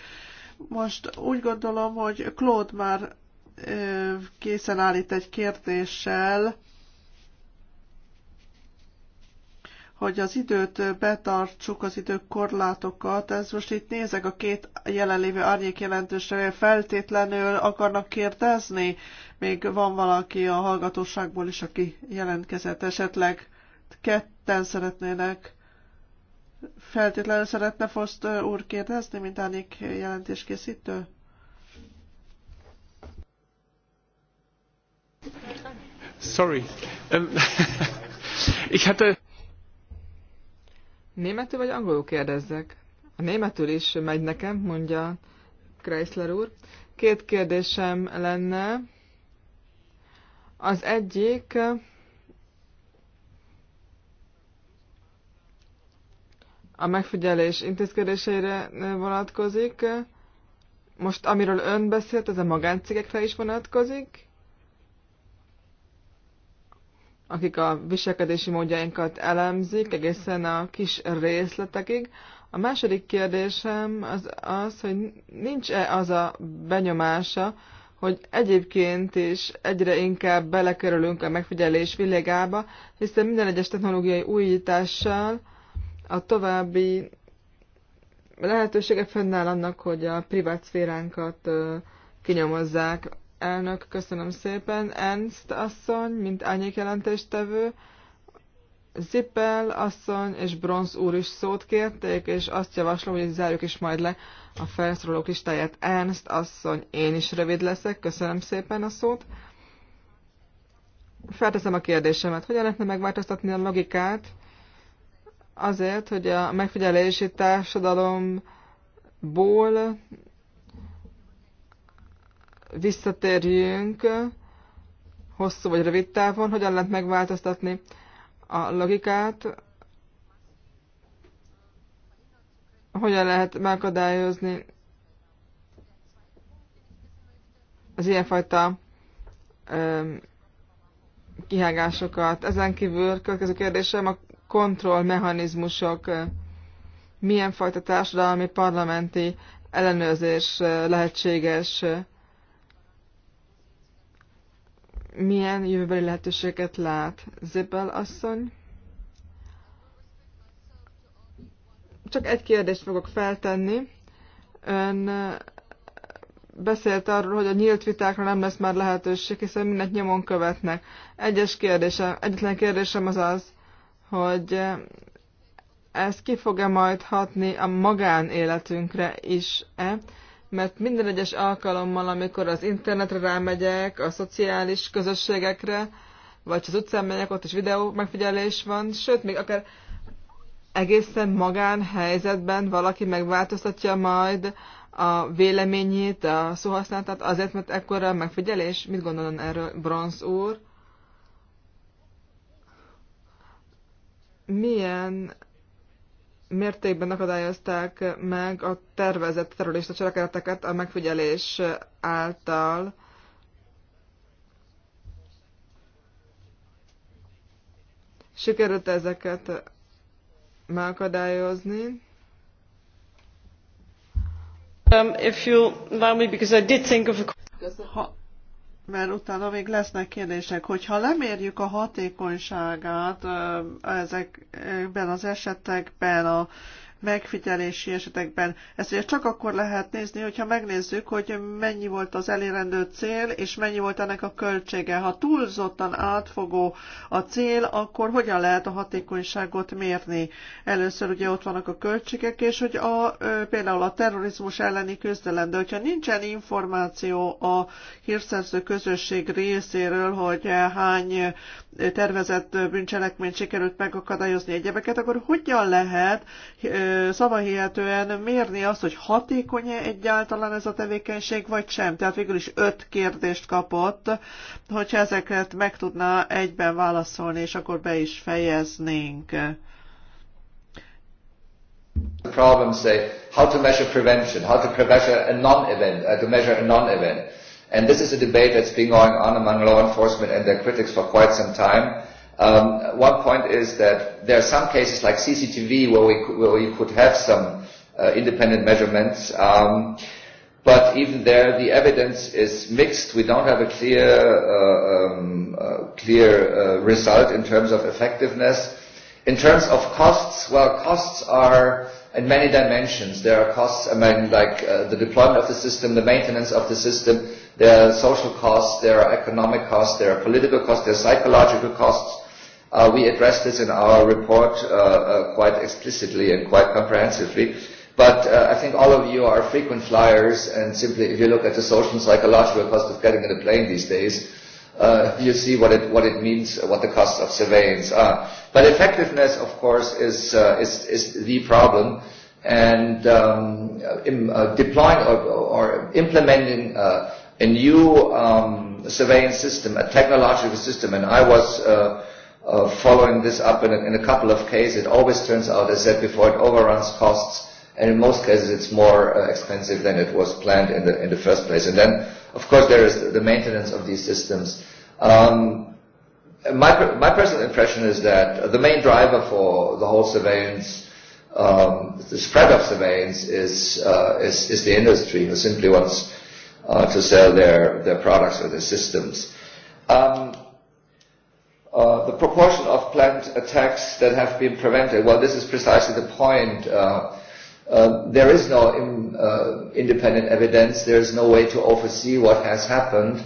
Most úgy gondolom, hogy Claude már készen állít egy kérdéssel, hogy az időt betartsuk, az idők korlátokat. Ez most itt nézek a két jelenlévő árnyék jelentősre, feltétlenül akarnak kérdezni, még van valaki a hallgatóságból is, aki jelentkezett esetleg. Ketten szeretnének. Feltétlenül szeretne Foszt úr kérdezni, mint Ánik jelentéskészítő? Sorry. ich hatte... Eh, németül vagy angolul kérdezzek? A németül is megy nekem, mondja Chrysler úr. Két kérdésem lenne. Az egyik a megfigyelés intézkedéseire vonatkozik. Most amiről ön beszélt, ez a magáncégekre is vonatkozik, akik a viselkedési módjainkat elemzik egészen a kis részletekig. A második kérdésem az az, hogy nincs-e az a benyomása hogy egyébként is egyre inkább belekerülünk a megfigyelés világába, hiszen minden egyes technológiai újítással a további lehetősége fennáll annak, hogy a privát szféránkat kinyomozzák. Elnök, köszönöm szépen. Ernst asszony, mint ányék jelentéstevő, Zippel asszony és Bronz úr is szót kérték, és azt javaslom, hogy zárjuk is majd le a felszólalók listáját. Ernst asszony, én is rövid leszek, köszönöm szépen a szót. Felteszem a kérdésemet, hogyan lehetne megváltoztatni a logikát azért, hogy a megfigyelési társadalomból visszatérjünk hosszú vagy rövid távon, hogyan lehet megváltoztatni a logikát, hogyan lehet megakadályozni az ilyenfajta öm, kihágásokat. Ezen kívül következő kérdésem a kontrollmechanizmusok. Milyen fajta társadalmi parlamenti ellenőrzés lehetséges? Milyen jövőbeli lehetőséget lát? Zippel asszony? Csak egy kérdést fogok feltenni. Ön beszélt arról, hogy a nyílt vitákra nem lesz már lehetőség, hiszen mindent nyomon követnek. Egyes kérdésem, egyetlen kérdésem az az, hogy ez ki fog-e majd hatni a magánéletünkre is-e, mert minden egyes alkalommal, amikor az internetre rámegyek, a szociális közösségekre, vagy az utcán megyek, ott is videó megfigyelés van, sőt, még akár egészen magán helyzetben valaki megváltoztatja majd a véleményét, a szóhasználatát azért, mert ekkora megfigyelés? Mit gondolon erről Bronz úr? Milyen mértékben akadályozták meg a tervezett terrorista cselekedeteket a megfigyelés által? Sikerült ezeket megakadályozni. Um, if you allow me, because I did think of a... Ha, mert utána még lesznek kérdések, hogyha lemérjük a hatékonyságát ezekben az esetekben a megfigyelési esetekben. Ezt ugye csak akkor lehet nézni, hogyha megnézzük, hogy mennyi volt az elérendő cél, és mennyi volt ennek a költsége. Ha túlzottan átfogó a cél, akkor hogyan lehet a hatékonyságot mérni? Először ugye ott vannak a költségek, és hogy a, például a terrorizmus elleni küzdelem, de hogyha nincsen információ a hírszerző közösség részéről, hogy hány tervezett bűncselekményt sikerült megakadályozni egyebeket, akkor hogyan lehet szavahihetően mérni azt, hogy hatékony-e egyáltalán ez a tevékenység, vagy sem? Tehát végül is öt kérdést kapott, hogyha ezeket meg tudná egyben válaszolni, és akkor be is fejeznénk. The say how to measure prevention, how to a non-event, uh, to measure a non-event And this is a debate that's been going on among law enforcement and their critics for quite some time. Um, one point is that there are some cases like CCTV where we, where we could have some uh, independent measurements. Um, but even there, the evidence is mixed. We don't have a clear, uh, um, uh, clear uh, result in terms of effectiveness. In terms of costs, well, costs are in many dimensions. There are costs, among like uh, the deployment of the system, the maintenance of the system, there are social costs, there are economic costs, there are political costs, there are psychological costs. Uh, we address this in our report uh, uh, quite explicitly and quite comprehensively. But uh, I think all of you are frequent flyers, and simply if you look at the social and psychological cost of getting in a plane these days, uh, you see what it what it means, uh, what the costs of surveillance are. But effectiveness, of course, is uh, is is the problem, and um, in, uh, deploying or, or implementing uh, a new um, surveillance system, a technological system, and I was. Uh, uh, following this up in a, in a couple of cases, it always turns out, as I said before, it overruns costs, and in most cases it's more uh, expensive than it was planned in the in the first place. And then, of course, there is the maintenance of these systems Um, my, my personal impression is that the main driver for the whole surveillance, um, the spread of surveillance, is, uh, is, is the industry who simply wants uh, to sell their, their products or their systems. Um, uh, the proportion of planned attacks that have been prevented, well, this is precisely the point. Uh, uh, there is no in, uh, independent evidence. There is no way to oversee what has happened.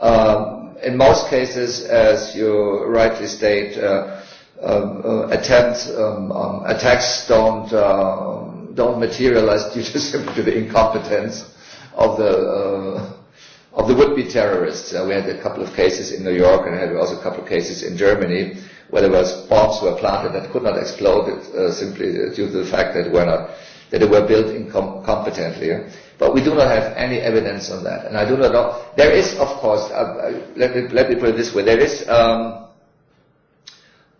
Uh, in most cases, as you rightly state, uh, uh, attempts, um, um, attacks don't uh, don't materialize due to simply to the incompetence of the uh, of the would-be terrorists. Uh, we had a couple of cases in New York, and had also a couple of cases in Germany where there was bombs were planted that could not explode uh, simply due to the fact that were not that they were built incompetently. Incom- But we do not have any evidence on that. And I do not know. There is, of course, uh, uh let, me, let me put it this way. There is, um,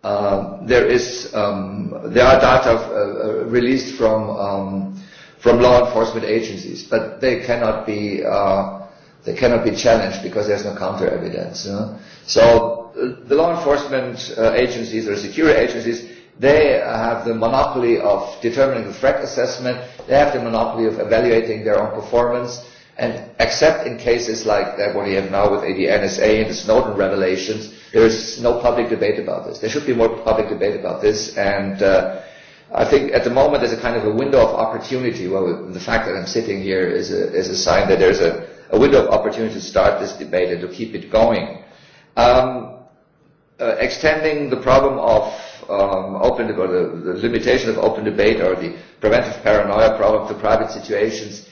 uh, there is, um, there are data uh, uh, released from, um, from law enforcement agencies, but they cannot be, uh, they cannot be challenged because there's no counter evidence. You know? So uh, the law enforcement uh, agencies or security agencies They have the monopoly of determining the threat assessment. They have the monopoly of evaluating their own performance. And except in cases like that what we have now with the NSA and the Snowden revelations, there is no public debate about this. There should be more public debate about this. And uh, I think at the moment there's a kind of a window of opportunity. Well, the fact that I'm sitting here is a, is a sign that there's a, a window of opportunity to start this debate and to keep it going. Um, uh, extending the problem of um, open or the, the limitation of open debate or the preventive paranoia problem to private situations.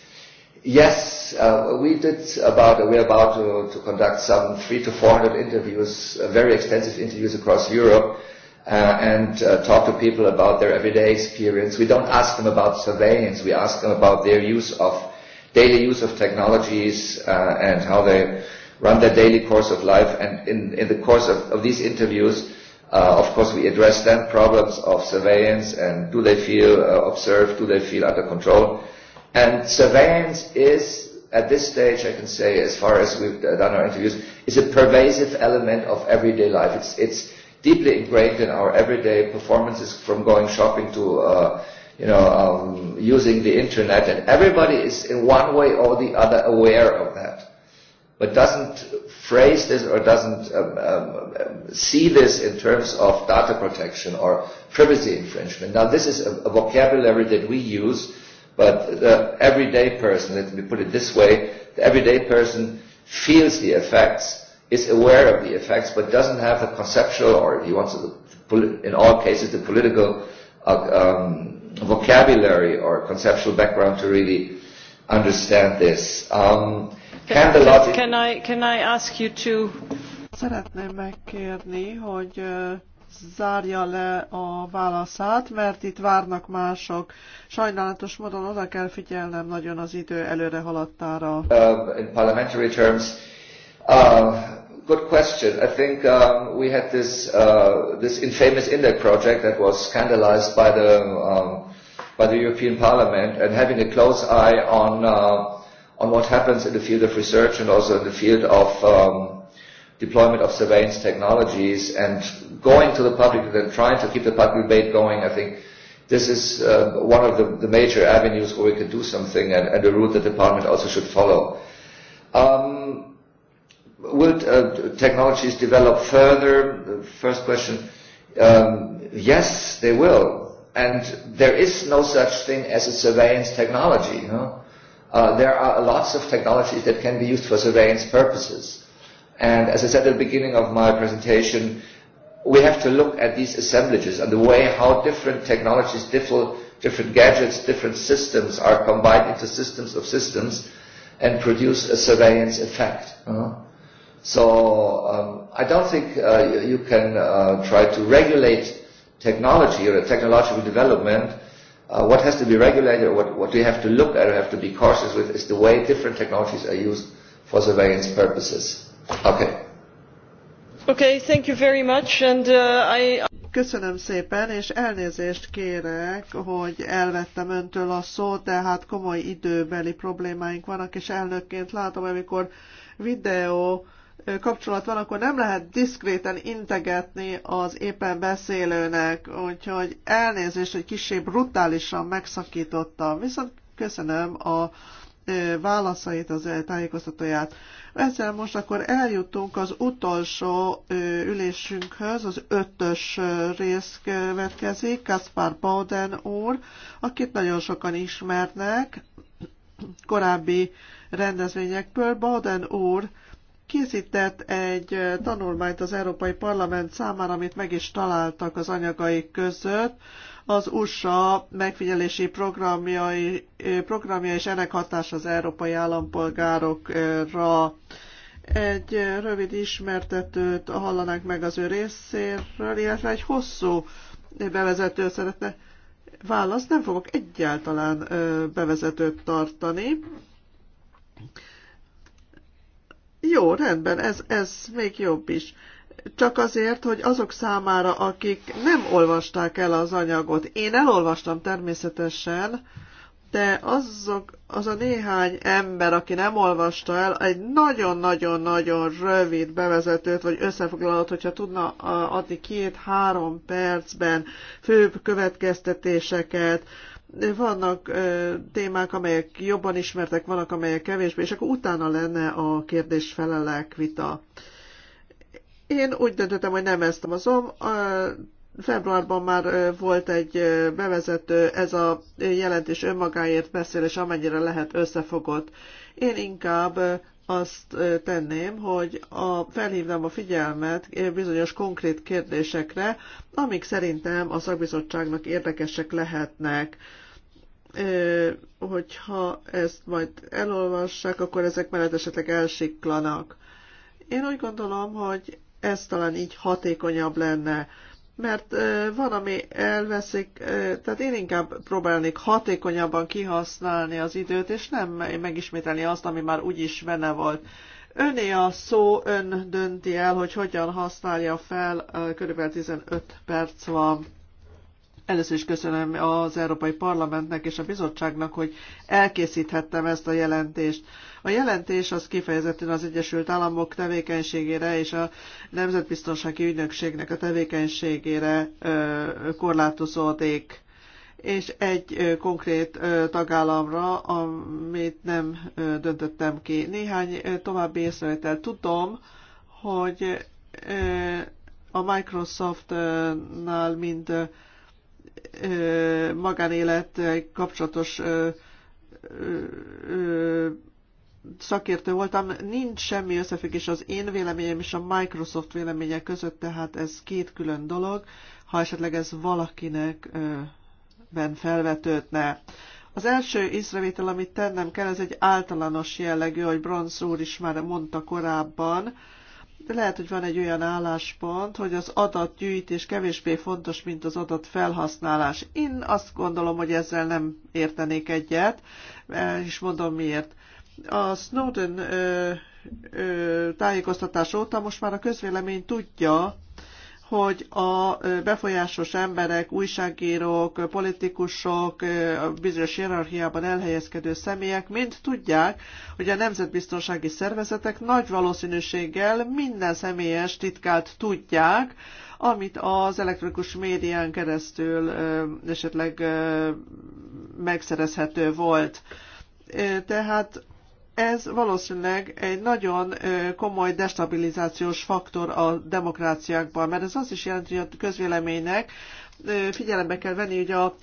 Yes, uh, we did about, uh, we're about to, to conduct some three to four hundred interviews, uh, very extensive interviews across Europe, uh, and uh, talk to people about their everyday experience. We don't ask them about surveillance, we ask them about their use of, daily use of technologies uh, and how they run their daily course of life. And in, in the course of, of these interviews, Uh, of course, we address them problems of surveillance and do they feel uh, observed, do they feel under control. And surveillance is, at this stage, I can say, as far as we've done our interviews, is a pervasive element of everyday life. It's, it's deeply ingrained in our everyday performances from going shopping to, uh, you know, um, using the internet. And everybody is in one way or the other aware of that, but doesn't phrase this or doesn't um, um, see this in terms of data protection or privacy infringement. Now, this is a, a vocabulary that we use, but the everyday person, let me put it this way, the everyday person feels the effects, is aware of the effects, but doesn't have the conceptual or, if you want to, in all cases, the political uh, um, vocabulary or conceptual background to really understand this. Um, Can, the logic... can, I, can I ask you to... Szeretném megkérni, hogy zárja le a válaszát, mert itt várnak mások. Sajnálatos módon oda kell figyelnem nagyon az idő előre haladtára. Uh, in parliamentary terms, uh, good question. I think um, we had this uh, this infamous index project that was scandalized by the um, by the European Parliament and having a close eye on uh, on what happens in the field of research and also in the field of um, deployment of surveillance technologies and going to the public and then trying to keep the public debate going, I think this is uh, one of the, the major avenues where we can do something and, and a route the department also should follow. Um, will uh, technologies develop further? First question. Um, yes, they will. And there is no such thing as a surveillance technology. know? uh, there are lots of technologies that can be used for surveillance purposes. And as I said at the beginning of my presentation, we have to look at these assemblages and the way how different technologies, different, different gadgets, different systems are combined into systems of systems and produce a surveillance effect. Uh, so um, I don't think uh, you, can uh, try to regulate technology or technological development Uh, what has to be regulated, what, what we have to look at or have to be cautious with is the way different technologies are used for surveillance purposes. Okay. Okay, thank you very much, and uh, I... Köszönöm szépen, és elnézést kérek, hogy elvettem öntől a szót, de hát komoly időbeli problémáink vannak, és elnökként látom, amikor videó kapcsolat van, akkor nem lehet diszkréten integetni az éppen beszélőnek, úgyhogy elnézést, hogy kicsi brutálisan megszakítottam, viszont köszönöm a válaszait, az tájékoztatóját. Ezzel most akkor eljutunk az utolsó ülésünkhöz, az ötös rész következik, Kaspar Bauden úr, akit nagyon sokan ismernek korábbi rendezvényekből. Bauden úr készített egy tanulmányt az Európai Parlament számára, amit meg is találtak az anyagaik között, az USA megfigyelési programjai, programja és ennek hatása az európai állampolgárokra. Egy rövid ismertetőt hallanánk meg az ő részéről, illetve egy hosszú bevezető szeretne. Választ nem fogok egyáltalán bevezetőt tartani jó, rendben, ez, ez még jobb is. Csak azért, hogy azok számára, akik nem olvasták el az anyagot, én elolvastam természetesen, de azok, az a néhány ember, aki nem olvasta el, egy nagyon-nagyon-nagyon rövid bevezetőt, vagy összefoglalót, hogyha tudna adni két-három percben főbb következtetéseket, vannak témák, amelyek jobban ismertek, vannak, amelyek kevésbé, és akkor utána lenne a kérdés-felelek vita. Én úgy döntöttem, hogy nem ezt azom. Februárban már volt egy bevezető, ez a jelentés önmagáért beszél, és amennyire lehet összefogott. Én inkább azt tenném, hogy a, felhívnám a figyelmet bizonyos konkrét kérdésekre, amik szerintem a szakbizottságnak érdekesek lehetnek hogyha ezt majd elolvassák, akkor ezek mellett esetleg elsiklanak. Én úgy gondolom, hogy ez talán így hatékonyabb lenne mert van, ami elveszik, tehát én inkább próbálnék hatékonyabban kihasználni az időt, és nem megismételni azt, ami már úgyis benne volt. Öné a szó, ön dönti el, hogy hogyan használja fel, körülbelül 15 perc van. Először is köszönöm az Európai Parlamentnek és a bizottságnak, hogy elkészíthettem ezt a jelentést. A jelentés az kifejezetten az Egyesült Államok tevékenységére és a Nemzetbiztonsági Ügynökségnek a tevékenységére korlátozódik és egy konkrét tagállamra, amit nem döntöttem ki. Néhány további észrevétel. Tudom, hogy a Microsoft-nál mind magánélet kapcsolatos szakértő voltam, nincs semmi összefüggés az én véleményem és a Microsoft véleménye között, tehát ez két külön dolog, ha esetleg ez valakinek ben felvetődne. Az első észrevétel, amit tennem kell, ez egy általános jellegű, hogy Bronz úr is már mondta korábban, de lehet, hogy van egy olyan álláspont, hogy az adatgyűjtés kevésbé fontos, mint az adatfelhasználás. Én azt gondolom, hogy ezzel nem értenék egyet, és mondom miért. A Snowden ö, ö, tájékoztatás óta most már a közvélemény tudja, hogy a befolyásos emberek, újságírók, politikusok, bizonyos hierarchiában elhelyezkedő személyek mind tudják, hogy a nemzetbiztonsági szervezetek nagy valószínűséggel minden személyes titkát tudják, amit az elektronikus médián keresztül esetleg megszerezhető volt. Tehát ez valószínűleg egy nagyon komoly destabilizációs faktor a demokráciákban, mert ez azt is jelenti, hogy a közvéleménynek figyelembe kell venni, hogy a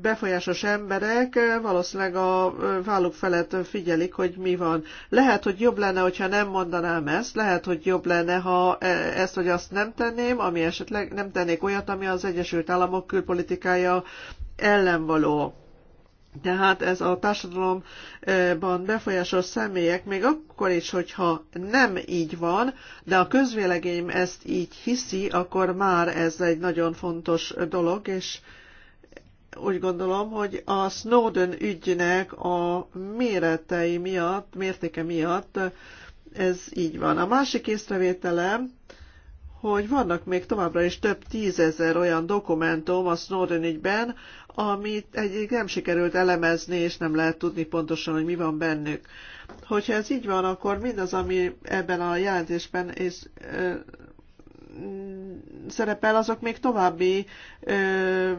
befolyásos emberek valószínűleg a válluk felett figyelik, hogy mi van. Lehet, hogy jobb lenne, hogyha nem mondanám ezt, lehet, hogy jobb lenne, ha e, ezt vagy azt nem tenném, ami esetleg nem tennék olyat, ami az Egyesült Államok külpolitikája ellen való tehát ez a társadalomban befolyásos személyek, még akkor is, hogyha nem így van, de a közvélegény ezt így hiszi, akkor már ez egy nagyon fontos dolog, és úgy gondolom, hogy a Snowden ügynek a méretei miatt, mértéke miatt ez így van. A másik észrevételem, hogy vannak még továbbra is több tízezer olyan dokumentum a Snowden ügyben, amit egyik nem sikerült elemezni, és nem lehet tudni pontosan, hogy mi van bennük. Hogyha ez így van, akkor mindaz, ami ebben a jelentésben és, ö, mm, szerepel, azok még további ö, ö,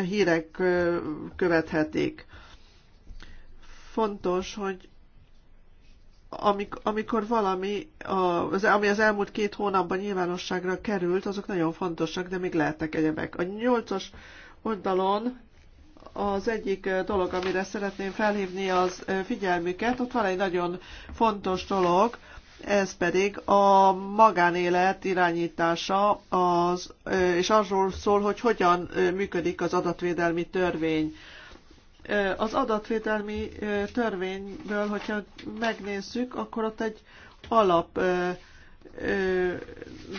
hírek ö, követhetik. Fontos, hogy amik, amikor valami, az, ami az elmúlt két hónapban nyilvánosságra került, azok nagyon fontosak, de még lehetnek egyebek. A nyolcas oldalon az egyik dolog, amire szeretném felhívni az figyelmüket, ott van egy nagyon fontos dolog, ez pedig a magánélet irányítása az, és arról szól, hogy hogyan működik az adatvédelmi törvény. Az adatvédelmi törvényből, hogyha megnézzük, akkor ott egy alap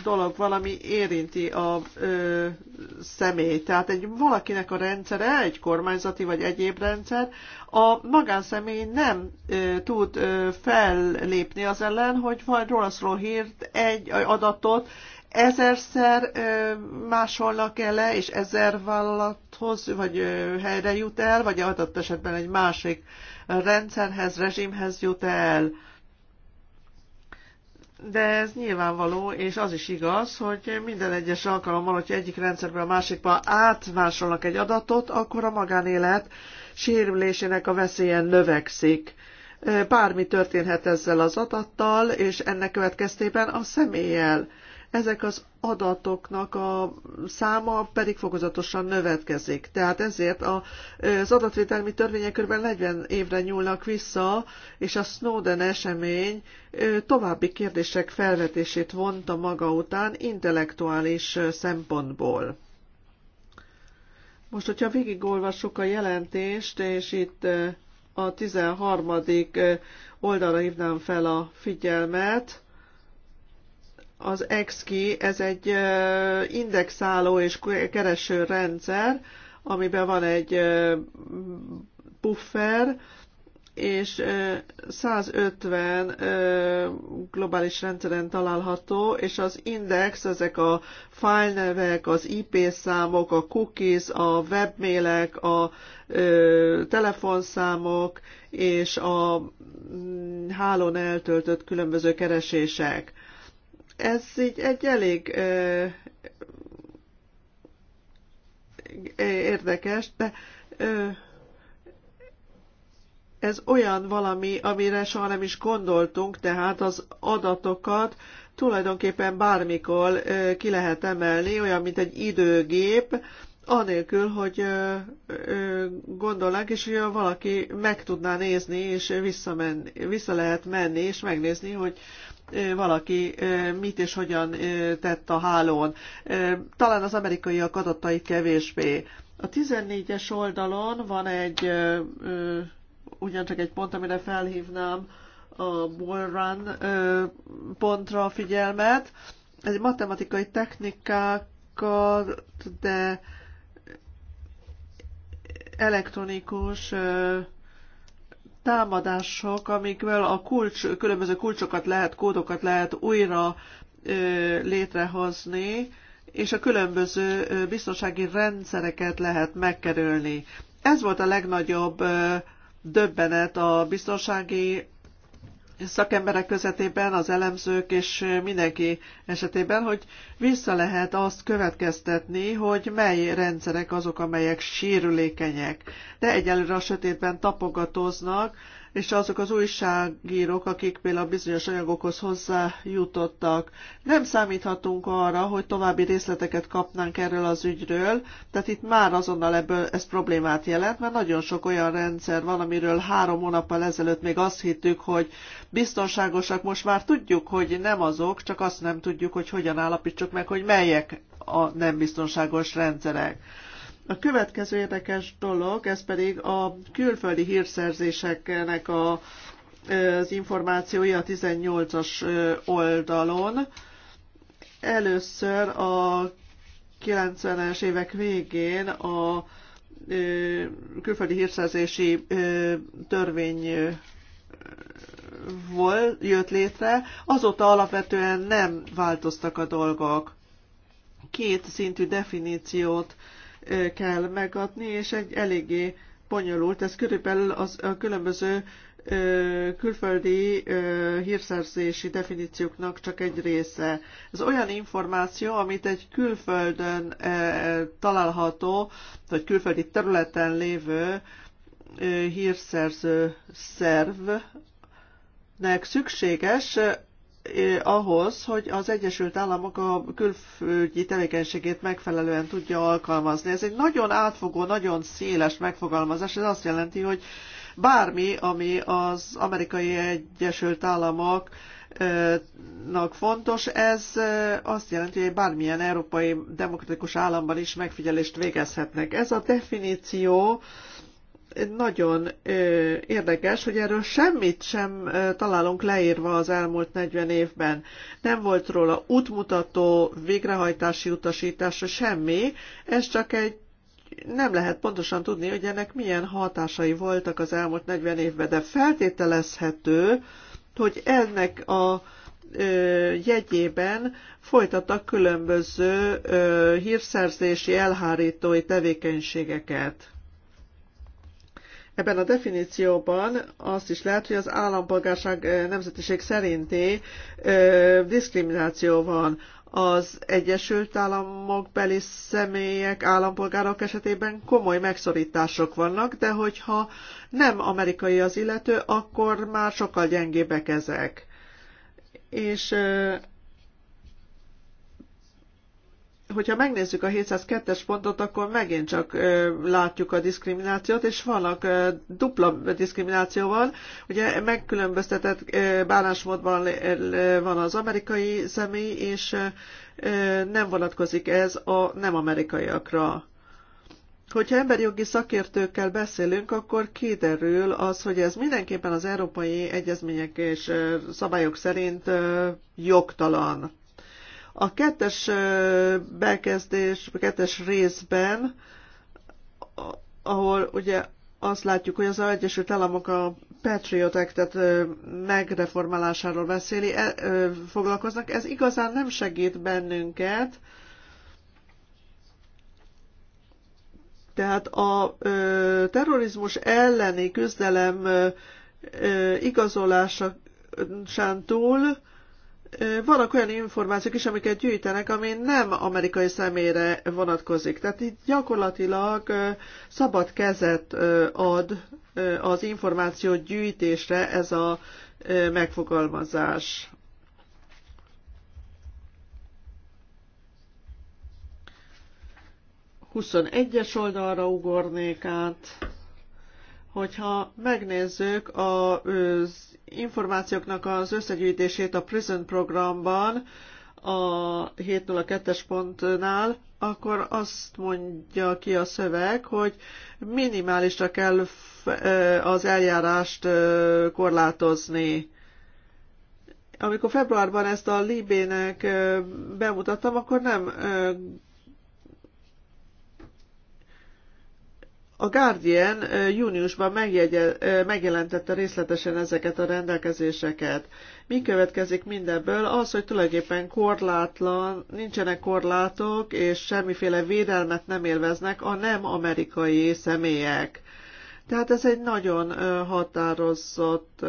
dolog valami érinti a személy. Tehát egy valakinek a rendszere, egy kormányzati vagy egyéb rendszer, a magánszemély nem tud fellépni az ellen, hogy van róla szóló hírt, egy adatot ezerszer másolnak el le, és ezer vállalathoz, vagy helyre jut el, vagy adott esetben egy másik rendszerhez, rezsimhez jut el. De ez nyilvánvaló, és az is igaz, hogy minden egyes alkalommal, hogyha egyik rendszerből a másikba átmásolnak egy adatot, akkor a magánélet sérülésének a veszélye növekszik. Bármi történhet ezzel az adattal, és ennek következtében a személlyel ezek az adatoknak a száma pedig fokozatosan növetkezik. Tehát ezért a az adatvételmi törvények kb. 40 évre nyúlnak vissza, és a Snowden esemény további kérdések felvetését vonta maga után intellektuális szempontból. Most, hogyha végigolvassuk a jelentést, és itt a 13. oldalra hívnám fel a figyelmet, az EXKI, ez egy indexáló és kereső rendszer, amiben van egy buffer, és 150 globális rendszeren található, és az index, ezek a nevek, az IP számok, a cookies, a webmailek, a telefonszámok és a mm, hálón eltöltött különböző keresések ez így egy elég ö, érdekes, de ö, ez olyan valami, amire soha nem is gondoltunk, tehát az adatokat tulajdonképpen bármikor ö, ki lehet emelni, olyan, mint egy időgép, anélkül, hogy ö, ö, gondolnánk, és hogy valaki meg tudná nézni, és visszamen, vissza lehet menni, és megnézni, hogy valaki mit és hogyan tett a hálón. Talán az amerikaiak adatai kevésbé. A 14-es oldalon van egy, ugyancsak egy pont, amire felhívnám a Bull Run pontra a figyelmet. Ez egy matematikai technikákat, de elektronikus támadások, amikből a kulcs, különböző kulcsokat lehet, kódokat lehet újra létrehozni, és a különböző biztonsági rendszereket lehet megkerülni. Ez volt a legnagyobb döbbenet a biztonsági szakemberek közöttében, az elemzők és mindenki esetében, hogy vissza lehet azt következtetni, hogy mely rendszerek azok, amelyek sérülékenyek. De egyelőre a sötétben tapogatóznak, és azok az újságírók, akik például bizonyos anyagokhoz hozzájutottak. Nem számíthatunk arra, hogy további részleteket kapnánk erről az ügyről, tehát itt már azonnal ebből ez problémát jelent, mert nagyon sok olyan rendszer van, amiről három hónappal ezelőtt még azt hittük, hogy biztonságosak, most már tudjuk, hogy nem azok, csak azt nem tudjuk, hogy hogyan állapítsuk meg, hogy melyek a nem biztonságos rendszerek. A következő érdekes dolog, ez pedig a külföldi hírszerzéseknek a, az információja a 18-as oldalon. Először a 90-es évek végén a külföldi hírszerzési törvény volt, jött létre, azóta alapvetően nem változtak a dolgok. Két szintű definíciót kell megadni, és egy eléggé bonyolult. Ez körülbelül az, a különböző külföldi hírszerzési definícióknak csak egy része. Ez olyan információ, amit egy külföldön található, vagy külföldi területen lévő hírszerző szervnek szükséges ahhoz, hogy az Egyesült Államok a külföldi tevékenységét megfelelően tudja alkalmazni. Ez egy nagyon átfogó, nagyon széles megfogalmazás. Ez azt jelenti, hogy bármi, ami az Amerikai Egyesült Államok fontos. Ez azt jelenti, hogy bármilyen európai demokratikus államban is megfigyelést végezhetnek. Ez a definíció nagyon érdekes, hogy erről semmit sem találunk leírva az elmúlt 40 évben. Nem volt róla útmutató, végrehajtási utasítása, semmi. Ez csak egy nem lehet pontosan tudni, hogy ennek milyen hatásai voltak az elmúlt 40 évben, de feltételezhető, hogy ennek a jegyében folytattak különböző hírszerzési elhárítói tevékenységeket. Ebben a definícióban azt is lehet, hogy az állampolgárság nemzetiség szerinti ö, diszkrimináció van az Egyesült Államok beli személyek, állampolgárok esetében komoly megszorítások vannak, de hogyha nem amerikai az illető, akkor már sokkal gyengébbek ezek. És hogyha megnézzük a 702-es pontot, akkor megint csak látjuk a diszkriminációt, és vannak dupla diszkrimináció van. Ugye megkülönböztetett bánásmódban van az amerikai személy, és nem vonatkozik ez a nem amerikaiakra. Hogyha emberi jogi szakértőkkel beszélünk, akkor kiderül az, hogy ez mindenképpen az európai egyezmények és szabályok szerint jogtalan a kettes bekezdés, a kettes részben, ahol ugye azt látjuk, hogy az Egyesült Államok a Patriot act megreformálásáról beszéli, e, foglalkoznak. Ez igazán nem segít bennünket, Tehát a ö, terrorizmus elleni küzdelem ö, ö, igazolásán túl vannak olyan információk is, amiket gyűjtenek, ami nem amerikai személyre vonatkozik. Tehát itt gyakorlatilag szabad kezet ad az információ gyűjtésre ez a megfogalmazás. es oldalra ugornék át hogyha megnézzük az információknak az összegyűjtését a Prison programban, a 702-es pontnál, akkor azt mondja ki a szöveg, hogy minimálisra kell az eljárást korlátozni. Amikor februárban ezt a Libének bemutattam, akkor nem A Guardian júniusban megjelentette részletesen ezeket a rendelkezéseket. Mi következik mindebből? Az, hogy tulajdonképpen korlátlan, nincsenek korlátok, és semmiféle védelmet nem élveznek a nem amerikai személyek. Tehát ez egy nagyon határozott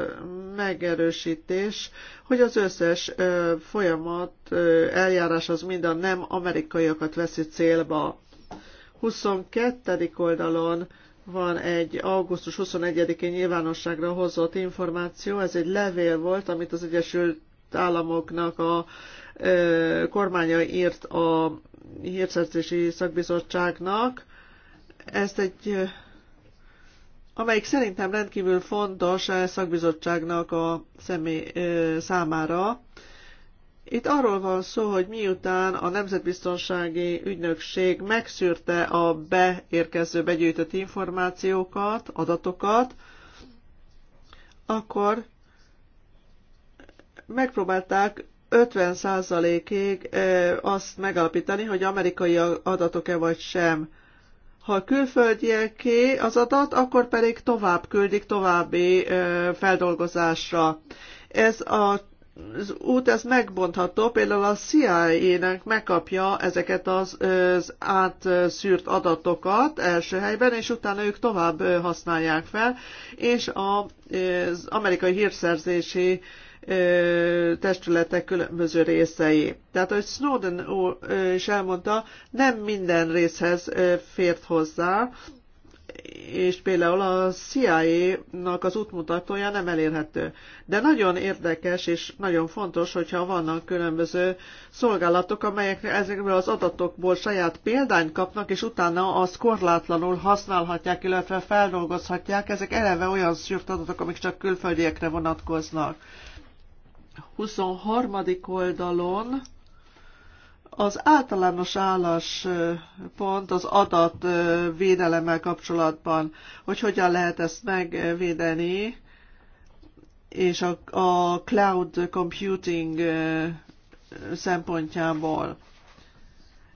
megerősítés, hogy az összes folyamat, eljárás az mind a nem amerikaiakat veszi célba. 22. oldalon van egy augusztus 21-én nyilvánosságra hozott információ, ez egy levél volt, amit az Egyesült Államoknak a ö, kormánya írt a hírszerzési szakbizottságnak. Ezt egy, amelyik szerintem rendkívül fontos a e szakbizottságnak a személy ö, számára, itt arról van szó, hogy miután a Nemzetbiztonsági Ügynökség megszűrte a beérkező, begyűjtött információkat, adatokat, akkor megpróbálták 50%-ig azt megalapítani, hogy amerikai adatok-e vagy sem. Ha külföldieké az adat, akkor pedig tovább küldik további feldolgozásra. Ez a az út ez megbontható, például a CIA-nek megkapja ezeket az, az átszűrt adatokat első helyben, és utána ők tovább használják fel, és az amerikai hírszerzési testületek különböző részei. Tehát, ahogy Snowden is elmondta, nem minden részhez fért hozzá, és például a CIA-nak az útmutatója nem elérhető. De nagyon érdekes és nagyon fontos, hogyha vannak különböző szolgálatok, amelyek ezekből az adatokból saját példányt kapnak, és utána azt korlátlanul használhatják, illetve feldolgozhatják. Ezek eleve olyan szűrt adatok, amik csak külföldiekre vonatkoznak. 23. oldalon az általános álláspont az adatvédelemmel kapcsolatban, hogy hogyan lehet ezt megvédeni, és a, a cloud computing szempontjából.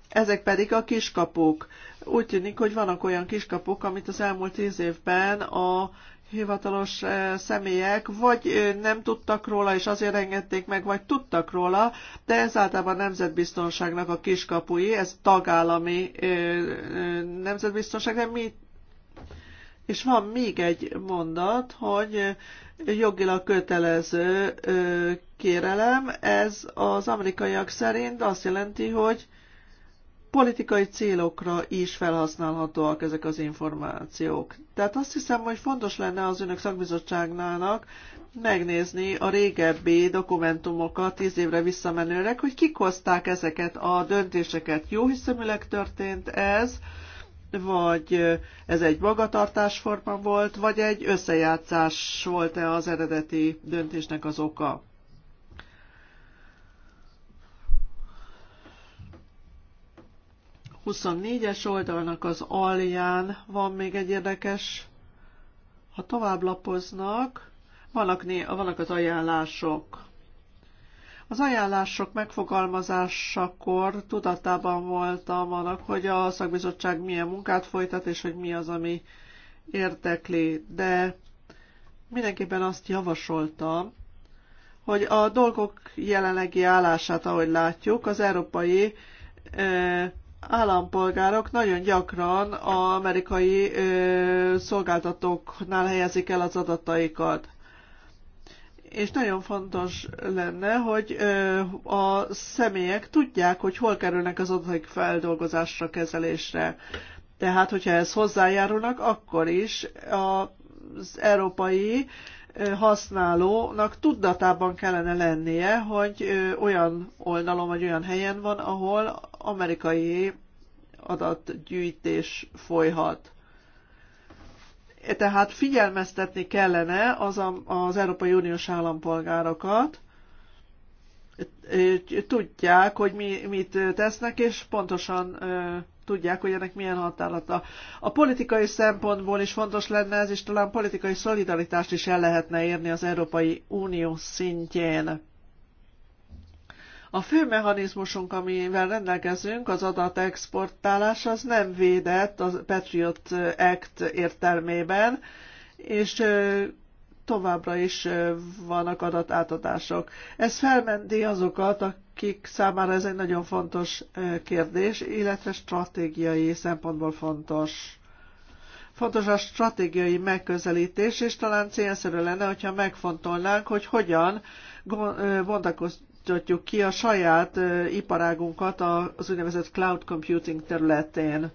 Ezek pedig a kiskapuk. Úgy tűnik, hogy vannak olyan kiskapuk, amit az elmúlt tíz évben a hivatalos eh, személyek vagy eh, nem tudtak róla, és azért engedték meg, vagy tudtak róla, de ez általában nemzetbiztonságnak a kiskapui, ez tagállami eh, nemzetbiztonság, de mi és van még egy mondat, hogy jogilag kötelező kérelem, ez az amerikaiak szerint azt jelenti, hogy politikai célokra is felhasználhatóak ezek az információk. Tehát azt hiszem, hogy fontos lenne az önök szakbizottságnának megnézni a régebbi dokumentumokat tíz évre visszamenőleg, hogy kik hozták ezeket a döntéseket. Jó hiszeműleg történt ez, vagy ez egy magatartásforma volt, vagy egy összejátszás volt-e az eredeti döntésnek az oka. 24-es oldalnak az alján van még egy érdekes, ha tovább lapoznak, vannak, né, vannak az ajánlások. Az ajánlások megfogalmazásakor tudatában voltam annak, hogy a szakbizottság milyen munkát folytat, és hogy mi az, ami érdekli, de mindenképpen azt javasoltam, hogy a dolgok jelenlegi állását, ahogy látjuk, az európai állampolgárok nagyon gyakran az amerikai ö, szolgáltatóknál helyezik el az adataikat. És nagyon fontos lenne, hogy ö, a személyek tudják, hogy hol kerülnek az adatok feldolgozásra, kezelésre. Tehát, hogyha ez hozzájárulnak, akkor is az európai ö, használónak tudatában kellene lennie, hogy olyan oldalon vagy olyan helyen van, ahol amerikai adatgyűjtés folyhat. E, tehát figyelmeztetni kellene az, a, az Európai Uniós állampolgárokat, tudják, hogy mi, mit tesznek, és pontosan tudják, hogy ennek milyen határata. A politikai szempontból is fontos lenne ez, és talán politikai szolidaritást is el lehetne érni az Európai Unió szintjén. A fő mechanizmusunk, amivel rendelkezünk, az adatexportálás, az nem védett a Patriot Act értelmében, és továbbra is vannak adatátadások. Ez felmenti azokat, akik számára ez egy nagyon fontos kérdés, illetve stratégiai szempontból fontos. Fontos a stratégiai megközelítés, és talán célszerű lenne, hogyha megfontolnánk, hogy hogyan bontakoztatjuk ki a saját iparágunkat az úgynevezett cloud computing területén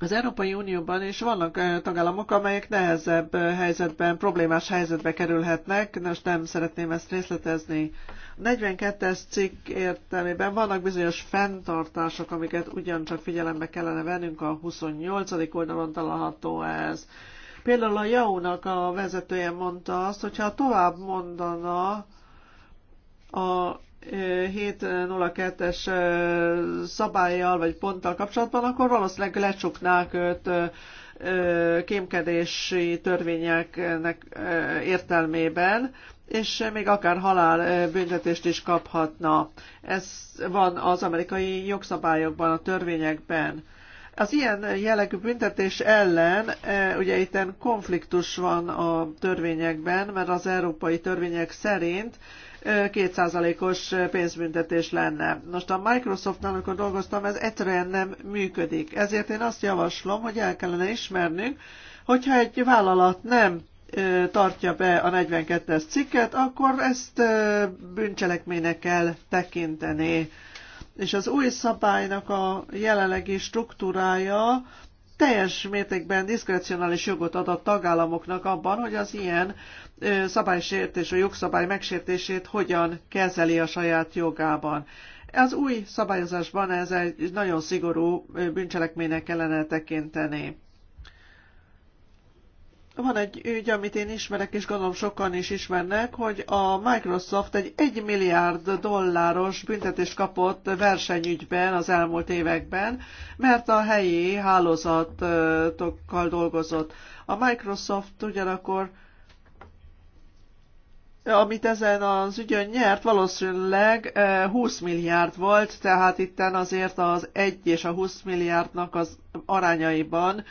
Az Európai Unióban is vannak tagállamok, amelyek nehezebb helyzetben, problémás helyzetbe kerülhetnek, most nem szeretném ezt részletezni. A 42-es cikk értelmében vannak bizonyos fenntartások, amiket ugyancsak figyelembe kellene vennünk, a 28. oldalon található ez. Például a JAU-nak a vezetője mondta azt, hogyha tovább mondana a 702-es szabályjal vagy ponttal kapcsolatban, akkor valószínűleg lecsuknák őt kémkedési törvényeknek értelmében, és még akár halál büntetést is kaphatna. Ez van az amerikai jogszabályokban, a törvényekben. Az ilyen jellegű büntetés ellen, ugye itt konfliktus van a törvényekben, mert az európai törvények szerint 2%-os pénzbüntetés lenne. Most a Microsoftnál, amikor dolgoztam, ez egyszerűen nem működik. Ezért én azt javaslom, hogy el kellene ismernünk, hogyha egy vállalat nem tartja be a 42-es cikket, akkor ezt bűncselekménynek kell tekinteni. És az új szabálynak a jelenlegi struktúrája teljes mértékben diszkrecionális jogot ad a tagállamoknak abban, hogy az ilyen szabálysértés, a jogszabály megsértését hogyan kezeli a saját jogában. Az új szabályozásban ez egy nagyon szigorú bűncselekménynek kellene tekinteni. Van egy ügy, amit én ismerek, és gondolom sokan is ismernek, hogy a Microsoft egy 1 milliárd dolláros büntetést kapott versenyügyben az elmúlt években, mert a helyi hálózatokkal dolgozott. A Microsoft ugyanakkor amit ezen az ügyön nyert, valószínűleg 20 milliárd volt, tehát itten azért az 1 és a 20 milliárdnak az arányaiban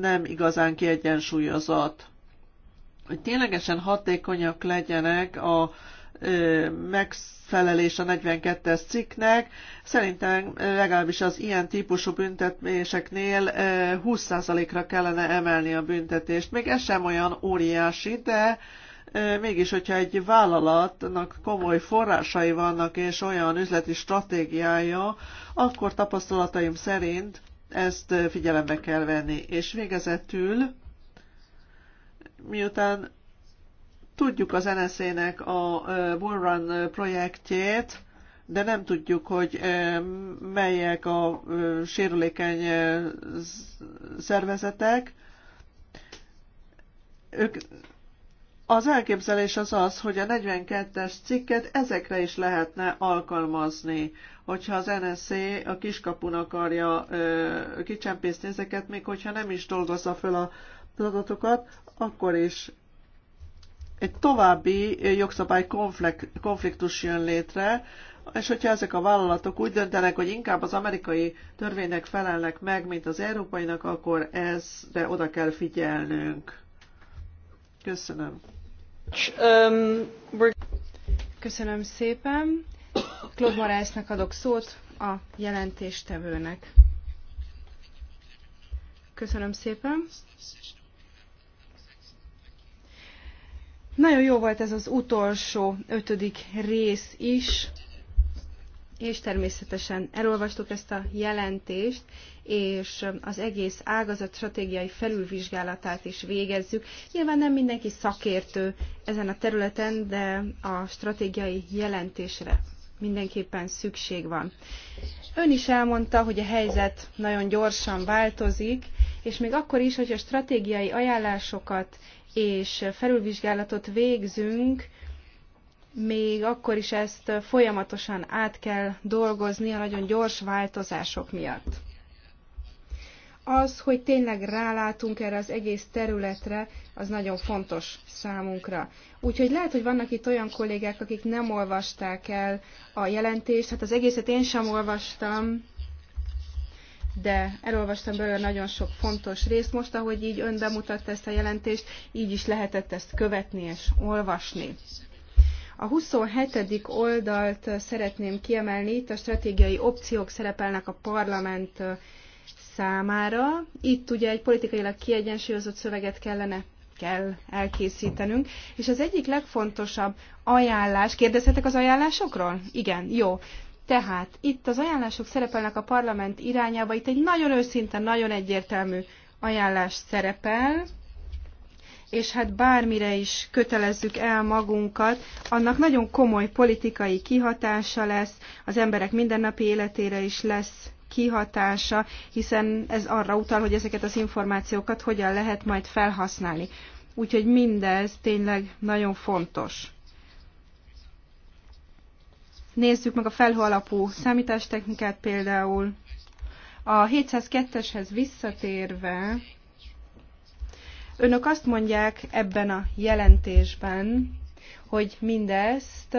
nem igazán kiegyensúlyozott. Hogy ténylegesen hatékonyak legyenek a megfelelés a 42-es cikknek. Szerintem legalábbis az ilyen típusú büntetéseknél 20%-ra kellene emelni a büntetést. Még ez sem olyan óriási, de mégis, hogyha egy vállalatnak komoly forrásai vannak és olyan üzleti stratégiája, akkor tapasztalataim szerint ezt figyelembe kell venni. És végezetül, miután Tudjuk az NSZ-nek a Bullrun projektjét, de nem tudjuk, hogy melyek a sérülékeny szervezetek. Ők az elképzelés az az, hogy a 42-es cikket ezekre is lehetne alkalmazni, hogyha az NSZ a kiskapun akarja ö, kicsempészni ezeket, még hogyha nem is dolgozza fel a adatokat, akkor is egy további jogszabály konfliktus jön létre, és hogyha ezek a vállalatok úgy döntenek, hogy inkább az amerikai törvénynek felelnek meg, mint az európainak, akkor ezre oda kell figyelnünk. Köszönöm. Um, Köszönöm szépen. Claude Morásznak adok szót, a jelentéstevőnek. Köszönöm szépen. Nagyon jó volt ez az utolsó, ötödik rész is, és természetesen elolvastuk ezt a jelentést, és az egész ágazat stratégiai felülvizsgálatát is végezzük. Nyilván nem mindenki szakértő ezen a területen, de a stratégiai jelentésre mindenképpen szükség van. Ön is elmondta, hogy a helyzet nagyon gyorsan változik, és még akkor is, hogy a stratégiai ajánlásokat és felülvizsgálatot végzünk, még akkor is ezt folyamatosan át kell dolgozni a nagyon gyors változások miatt. Az, hogy tényleg rálátunk erre az egész területre, az nagyon fontos számunkra. Úgyhogy lehet, hogy vannak itt olyan kollégák, akik nem olvasták el a jelentést, hát az egészet én sem olvastam, de elolvastam belőle nagyon sok fontos részt. Most, ahogy így ön bemutatta ezt a jelentést, így is lehetett ezt követni és olvasni. A 27. oldalt szeretném kiemelni, itt a stratégiai opciók szerepelnek a parlament számára. Itt ugye egy politikailag kiegyensúlyozott szöveget kellene kell elkészítenünk. És az egyik legfontosabb ajánlás, kérdezhetek az ajánlásokról? Igen, jó. Tehát itt az ajánlások szerepelnek a parlament irányába, itt egy nagyon őszinte, nagyon egyértelmű ajánlás szerepel, és hát bármire is kötelezzük el magunkat, annak nagyon komoly politikai kihatása lesz, az emberek mindennapi életére is lesz kihatása, hiszen ez arra utal, hogy ezeket az információkat hogyan lehet majd felhasználni. Úgyhogy mindez tényleg nagyon fontos. Nézzük meg a felhő alapú számítástechnikát például. A 702-eshez visszatérve, önök azt mondják ebben a jelentésben, hogy mindezt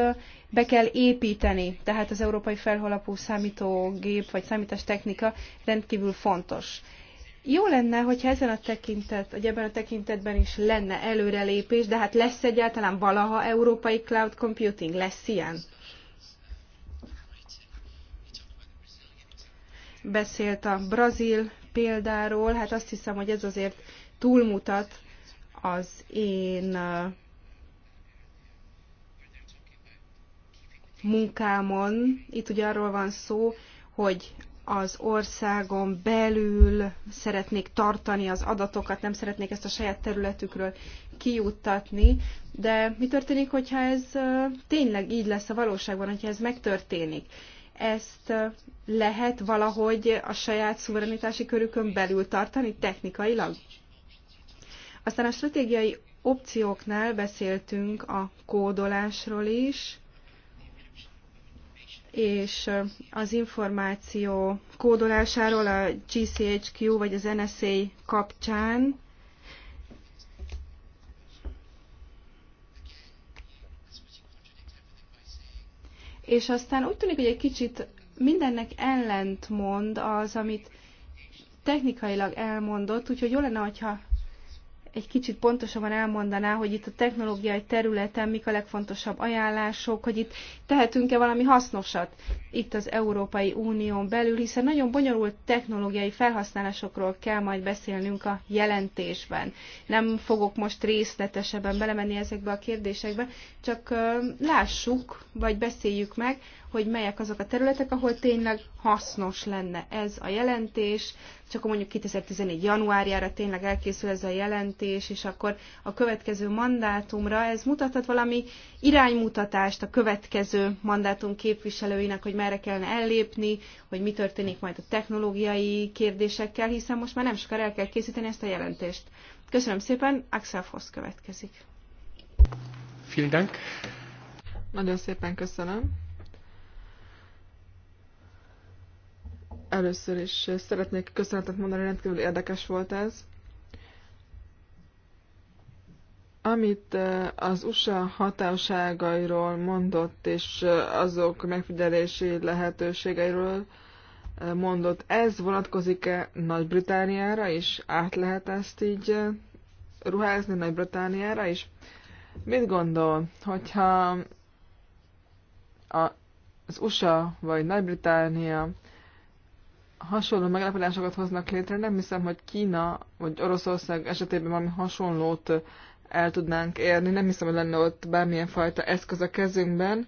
be kell építeni. Tehát az európai felhalapú számítógép vagy számítástechnika rendkívül fontos. Jó lenne, hogyha ezen a tekintet, vagy ebben a tekintetben is lenne előrelépés, de hát lesz egyáltalán valaha európai cloud computing? Lesz ilyen? beszélt a brazil példáról, hát azt hiszem, hogy ez azért túlmutat az én munkámon. Itt ugye arról van szó, hogy az országon belül szeretnék tartani az adatokat, nem szeretnék ezt a saját területükről kijuttatni, de mi történik, hogyha ez tényleg így lesz a valóságban, hogyha ez megtörténik? ezt lehet valahogy a saját szuverenitási körükön belül tartani technikailag? Aztán a stratégiai opcióknál beszéltünk a kódolásról is, és az információ kódolásáról a GCHQ vagy az NSA kapcsán és aztán úgy tűnik, hogy egy kicsit mindennek mond az, amit technikailag elmondott, úgyhogy jó lenne, hogyha egy kicsit pontosabban elmondaná, hogy itt a technológiai területen mik a legfontosabb ajánlások, hogy itt tehetünk-e valami hasznosat itt az Európai Unión belül, hiszen nagyon bonyolult technológiai felhasználásokról kell majd beszélnünk a jelentésben. Nem fogok most részletesebben belemenni ezekbe a kérdésekbe, csak lássuk, vagy beszéljük meg, hogy melyek azok a területek, ahol tényleg hasznos lenne ez a jelentés, Csak mondjuk 2014. januárjára tényleg elkészül ez a jelentés, és akkor a következő mandátumra ez mutathat valami iránymutatást a következő mandátum képviselőinek, hogy merre kellene ellépni, hogy mi történik majd a technológiai kérdésekkel, hiszen most már nem sokára el kell készíteni ezt a jelentést. Köszönöm szépen, Axel Foss következik. Vielen Dank. Nagyon szépen köszönöm. Először is szeretnék köszönetet mondani, rendkívül érdekes volt ez. Amit az USA hatóságairól mondott, és azok megfigyelési lehetőségeiről mondott, ez vonatkozik-e Nagy-Britániára is? Át lehet ezt így ruházni Nagy-Britániára is? Mit gondol, hogyha az USA vagy Nagy-Británia hasonló meglepetéseket hoznak létre, nem hiszem, hogy Kína vagy Oroszország esetében valami hasonlót el tudnánk érni. Nem hiszem, hogy lenne ott bármilyen fajta eszköz a kezünkben.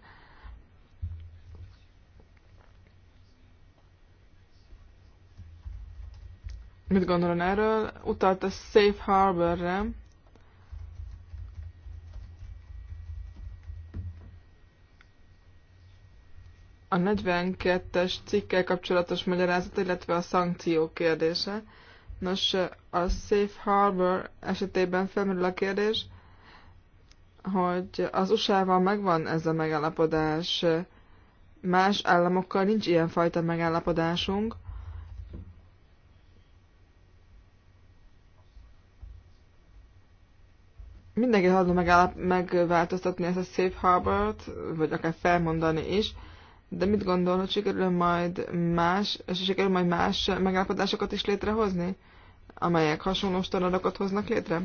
Mit gondolom erről? Utalt a Safe Harbor-re. a 42-es cikkel kapcsolatos magyarázat, illetve a szankció kérdése. Nos, a Safe Harbor esetében felmerül a kérdés, hogy az USA-val megvan ez a megállapodás, más államokkal nincs ilyenfajta megállapodásunk. Mindenki hajlandó megváltoztatni ezt a Safe Harbor-t, vagy akár felmondani is, de mit gondol, hogy sikerül majd más, és sikerül majd más megállapodásokat is létrehozni, amelyek hasonló standardokat hoznak létre?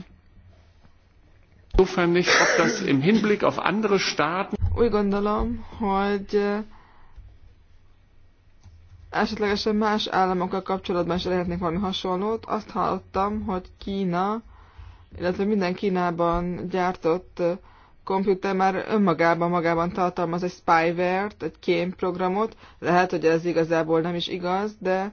Úgy gondolom, hogy esetlegesen más államokkal kapcsolatban is lehetnék valami hasonlót. Azt hallottam, hogy Kína, illetve minden Kínában gyártott komputer már önmagában magában tartalmaz egy spyware-t, egy kémprogramot. Lehet, hogy ez igazából nem is igaz, de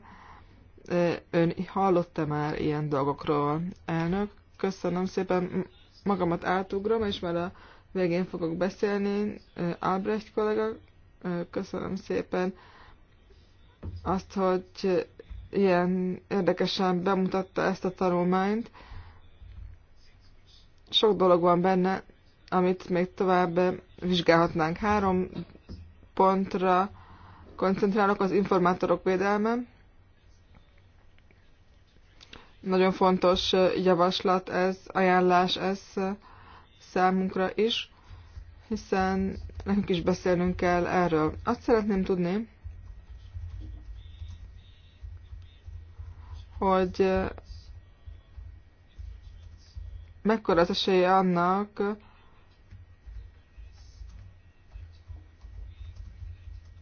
ön hallotta már ilyen dolgokról, elnök. Köszönöm szépen, magamat átugrom, és már a végén fogok beszélni. Albrecht kollega, köszönöm szépen azt, hogy ilyen érdekesen bemutatta ezt a tanulmányt. Sok dolog van benne, amit még tovább vizsgálhatnánk. Három pontra koncentrálok az informátorok védelme. Nagyon fontos javaslat ez, ajánlás ez számunkra is, hiszen nekünk is beszélnünk kell erről. Azt szeretném tudni, hogy mekkora az esélye annak,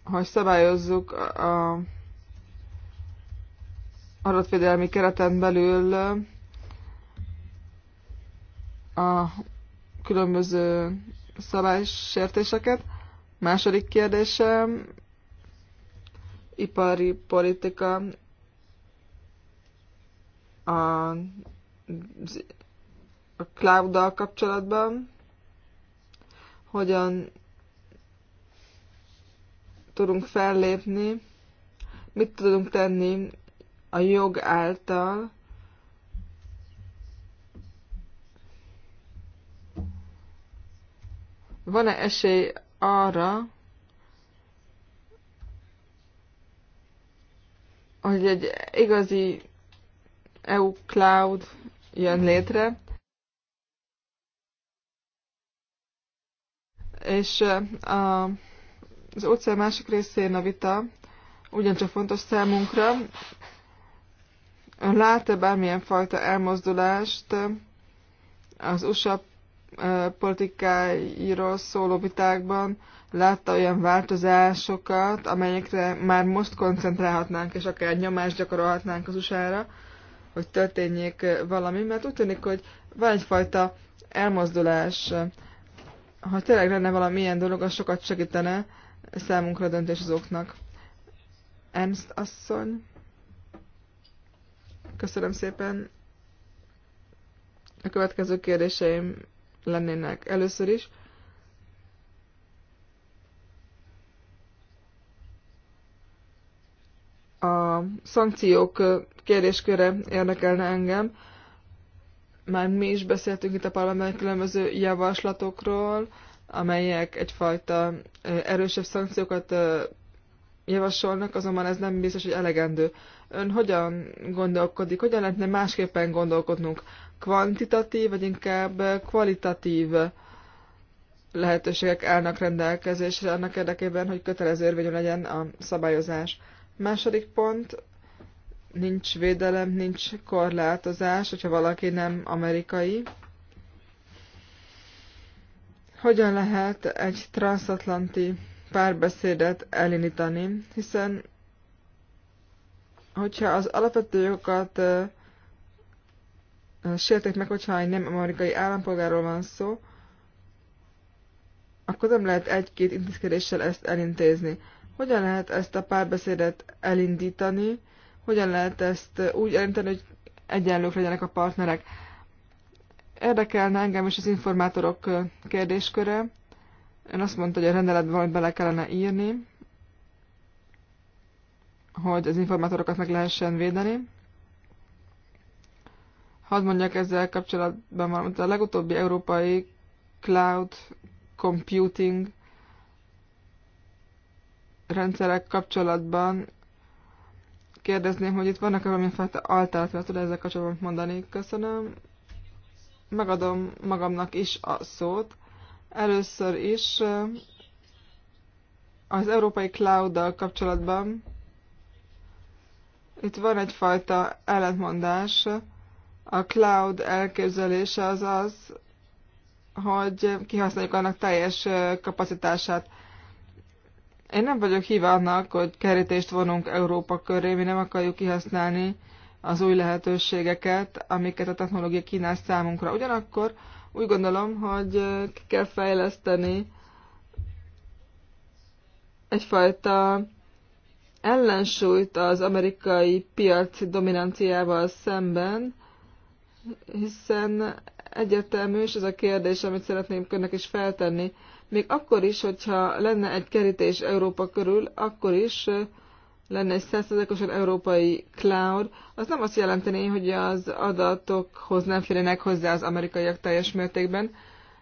hogy szabályozzuk a adatvédelmi kereten belül a különböző szabálysértéseket. Második kérdésem, ipari politika a, a cloud kapcsolatban, hogyan tudunk fellépni, mit tudunk tenni a jog által, van-e esély arra, hogy egy igazi EU cloud jön létre, és a az óceán másik részén a vita ugyancsak fontos számunkra. Ön lát-e bármilyen fajta elmozdulást az USA politikáiról szóló vitákban? Látta olyan változásokat, amelyekre már most koncentrálhatnánk, és akár nyomást gyakorolhatnánk az USA-ra, hogy történjék valami, mert úgy tűnik, hogy van egyfajta elmozdulás. Ha tényleg lenne valamilyen dolog, az sokat segítene, számunkra a döntéshozóknak. Ernst asszony, köszönöm szépen. A következő kérdéseim lennének először is. A szankciók kérdésköre érdekelne engem. Már mi is beszéltünk itt a parlamentben különböző javaslatokról, amelyek egyfajta erősebb szankciókat javasolnak, azonban ez nem biztos, hogy elegendő. Ön hogyan gondolkodik, hogyan lehetne másképpen gondolkodnunk? Kvantitatív, vagy inkább kvalitatív lehetőségek állnak rendelkezésre annak érdekében, hogy kötelező érvényű legyen a szabályozás. Második pont, nincs védelem, nincs korlátozás, hogyha valaki nem amerikai. Hogyan lehet egy transatlanti párbeszédet elindítani, hiszen hogyha az alapvető jogokat sértek meg, hogyha egy nem amerikai állampolgáról van szó, akkor nem lehet egy-két intézkedéssel ezt elintézni. Hogyan lehet ezt a párbeszédet elindítani, hogyan lehet ezt úgy elindítani, hogy egyenlők legyenek a partnerek. Érdekelne engem is az informátorok kérdésköre. Ön azt mondta, hogy a rendeletben valamit bele kellene írni, hogy az informátorokat meg lehessen védeni. Hadd mondjak ezzel kapcsolatban valamit. A legutóbbi európai cloud computing rendszerek kapcsolatban kérdezném, hogy itt vannak-e valamilyen fajta alternatívát, tud ezzel kapcsolatban mondani. Köszönöm megadom magamnak is a szót. Először is az európai cloud kapcsolatban itt van egyfajta ellentmondás. A cloud elképzelése az az, hogy kihasználjuk annak teljes kapacitását. Én nem vagyok híve annak, hogy kerítést vonunk Európa köré, mi nem akarjuk kihasználni az új lehetőségeket, amiket a technológia kínál számunkra. Ugyanakkor úgy gondolom, hogy ki kell fejleszteni egyfajta ellensúlyt az amerikai piac dominanciával szemben, hiszen egyértelmű, és ez a kérdés, amit szeretném önnek is feltenni, még akkor is, hogyha lenne egy kerítés Európa körül, akkor is lenne egy százszerzékosan európai cloud, az nem azt jelenteni, hogy az adatokhoz nem férjenek hozzá az amerikaiak teljes mértékben,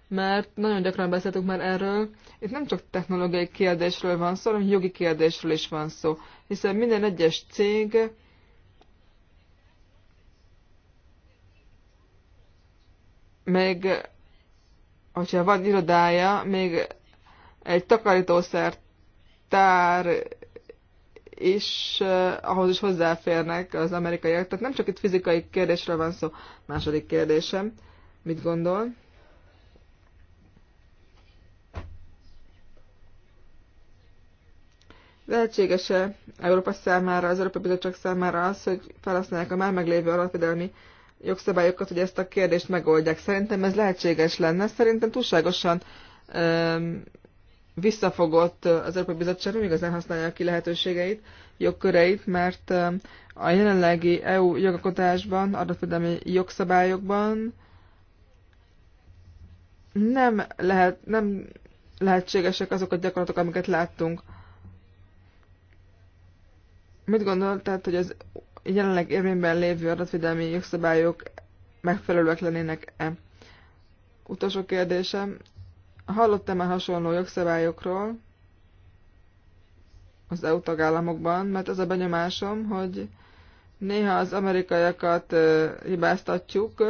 mert nagyon gyakran beszéltünk már erről, itt nem csak technológiai kérdésről van szó, hanem jogi kérdésről is van szó, hiszen minden egyes cég még, hogyha van irodája, még egy takarítószer tár és eh, ahhoz is hozzáférnek az amerikaiak. Tehát nem csak itt fizikai kérdésről van szó. Második kérdésem, mit gondol? Lehetséges-e Európa számára, az Európai Bizottság számára az, hogy felhasználják a már meglévő alapvédelmi jogszabályokat, hogy ezt a kérdést megoldják? Szerintem ez lehetséges lenne. Szerintem túlságosan öm, visszafogott az Európai Bizottság, nem igazán használja ki lehetőségeit, jogköreit, mert a jelenlegi EU jogakotásban, adatvédelmi jogszabályokban nem, lehet, nem lehetségesek azok a gyakorlatok, amiket láttunk. Mit gondol, tehát, hogy az jelenleg érvényben lévő adatvédelmi jogszabályok megfelelőek lennének-e? Utolsó kérdésem, Hallottam már hasonló jogszabályokról az EU tagállamokban, mert az a benyomásom, hogy néha az amerikaiakat hibáztatjuk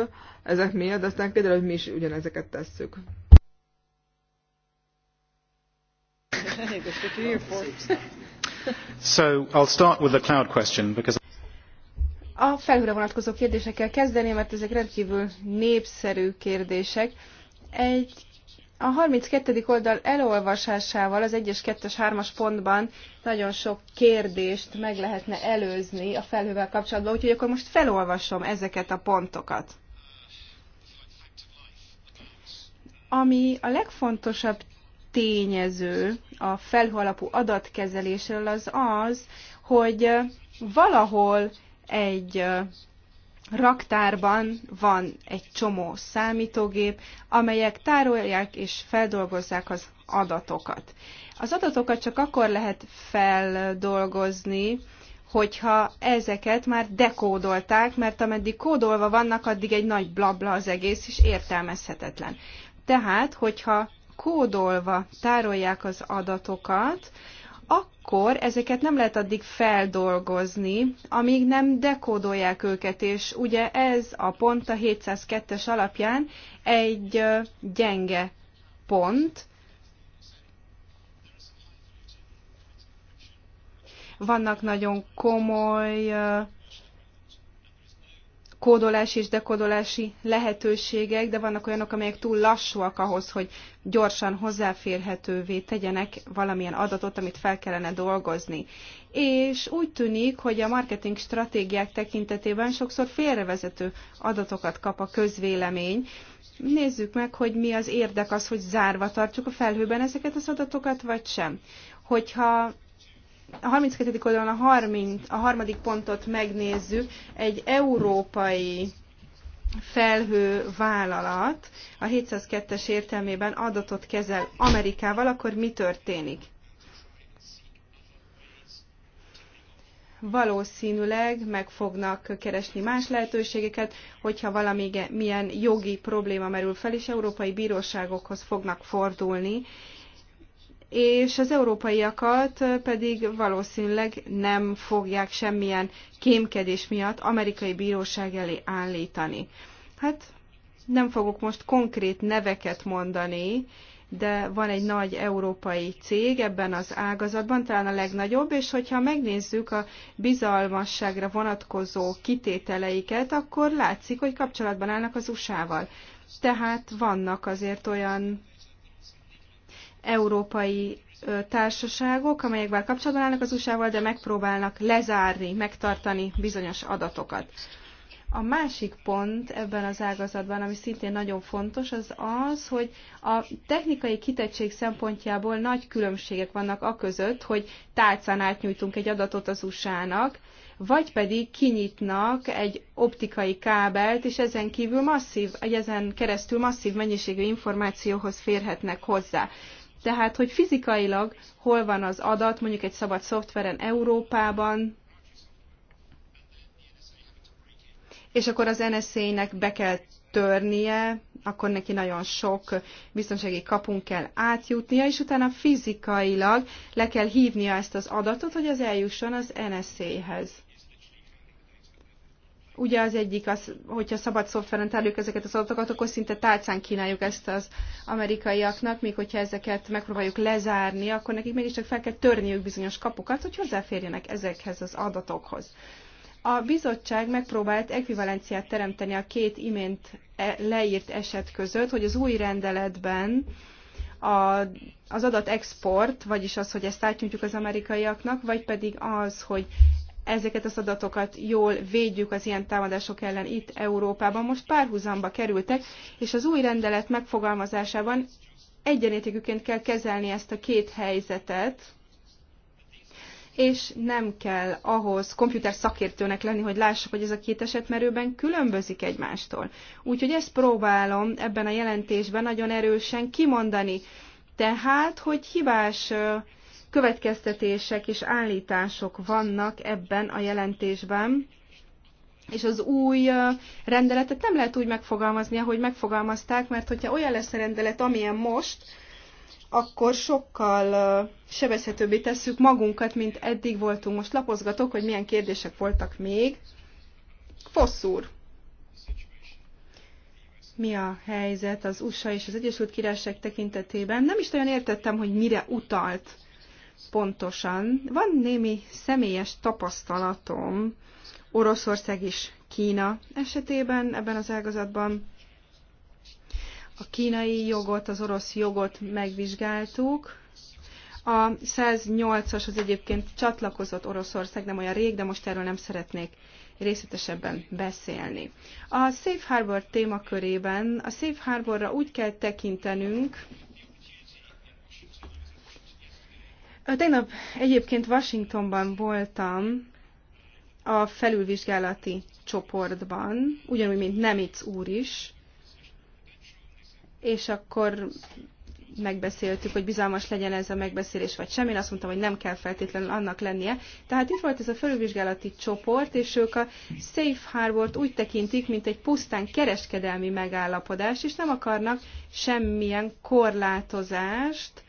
ezek miatt, de aztán kiderül, hogy mi is ugyanezeket tesszük. So I'll start with the cloud question because a felhőre vonatkozó kérdésekkel kezdeném, mert ezek rendkívül népszerű kérdések. Egy a 32. oldal elolvasásával az 1-es, 2-es, 3-as pontban nagyon sok kérdést meg lehetne előzni a felhővel kapcsolatban, úgyhogy akkor most felolvasom ezeket a pontokat. Ami a legfontosabb tényező a felhőalapú adatkezelésről az az, hogy valahol egy raktárban van egy csomó számítógép, amelyek tárolják és feldolgozzák az adatokat. Az adatokat csak akkor lehet feldolgozni, hogyha ezeket már dekódolták, mert ameddig kódolva vannak, addig egy nagy blabla az egész, és értelmezhetetlen. Tehát, hogyha kódolva tárolják az adatokat, akkor ezeket nem lehet addig feldolgozni, amíg nem dekódolják őket, és ugye ez a pont a 702-es alapján egy gyenge pont, vannak nagyon komoly kódolási és dekódolási lehetőségek, de vannak olyanok, amelyek túl lassúak ahhoz, hogy gyorsan hozzáférhetővé tegyenek valamilyen adatot, amit fel kellene dolgozni. És úgy tűnik, hogy a marketing stratégiák tekintetében sokszor félrevezető adatokat kap a közvélemény, nézzük meg, hogy mi az érdek az, hogy zárva tartsuk a felhőben ezeket az adatokat, vagy sem. Hogyha a 32. oldalon a, 30, a harmadik pontot megnézzük, egy európai felhő vállalat a 702-es értelmében adatot kezel Amerikával, akkor mi történik? valószínűleg meg fognak keresni más lehetőségeket, hogyha valamilyen jogi probléma merül fel, és európai bíróságokhoz fognak fordulni, és az európaiakat pedig valószínűleg nem fogják semmilyen kémkedés miatt amerikai bíróság elé állítani. Hát nem fogok most konkrét neveket mondani, de van egy nagy európai cég ebben az ágazatban, talán a legnagyobb, és hogyha megnézzük a bizalmasságra vonatkozó kitételeiket, akkor látszik, hogy kapcsolatban állnak az USA-val. Tehát vannak azért olyan európai társaságok, amelyek bár kapcsolatban állnak az USA-val, de megpróbálnak lezárni, megtartani bizonyos adatokat. A másik pont ebben az ágazatban, ami szintén nagyon fontos, az az, hogy a technikai kitettség szempontjából nagy különbségek vannak a között, hogy tálcán átnyújtunk egy adatot az USA-nak, vagy pedig kinyitnak egy optikai kábelt, és ezen kívül masszív, ezen keresztül masszív mennyiségű információhoz férhetnek hozzá. Tehát, hogy fizikailag hol van az adat, mondjuk egy szabad szoftveren Európában, és akkor az NSZ-nek be kell törnie, akkor neki nagyon sok biztonsági kapun kell átjutnia, és utána fizikailag le kell hívnia ezt az adatot, hogy az eljusson az NSZ-hez ugye az egyik az, hogyha szabad szoftveren tárjuk ezeket az adatokat, akkor szinte tálcán kínáljuk ezt az amerikaiaknak, míg hogyha ezeket megpróbáljuk lezárni, akkor nekik mégiscsak fel kell törniük bizonyos kapukat, hogy hozzáférjenek ezekhez az adatokhoz. A bizottság megpróbált ekvivalenciát teremteni a két imént e, leírt eset között, hogy az új rendeletben a, az export, vagyis az, hogy ezt átnyújtjuk az amerikaiaknak, vagy pedig az, hogy ezeket az adatokat jól védjük az ilyen támadások ellen itt Európában. Most párhuzamba kerültek, és az új rendelet megfogalmazásában egyenértékűként kell kezelni ezt a két helyzetet, és nem kell ahhoz komputer szakértőnek lenni, hogy lássuk, hogy ez a két esetmerőben különbözik egymástól. Úgyhogy ezt próbálom ebben a jelentésben nagyon erősen kimondani. Tehát, hogy hibás következtetések és állítások vannak ebben a jelentésben, és az új rendeletet nem lehet úgy megfogalmazni, ahogy megfogalmazták, mert hogyha olyan lesz a rendelet, amilyen most, akkor sokkal sebezhetőbbé tesszük magunkat, mint eddig voltunk. Most lapozgatok, hogy milyen kérdések voltak még. Fosszúr. Mi a helyzet az USA és az Egyesült Királyság tekintetében? Nem is nagyon értettem, hogy mire utalt pontosan. Van némi személyes tapasztalatom Oroszország és Kína esetében ebben az ágazatban. A kínai jogot, az orosz jogot megvizsgáltuk. A 108-as az egyébként csatlakozott Oroszország, nem olyan rég, de most erről nem szeretnék részletesebben beszélni. A Safe Harbor témakörében a Safe Harborra úgy kell tekintenünk, Tegnap egyébként Washingtonban voltam a felülvizsgálati csoportban, ugyanúgy, mint Nemitz úr is, és akkor megbeszéltük, hogy bizalmas legyen ez a megbeszélés, vagy sem. Én azt mondtam, hogy nem kell feltétlenül annak lennie. Tehát itt volt ez a felülvizsgálati csoport, és ők a Safe Harbor-t úgy tekintik, mint egy pusztán kereskedelmi megállapodás, és nem akarnak semmilyen korlátozást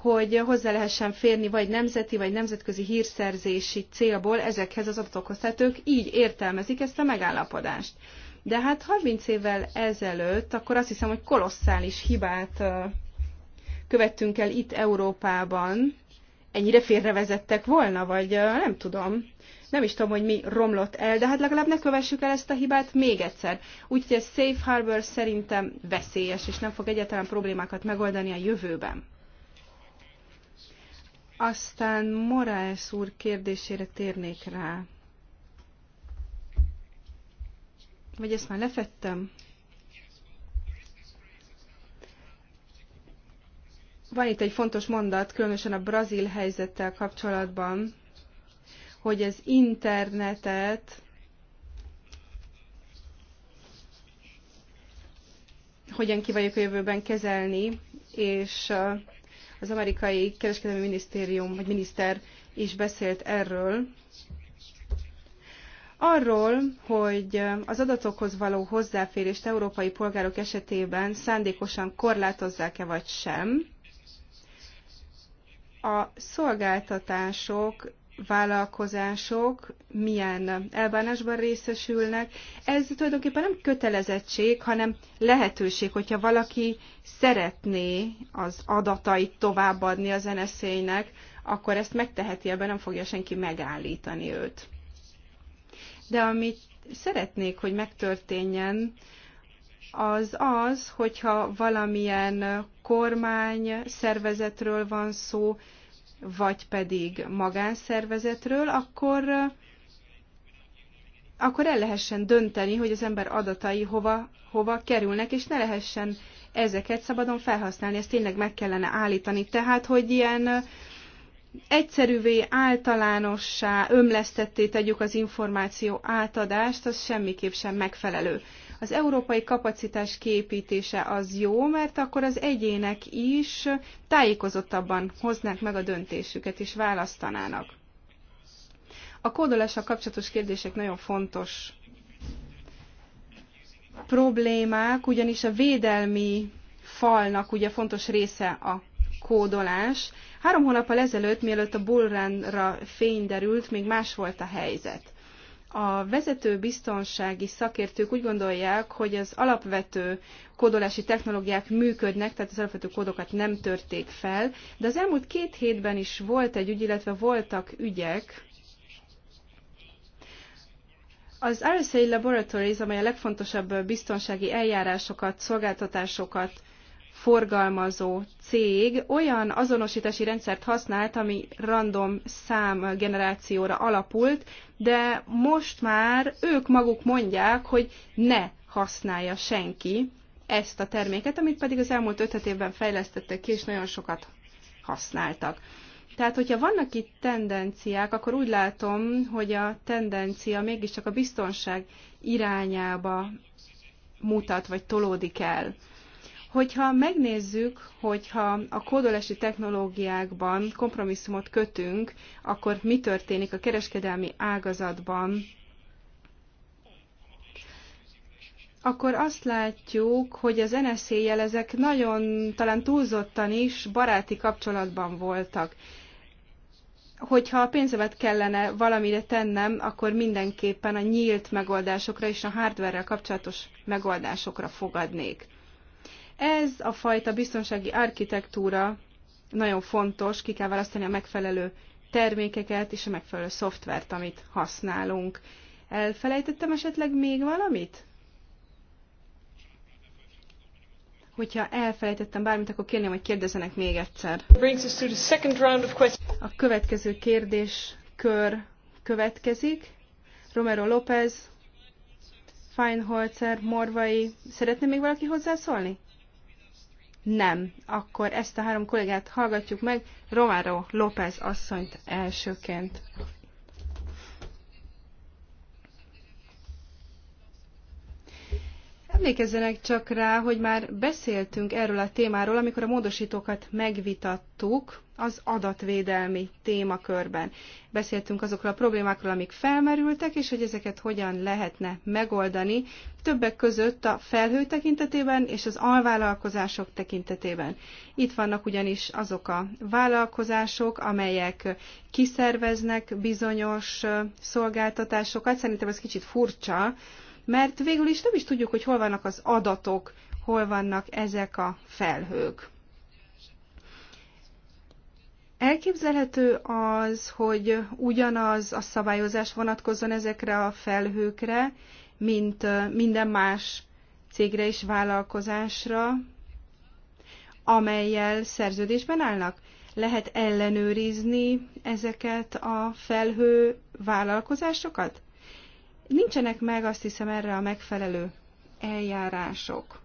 hogy hozzá lehessen férni vagy nemzeti, vagy nemzetközi hírszerzési célból ezekhez az adatokhoz. Tehát ők így értelmezik ezt a megállapodást. De hát 30 évvel ezelőtt, akkor azt hiszem, hogy kolosszális hibát követtünk el itt Európában. Ennyire félrevezettek volna, vagy nem tudom nem is tudom, hogy mi romlott el, de hát legalább ne kövessük el ezt a hibát még egyszer. Úgyhogy a Safe Harbor szerintem veszélyes, és nem fog egyáltalán problémákat megoldani a jövőben. Aztán Moraes úr kérdésére térnék rá. Vagy ezt már lefettem? Van itt egy fontos mondat, különösen a brazil helyzettel kapcsolatban, hogy az internetet hogyan kívánjuk a jövőben kezelni, és uh, az amerikai kereskedelmi minisztérium vagy miniszter is beszélt erről, arról, hogy az adatokhoz való hozzáférést európai polgárok esetében szándékosan korlátozzák-e vagy sem. A szolgáltatások vállalkozások milyen elbánásban részesülnek. Ez tulajdonképpen nem kötelezettség, hanem lehetőség, hogyha valaki szeretné az adatait továbbadni az NSZ-nek, akkor ezt megteheti, ebben nem fogja senki megállítani őt. De amit szeretnék, hogy megtörténjen, az az, hogyha valamilyen kormány szervezetről van szó, vagy pedig magánszervezetről, akkor, akkor el lehessen dönteni, hogy az ember adatai hova, hova kerülnek, és ne lehessen ezeket szabadon felhasználni. Ezt tényleg meg kellene állítani. Tehát, hogy ilyen egyszerűvé, általánossá, ömlesztetté tegyük az információ átadást, az semmiképp sem megfelelő. Az európai kapacitás képítése az jó, mert akkor az egyének is tájékozottabban hoznák meg a döntésüket és választanának. A kódolással kapcsolatos kérdések nagyon fontos problémák, ugyanis a védelmi falnak ugye fontos része a kódolás. Három hónappal ezelőtt, mielőtt a bullrunra fény derült, még más volt a helyzet a vezető biztonsági szakértők úgy gondolják, hogy az alapvető kódolási technológiák működnek, tehát az alapvető kódokat nem törték fel, de az elmúlt két hétben is volt egy ügy, illetve voltak ügyek, az RSA Laboratories, amely a legfontosabb biztonsági eljárásokat, szolgáltatásokat forgalmazó cég olyan azonosítási rendszert használt, ami random szám generációra alapult, de most már ők maguk mondják, hogy ne használja senki ezt a terméket, amit pedig az elmúlt öt évben fejlesztettek ki, és nagyon sokat használtak. Tehát, hogyha vannak itt tendenciák, akkor úgy látom, hogy a tendencia mégiscsak a biztonság irányába mutat, vagy tolódik el. Hogyha megnézzük, hogyha a kódolási technológiákban kompromisszumot kötünk, akkor mi történik a kereskedelmi ágazatban? akkor azt látjuk, hogy az NSZ-jel ezek nagyon talán túlzottan is baráti kapcsolatban voltak. Hogyha a pénzemet kellene valamire tennem, akkor mindenképpen a nyílt megoldásokra és a hardware kapcsolatos megoldásokra fogadnék. Ez a fajta biztonsági architektúra nagyon fontos, ki kell választani a megfelelő termékeket és a megfelelő szoftvert, amit használunk. Elfelejtettem esetleg még valamit? Hogyha elfelejtettem bármit, akkor kérném, hogy kérdezzenek még egyszer. A következő kérdéskör következik. Romero López, Feinholzer, Morvai. Szeretne még valaki hozzászólni? Nem. Akkor ezt a három kollégát hallgatjuk meg. Romáro López asszonyt elsőként. Emlékezzenek csak rá, hogy már beszéltünk erről a témáról, amikor a módosítókat megvitattuk az adatvédelmi témakörben. Beszéltünk azokról a problémákról, amik felmerültek, és hogy ezeket hogyan lehetne megoldani, többek között a felhő tekintetében és az alvállalkozások tekintetében. Itt vannak ugyanis azok a vállalkozások, amelyek kiszerveznek bizonyos szolgáltatásokat. Szerintem ez kicsit furcsa, mert végül is nem is tudjuk, hogy hol vannak az adatok, hol vannak ezek a felhők. Elképzelhető az, hogy ugyanaz a szabályozás vonatkozzon ezekre a felhőkre, mint minden más cégre és vállalkozásra, amelyel szerződésben állnak. Lehet ellenőrizni ezeket a felhő vállalkozásokat? Nincsenek meg azt hiszem erre a megfelelő eljárások,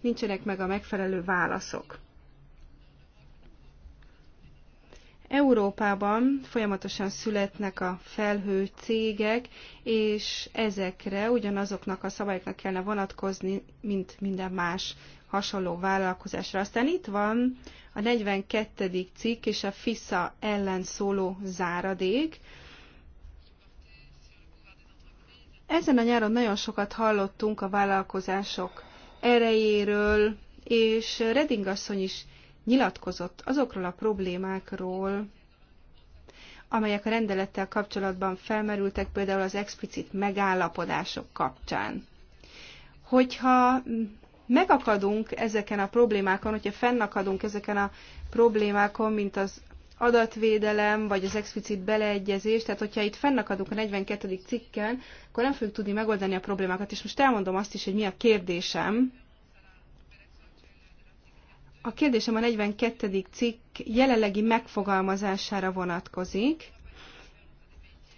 nincsenek meg a megfelelő válaszok. Európában folyamatosan születnek a felhő cégek, és ezekre ugyanazoknak a szabályoknak kellene vonatkozni, mint minden más hasonló vállalkozásra. Aztán itt van a 42. cikk és a FISA ellen szóló záradék, ezen a nyáron nagyon sokat hallottunk a vállalkozások erejéről, és Reding asszony is nyilatkozott azokról a problémákról, amelyek a rendelettel kapcsolatban felmerültek, például az explicit megállapodások kapcsán. Hogyha megakadunk ezeken a problémákon, hogyha fennakadunk ezeken a problémákon, mint az adatvédelem, vagy az explicit beleegyezés, tehát hogyha itt fennakadunk a 42. cikken, akkor nem fogjuk tudni megoldani a problémákat, és most elmondom azt is, hogy mi a kérdésem. A kérdésem a 42. cikk jelenlegi megfogalmazására vonatkozik,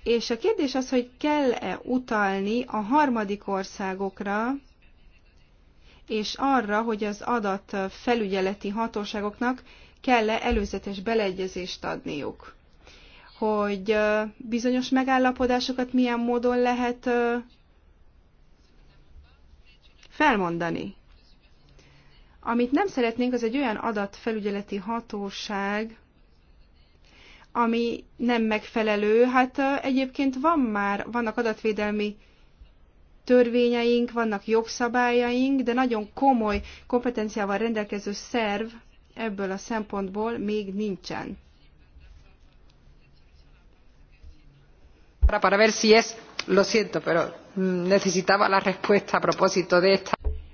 és a kérdés az, hogy kell-e utalni a harmadik országokra, és arra, hogy az adat felügyeleti hatóságoknak kell-e előzetes beleegyezést adniuk, hogy bizonyos megállapodásokat milyen módon lehet felmondani. Amit nem szeretnénk, az egy olyan adatfelügyeleti hatóság, ami nem megfelelő. Hát egyébként van már, vannak adatvédelmi törvényeink, vannak jogszabályaink, de nagyon komoly kompetenciával rendelkező szerv ebből a szempontból még nincsen. Para ver si es, lo siento, pero mm, necesitaba la respuesta a propósito de esta.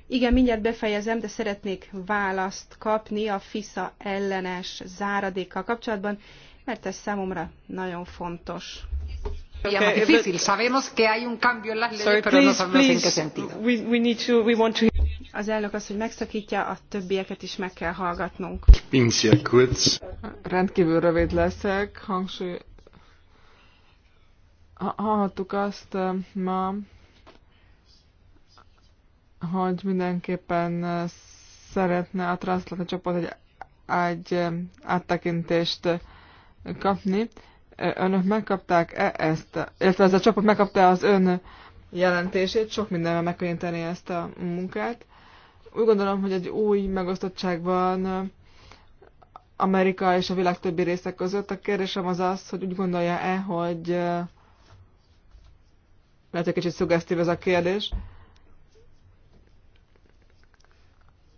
Igen, mindjárt befejezem, de szeretnék választ kapni a FISA ellenes záradékkal kapcsolatban, mert ez számomra nagyon fontos. Okay, difícil. But... Sorry, please, please, We, we need to, we want to... Az elnök az, hogy megszakítja, a többieket is meg kell hallgatnunk. Rendkívül rövid leszek, hangsúly... Hallhattuk azt ma, hogy mindenképpen szeretne a transzlata csoport egy, egy áttekintést kapni. Önök megkapták -e ezt, illetve ez a csoport megkapta az ön jelentését, sok mindenben megkönnyíteni ezt a munkát. Úgy gondolom, hogy egy új megosztottság van Amerika és a világ többi része között. A kérdésem az az, hogy úgy gondolja-e, hogy lehet, hogy kicsit szugesztív ez a kérdés,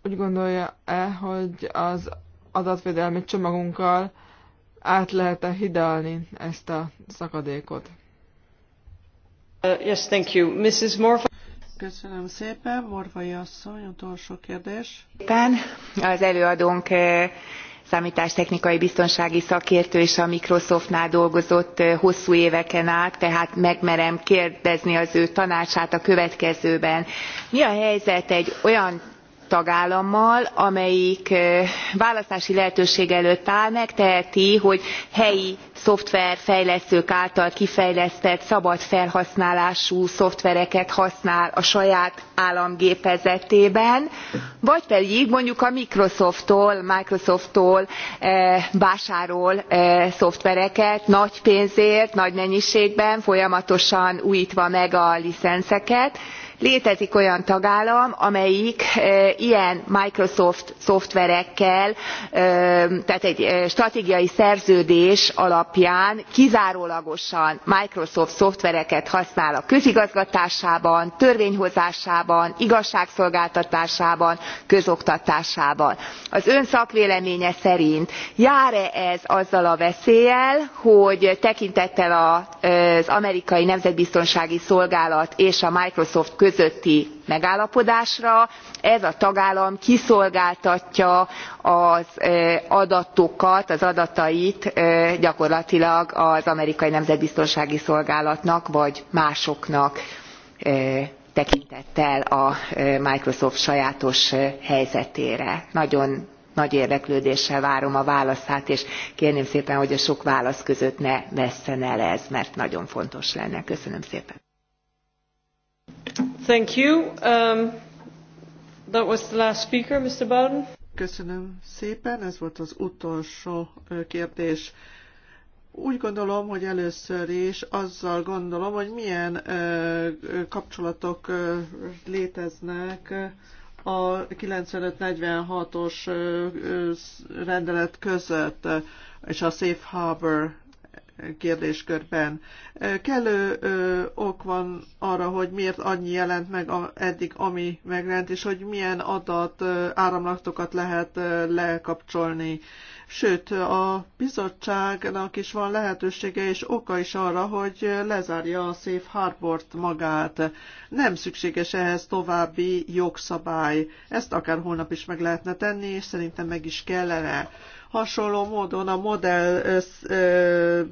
úgy gondolja-e, hogy az adatvédelmi csomagunkkal át lehet-e hidalni ezt a szakadékot? Uh, yes, thank you. Mrs. Morf, Köszönöm szépen. Morvai asszony, utolsó kérdés. Éppen az előadónk eh, számtástechnikai biztonsági szakértő és a microsoftnál dolgozott eh, hosszú éveken át tehát megmerem kérdezni az ő tanácsát a következőben mi a helyzet egy olyan tagállammal amelyik választási lehetőség előtt áll megteheti hogy helyi szoftverfejlesztők által kifejlesztett szabad felhasználású szoftvereket használ a saját államgépezetében vagy pedig mondjuk a microsofttól microsofttól vásárol szoftvereket nagy pénzért nagy mennyiségben folyamatosan újtva meg a licenceket létezik olyan tagállam amelyik ilyen microsoft szoftverekkel tehát egy stratégiai szerződés alapján kizárólagosan microsoft szoftvereket használ a közigazgatásában törvényhozásában igazságszolgáltatásában közoktatásában. az ön szakvéleménye szerint jár e ez azzal a veszéllyel hogy tekintettel az amerikai nemzetbiztonsági szolgálat és a microsoft közötti megállapodásra ez a tagállam kiszolgáltatja az adatokat az adatait gyakorlatilag az amerikai nemzetbiztonsági szolgálatnak vagy másoknak tekintettel a microsoft sajátos helyzetére. nagyon nagy érdeklődéssel várom a válaszát és kérném szépen hogy a sok válasz között ne vesszen el ez mert nagyon fontos lenne. köszönöm szépen. Um, Köszönöm szépen, ez volt az utolsó kérdés. Úgy gondolom, hogy először is azzal gondolom, hogy milyen kapcsolatok léteznek a 95-46-os rendelet között és a Safe Harbor kérdéskörben. Kellő ok van arra, hogy miért annyi jelent meg eddig, ami megjelent, és hogy milyen adat áramlatokat lehet lekapcsolni. Sőt, a bizottságnak is van lehetősége és oka is arra, hogy lezárja a Safe harbor magát. Nem szükséges ehhez további jogszabály. Ezt akár holnap is meg lehetne tenni, és szerintem meg is kellene. Hasonló módon a modell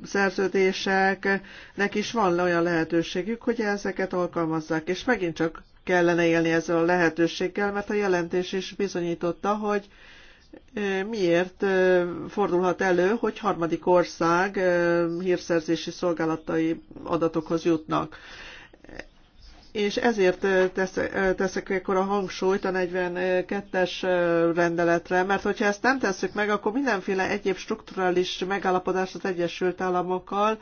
szerződéseknek is van olyan lehetőségük, hogy ezeket alkalmazzák, és megint csak kellene élni ezzel a lehetőséggel, mert a jelentés is bizonyította, hogy miért fordulhat elő, hogy harmadik ország hírszerzési szolgálatai adatokhoz jutnak és ezért teszek, ekkor a hangsúlyt a 42-es rendeletre, mert hogyha ezt nem tesszük meg, akkor mindenféle egyéb strukturális megállapodás az Egyesült Államokkal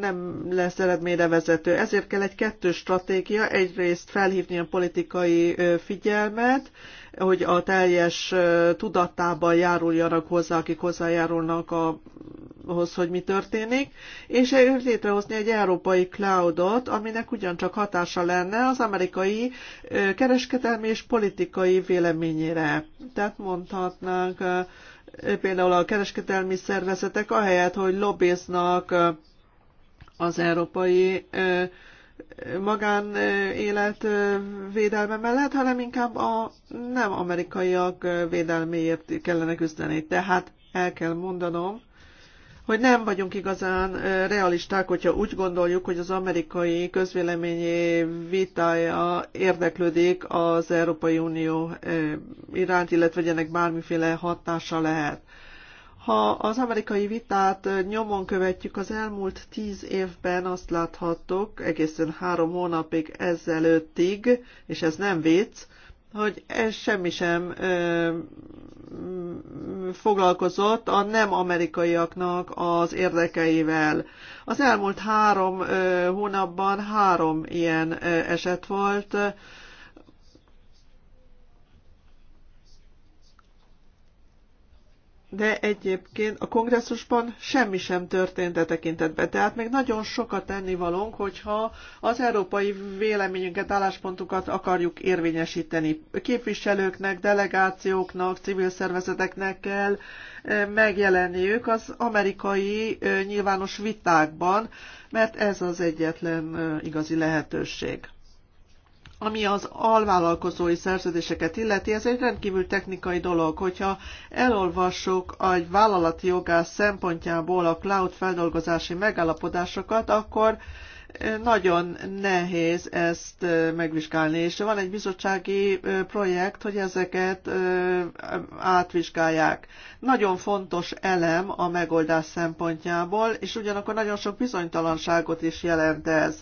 nem lesz eredményre vezető. Ezért kell egy kettős stratégia, egyrészt felhívni a politikai figyelmet, hogy a teljes tudatában járuljanak hozzá, akik hozzájárulnak a ahhoz, hogy mi történik, és létrehozni egy európai cloudot, aminek ugyancsak hatása lenne az amerikai kereskedelmi és politikai véleményére. Tehát mondhatnánk például a kereskedelmi szervezetek ahelyett, hogy lobbiznak az európai magánélet védelme mellett, hanem inkább a nem amerikaiak védelméért kellene küzdeni. Tehát el kell mondanom, hogy nem vagyunk igazán realisták, hogyha úgy gondoljuk, hogy az amerikai közvéleményi vitája érdeklődik az Európai Unió iránt, illetve hogy ennek bármiféle hatása lehet. Ha az amerikai vitát nyomon követjük, az elmúlt tíz évben azt láthattuk, egészen három hónapig ezelőttig, és ez nem vicc, hogy ez semmi sem ö, foglalkozott a nem amerikaiaknak az érdekeivel. Az elmúlt három ö, hónapban három ilyen ö, eset volt, de egyébként a kongresszusban semmi sem történt e tekintetben. Tehát még nagyon sokat tennivalónk, hogyha az európai véleményünket, álláspontokat akarjuk érvényesíteni. Képviselőknek, delegációknak, civil szervezeteknek kell e, megjelenniük az amerikai e, nyilvános vitákban, mert ez az egyetlen e, igazi lehetőség ami az alvállalkozói szerződéseket illeti, ez egy rendkívül technikai dolog. Hogyha elolvassuk a vállalati jogász szempontjából a cloud feldolgozási megállapodásokat, akkor nagyon nehéz ezt megvizsgálni, és van egy bizottsági projekt, hogy ezeket átvizsgálják. Nagyon fontos elem a megoldás szempontjából, és ugyanakkor nagyon sok bizonytalanságot is jelent ez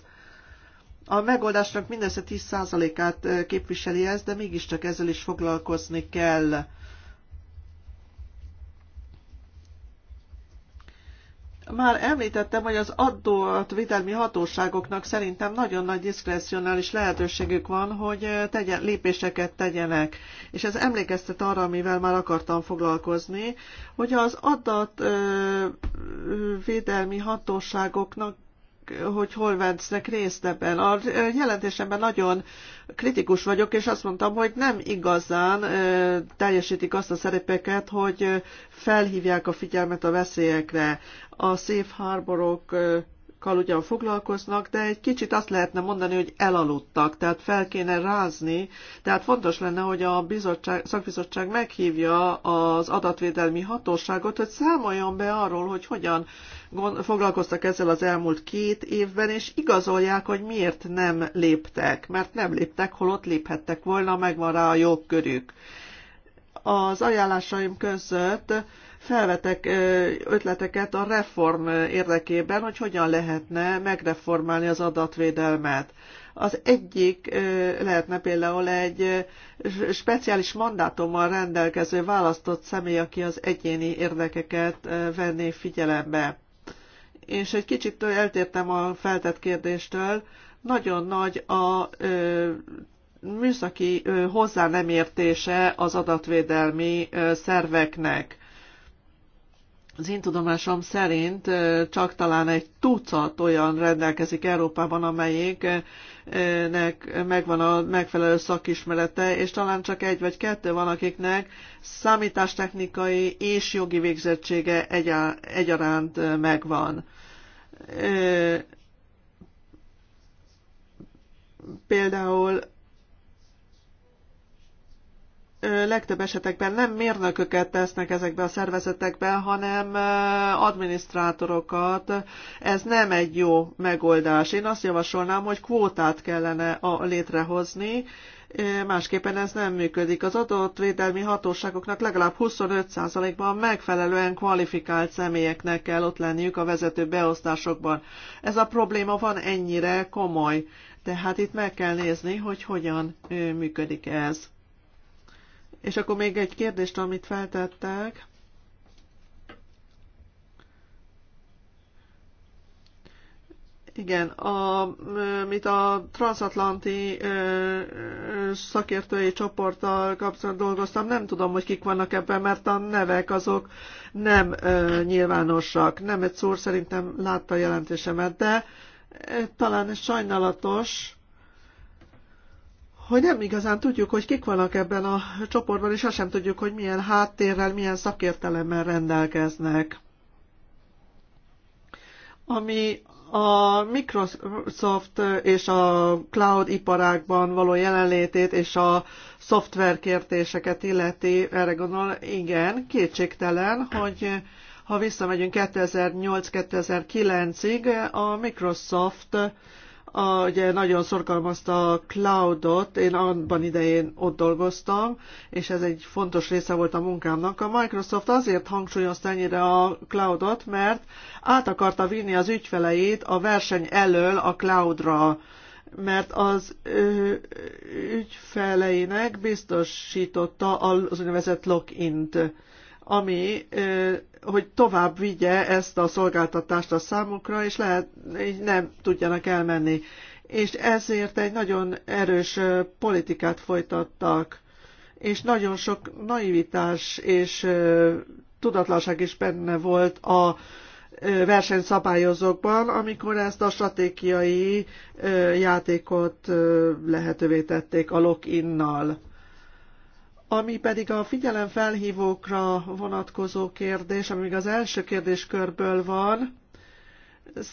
a megoldásnak mindössze 10%-át képviseli ez, de mégiscsak ezzel is foglalkozni kell. Már említettem, hogy az adóvédelmi hatóságoknak szerintem nagyon nagy diszkrecionális lehetőségük van, hogy tegyen, lépéseket tegyenek. És ez emlékeztet arra, amivel már akartam foglalkozni, hogy az adatvédelmi hatóságoknak hogy hol vesznek részt ebben. A jelentésemben nagyon kritikus vagyok, és azt mondtam, hogy nem igazán teljesítik azt a szerepeket, hogy felhívják a figyelmet a veszélyekre. A safe harborok -ok, kal ugyan foglalkoznak, de egy kicsit azt lehetne mondani, hogy elaludtak, tehát fel kéne rázni. Tehát fontos lenne, hogy a bizottság, szakbizottság meghívja az adatvédelmi hatóságot, hogy számoljon be arról, hogy hogyan foglalkoztak ezzel az elmúlt két évben, és igazolják, hogy miért nem léptek, mert nem léptek, holott léphettek volna, megvan rá a jogkörük. Az ajánlásaim között felvetek ötleteket a reform érdekében, hogy hogyan lehetne megreformálni az adatvédelmet. Az egyik lehetne például egy speciális mandátummal rendelkező választott személy, aki az egyéni érdekeket venné figyelembe. És egy kicsit eltértem a feltett kérdéstől. Nagyon nagy a műszaki hozzá nem értése az adatvédelmi szerveknek az én tudomásom szerint csak talán egy tucat olyan rendelkezik Európában, amelyiknek megvan a megfelelő szakismerete, és talán csak egy vagy kettő van, akiknek számítástechnikai és jogi végzettsége egyaránt megvan például legtöbb esetekben nem mérnököket tesznek ezekbe a szervezetekbe, hanem adminisztrátorokat. Ez nem egy jó megoldás. Én azt javasolnám, hogy kvótát kellene a, létrehozni, másképpen ez nem működik. Az adott védelmi hatóságoknak legalább 25%-ban megfelelően kvalifikált személyeknek kell ott lenniük a vezető beosztásokban. Ez a probléma van ennyire komoly. Tehát itt meg kell nézni, hogy hogyan működik ez. És akkor még egy kérdést, amit feltettek. Igen, a, mit a transatlanti ö, szakértői csoporttal kapcsolatban dolgoztam, nem tudom, hogy kik vannak ebben, mert a nevek azok nem ö, nyilvánosak. Nem egy szó szerintem látta a jelentésemet, de ö, talán sajnálatos, hogy nem igazán tudjuk, hogy kik vannak ebben a csoportban, és azt sem tudjuk, hogy milyen háttérrel, milyen szakértelemmel rendelkeznek. Ami a Microsoft és a cloud iparákban való jelenlétét és a szoftverkértéseket illeti, erre gondol, igen, kétségtelen, hogy ha visszamegyünk 2008-2009-ig, a Microsoft a, ugye nagyon szorgalmazta a cloudot, én abban idején ott dolgoztam, és ez egy fontos része volt a munkámnak. A Microsoft azért hangsúlyozta ennyire a cloudot, mert át akarta vinni az ügyfeleit a verseny elől a cloudra mert az ö, ügyfeleinek biztosította az úgynevezett lock-int, ami ö, hogy tovább vigye ezt a szolgáltatást a számukra, és lehet, így nem tudjanak elmenni. És ezért egy nagyon erős politikát folytattak, és nagyon sok naivitás és tudatlanság is benne volt a versenyszabályozókban, amikor ezt a stratégiai játékot lehetővé tették a lock-innal. Ami pedig a figyelemfelhívókra vonatkozó kérdés, ami még az első kérdéskörből van,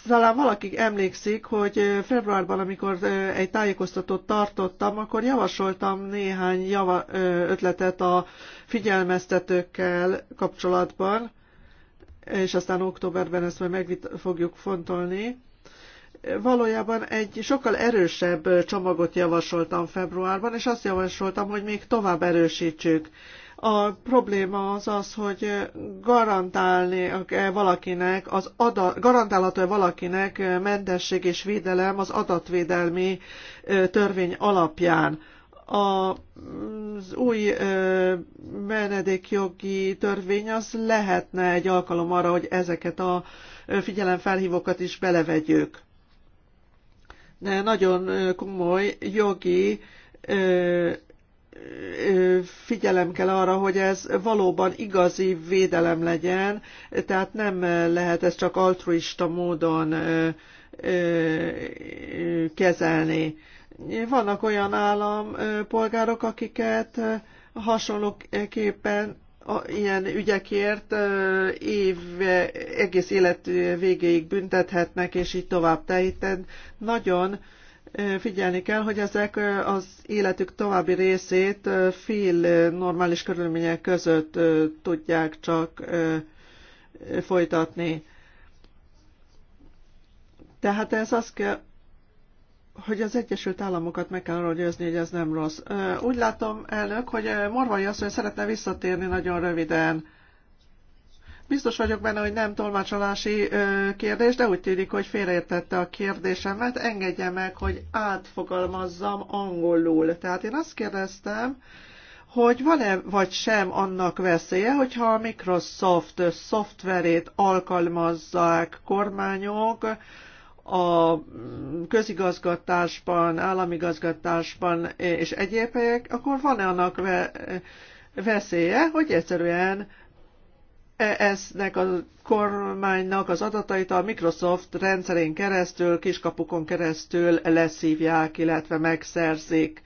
talán valaki emlékszik, hogy februárban, amikor egy tájékoztatót tartottam, akkor javasoltam néhány java, ötletet a figyelmeztetőkkel kapcsolatban, és aztán októberben ezt majd meg fogjuk fontolni valójában egy sokkal erősebb csomagot javasoltam februárban, és azt javasoltam, hogy még tovább erősítsük. A probléma az az, hogy garantálni -e valakinek az adat, garantálható -e valakinek mentesség és védelem az adatvédelmi törvény alapján az új menedékjogi törvény az lehetne egy alkalom arra, hogy ezeket a figyelemfelhívókat is belevegyük nagyon komoly jogi figyelem kell arra, hogy ez valóban igazi védelem legyen, tehát nem lehet ez csak altruista módon kezelni. Vannak olyan állampolgárok, akiket hasonlóképpen a, ilyen ügyekért év, egész élet végéig büntethetnek, és így tovább. Tehát nagyon figyelni kell, hogy ezek az életük további részét fél normális körülmények között tudják csak folytatni. Tehát ez azt kell, hogy az Egyesült Államokat meg kell arra győzni, hogy ez nem rossz. Úgy látom, elnök, hogy Morvai asszony szeretne visszatérni nagyon röviden. Biztos vagyok benne, hogy nem tolmácsolási kérdés, de úgy tűnik, hogy félreértette a kérdésemet. Engedje meg, hogy átfogalmazzam angolul. Tehát én azt kérdeztem, hogy van-e vagy sem annak veszélye, hogyha a Microsoft szoftverét alkalmazzák kormányok, a közigazgatásban, államigazgatásban és egyéb helyek, akkor van-e annak veszélye, hogy egyszerűen e-, eznek a kormánynak az adatait a Microsoft rendszerén keresztül, kiskapukon keresztül leszívják, illetve megszerzik.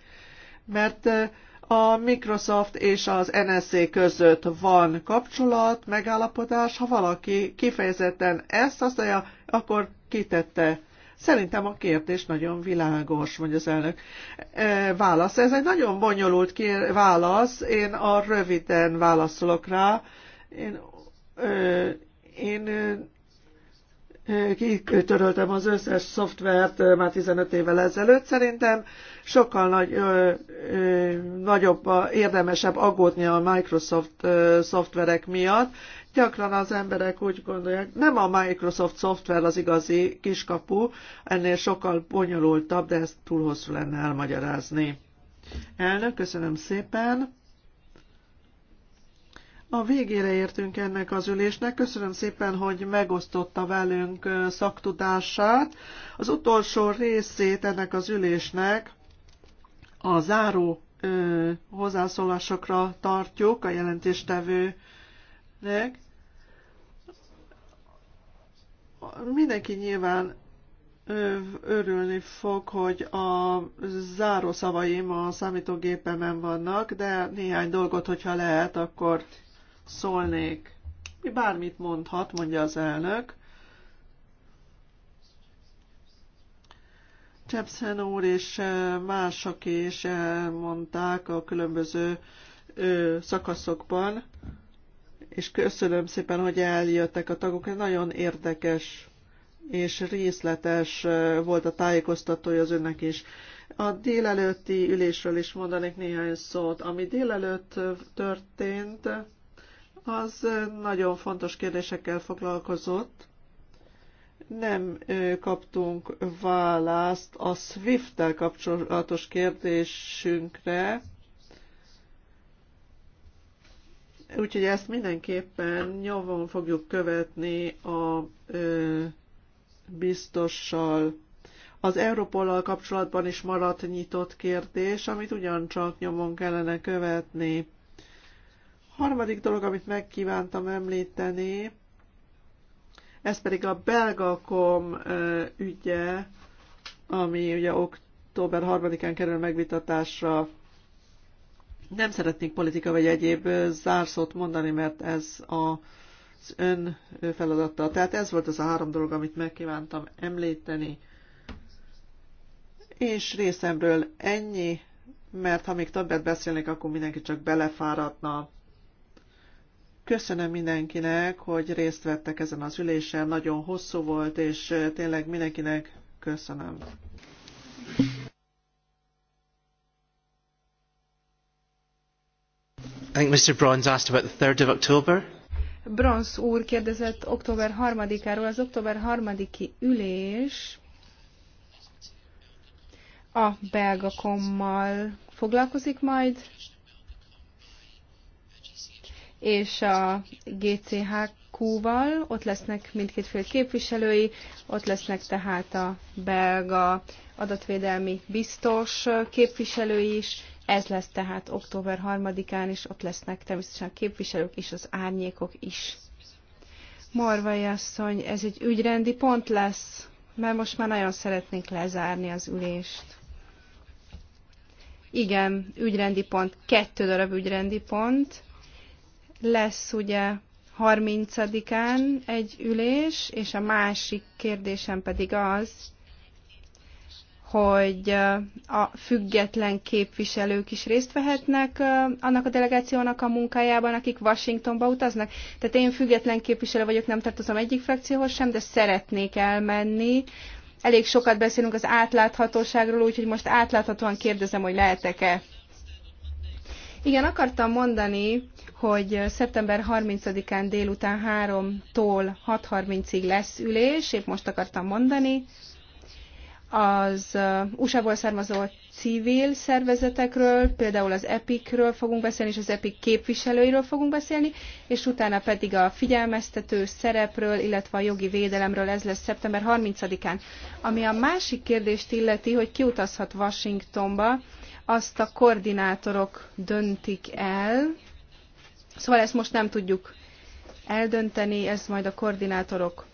Mert e, a Microsoft és az NSA között van kapcsolat, megállapodás, ha valaki kifejezetten ezt használja, akkor kitette. Szerintem a kérdés nagyon világos, mondja az elnök. E, válasz. Ez egy nagyon bonyolult kér, válasz. Én a röviden válaszolok rá. Én, ö, én ö, kitöröltem az összes szoftvert már 15 évvel ezelőtt. Szerintem sokkal nagy, ö, ö, nagyobb, érdemesebb aggódni a Microsoft ö, szoftverek miatt. Gyakran az emberek úgy gondolják, nem a Microsoft szoftver az igazi kiskapu, ennél sokkal bonyolultabb, de ezt túl hosszú lenne elmagyarázni. Elnök, köszönöm szépen! A végére értünk ennek az ülésnek. Köszönöm szépen, hogy megosztotta velünk szaktudását. Az utolsó részét ennek az ülésnek a záró ö, hozzászólásokra tartjuk a jelentéstevőnek. Mindenki nyilván örülni fog, hogy a záró szavaim a számítógépemen vannak, de néhány dolgot, hogyha lehet, akkor szólnék. Mi bármit mondhat, mondja az elnök. Csepszen úr és mások is mondták a különböző szakaszokban, és köszönöm szépen, hogy eljöttek a tagok. Nagyon érdekes és részletes volt a tájékoztatója az önnek is. A délelőtti ülésről is mondanék néhány szót. Ami délelőtt történt, az nagyon fontos kérdésekkel foglalkozott nem kaptunk választ a SWIFT-tel kapcsolatos kérdésünkre, úgyhogy ezt mindenképpen nyomon fogjuk követni a ö, biztossal. Az Európollal kapcsolatban is maradt nyitott kérdés, amit ugyancsak nyomon kellene követni. Harmadik dolog, amit megkívántam említeni, ez pedig a Belgakom ügye, ami ugye október 3-án kerül megvitatásra. Nem szeretnék politika vagy egyéb zárszót mondani, mert ez a az ön feladata. Tehát ez volt az a három dolog, amit megkívántam említeni. És részemről ennyi, mert ha még többet beszélnék, akkor mindenki csak belefáradna. Köszönöm mindenkinek, hogy részt vettek ezen az ülésen. Nagyon hosszú volt, és tényleg mindenkinek köszönöm. I think Mr. Bronze asked about the 3rd of October. Bronze úr kérdezett október 3-áról. Az október 3-i ülés a belgakommal foglalkozik majd és a GCHQ-val, ott lesznek mindkét fél képviselői, ott lesznek tehát a belga adatvédelmi biztos képviselői is, ez lesz tehát október 3-án, és ott lesznek természetesen a képviselők és az árnyékok is. Marvai asszony, ez egy ügyrendi pont lesz, mert most már nagyon szeretnénk lezárni az ülést. Igen, ügyrendi pont, kettő darab ügyrendi pont lesz ugye 30-án egy ülés, és a másik kérdésem pedig az, hogy a független képviselők is részt vehetnek annak a delegációnak a munkájában, akik Washingtonba utaznak. Tehát én független képviselő vagyok, nem tartozom egyik frakcióhoz sem, de szeretnék elmenni. Elég sokat beszélünk az átláthatóságról, úgyhogy most átláthatóan kérdezem, hogy lehetek-e. Igen, akartam mondani, hogy szeptember 30-án délután 3-tól 6.30-ig lesz ülés, épp most akartam mondani, az USA-ból származó civil szervezetekről, például az EPIC-ről fogunk beszélni, és az EPIC képviselőiről fogunk beszélni, és utána pedig a figyelmeztető szerepről, illetve a jogi védelemről, ez lesz szeptember 30-án. Ami a másik kérdést illeti, hogy utazhat Washingtonba, azt a koordinátorok döntik el, Szóval ezt most nem tudjuk eldönteni, ez majd a koordinátorok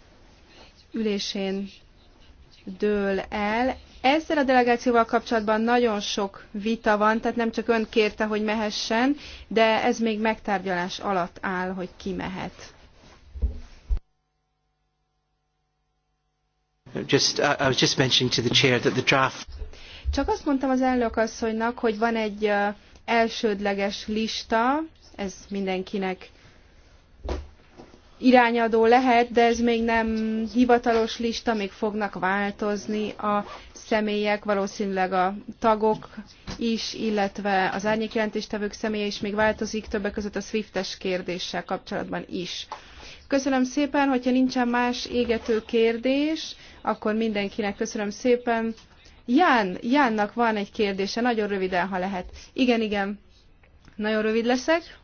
ülésén dől el. Ezzel a delegációval kapcsolatban nagyon sok vita van, tehát nem csak ön kérte, hogy mehessen, de ez még megtárgyalás alatt áll, hogy ki mehet. Just, uh, I was just mentioning to the chair that the draft... Csak azt mondtam az elnök asszonynak, hogy van egy uh, elsődleges lista, ez mindenkinek irányadó lehet, de ez még nem hivatalos lista, még fognak változni a személyek, valószínűleg a tagok is, illetve az árnyékjelentéstevők személye is még változik, többek között a Swiftes kérdéssel kapcsolatban is. Köszönöm szépen, hogyha nincsen más égető kérdés, akkor mindenkinek köszönöm szépen. Ján, Jánnak van egy kérdése, nagyon röviden, ha lehet. Igen, igen, nagyon rövid leszek.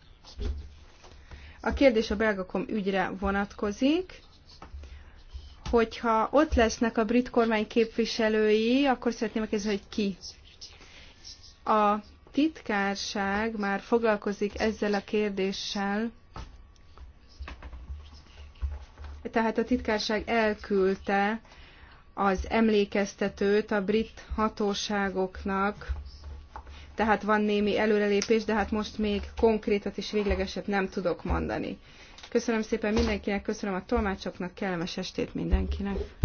A kérdés a belgakom ügyre vonatkozik. Hogyha ott lesznek a brit kormány képviselői, akkor szeretném megkérdezni, hogy ki. A titkárság már foglalkozik ezzel a kérdéssel, tehát a titkárság elküldte az emlékeztetőt a brit hatóságoknak tehát van némi előrelépés, de hát most még konkrétat és véglegeset nem tudok mondani. Köszönöm szépen mindenkinek, köszönöm a tolmácsoknak, kellemes estét mindenkinek!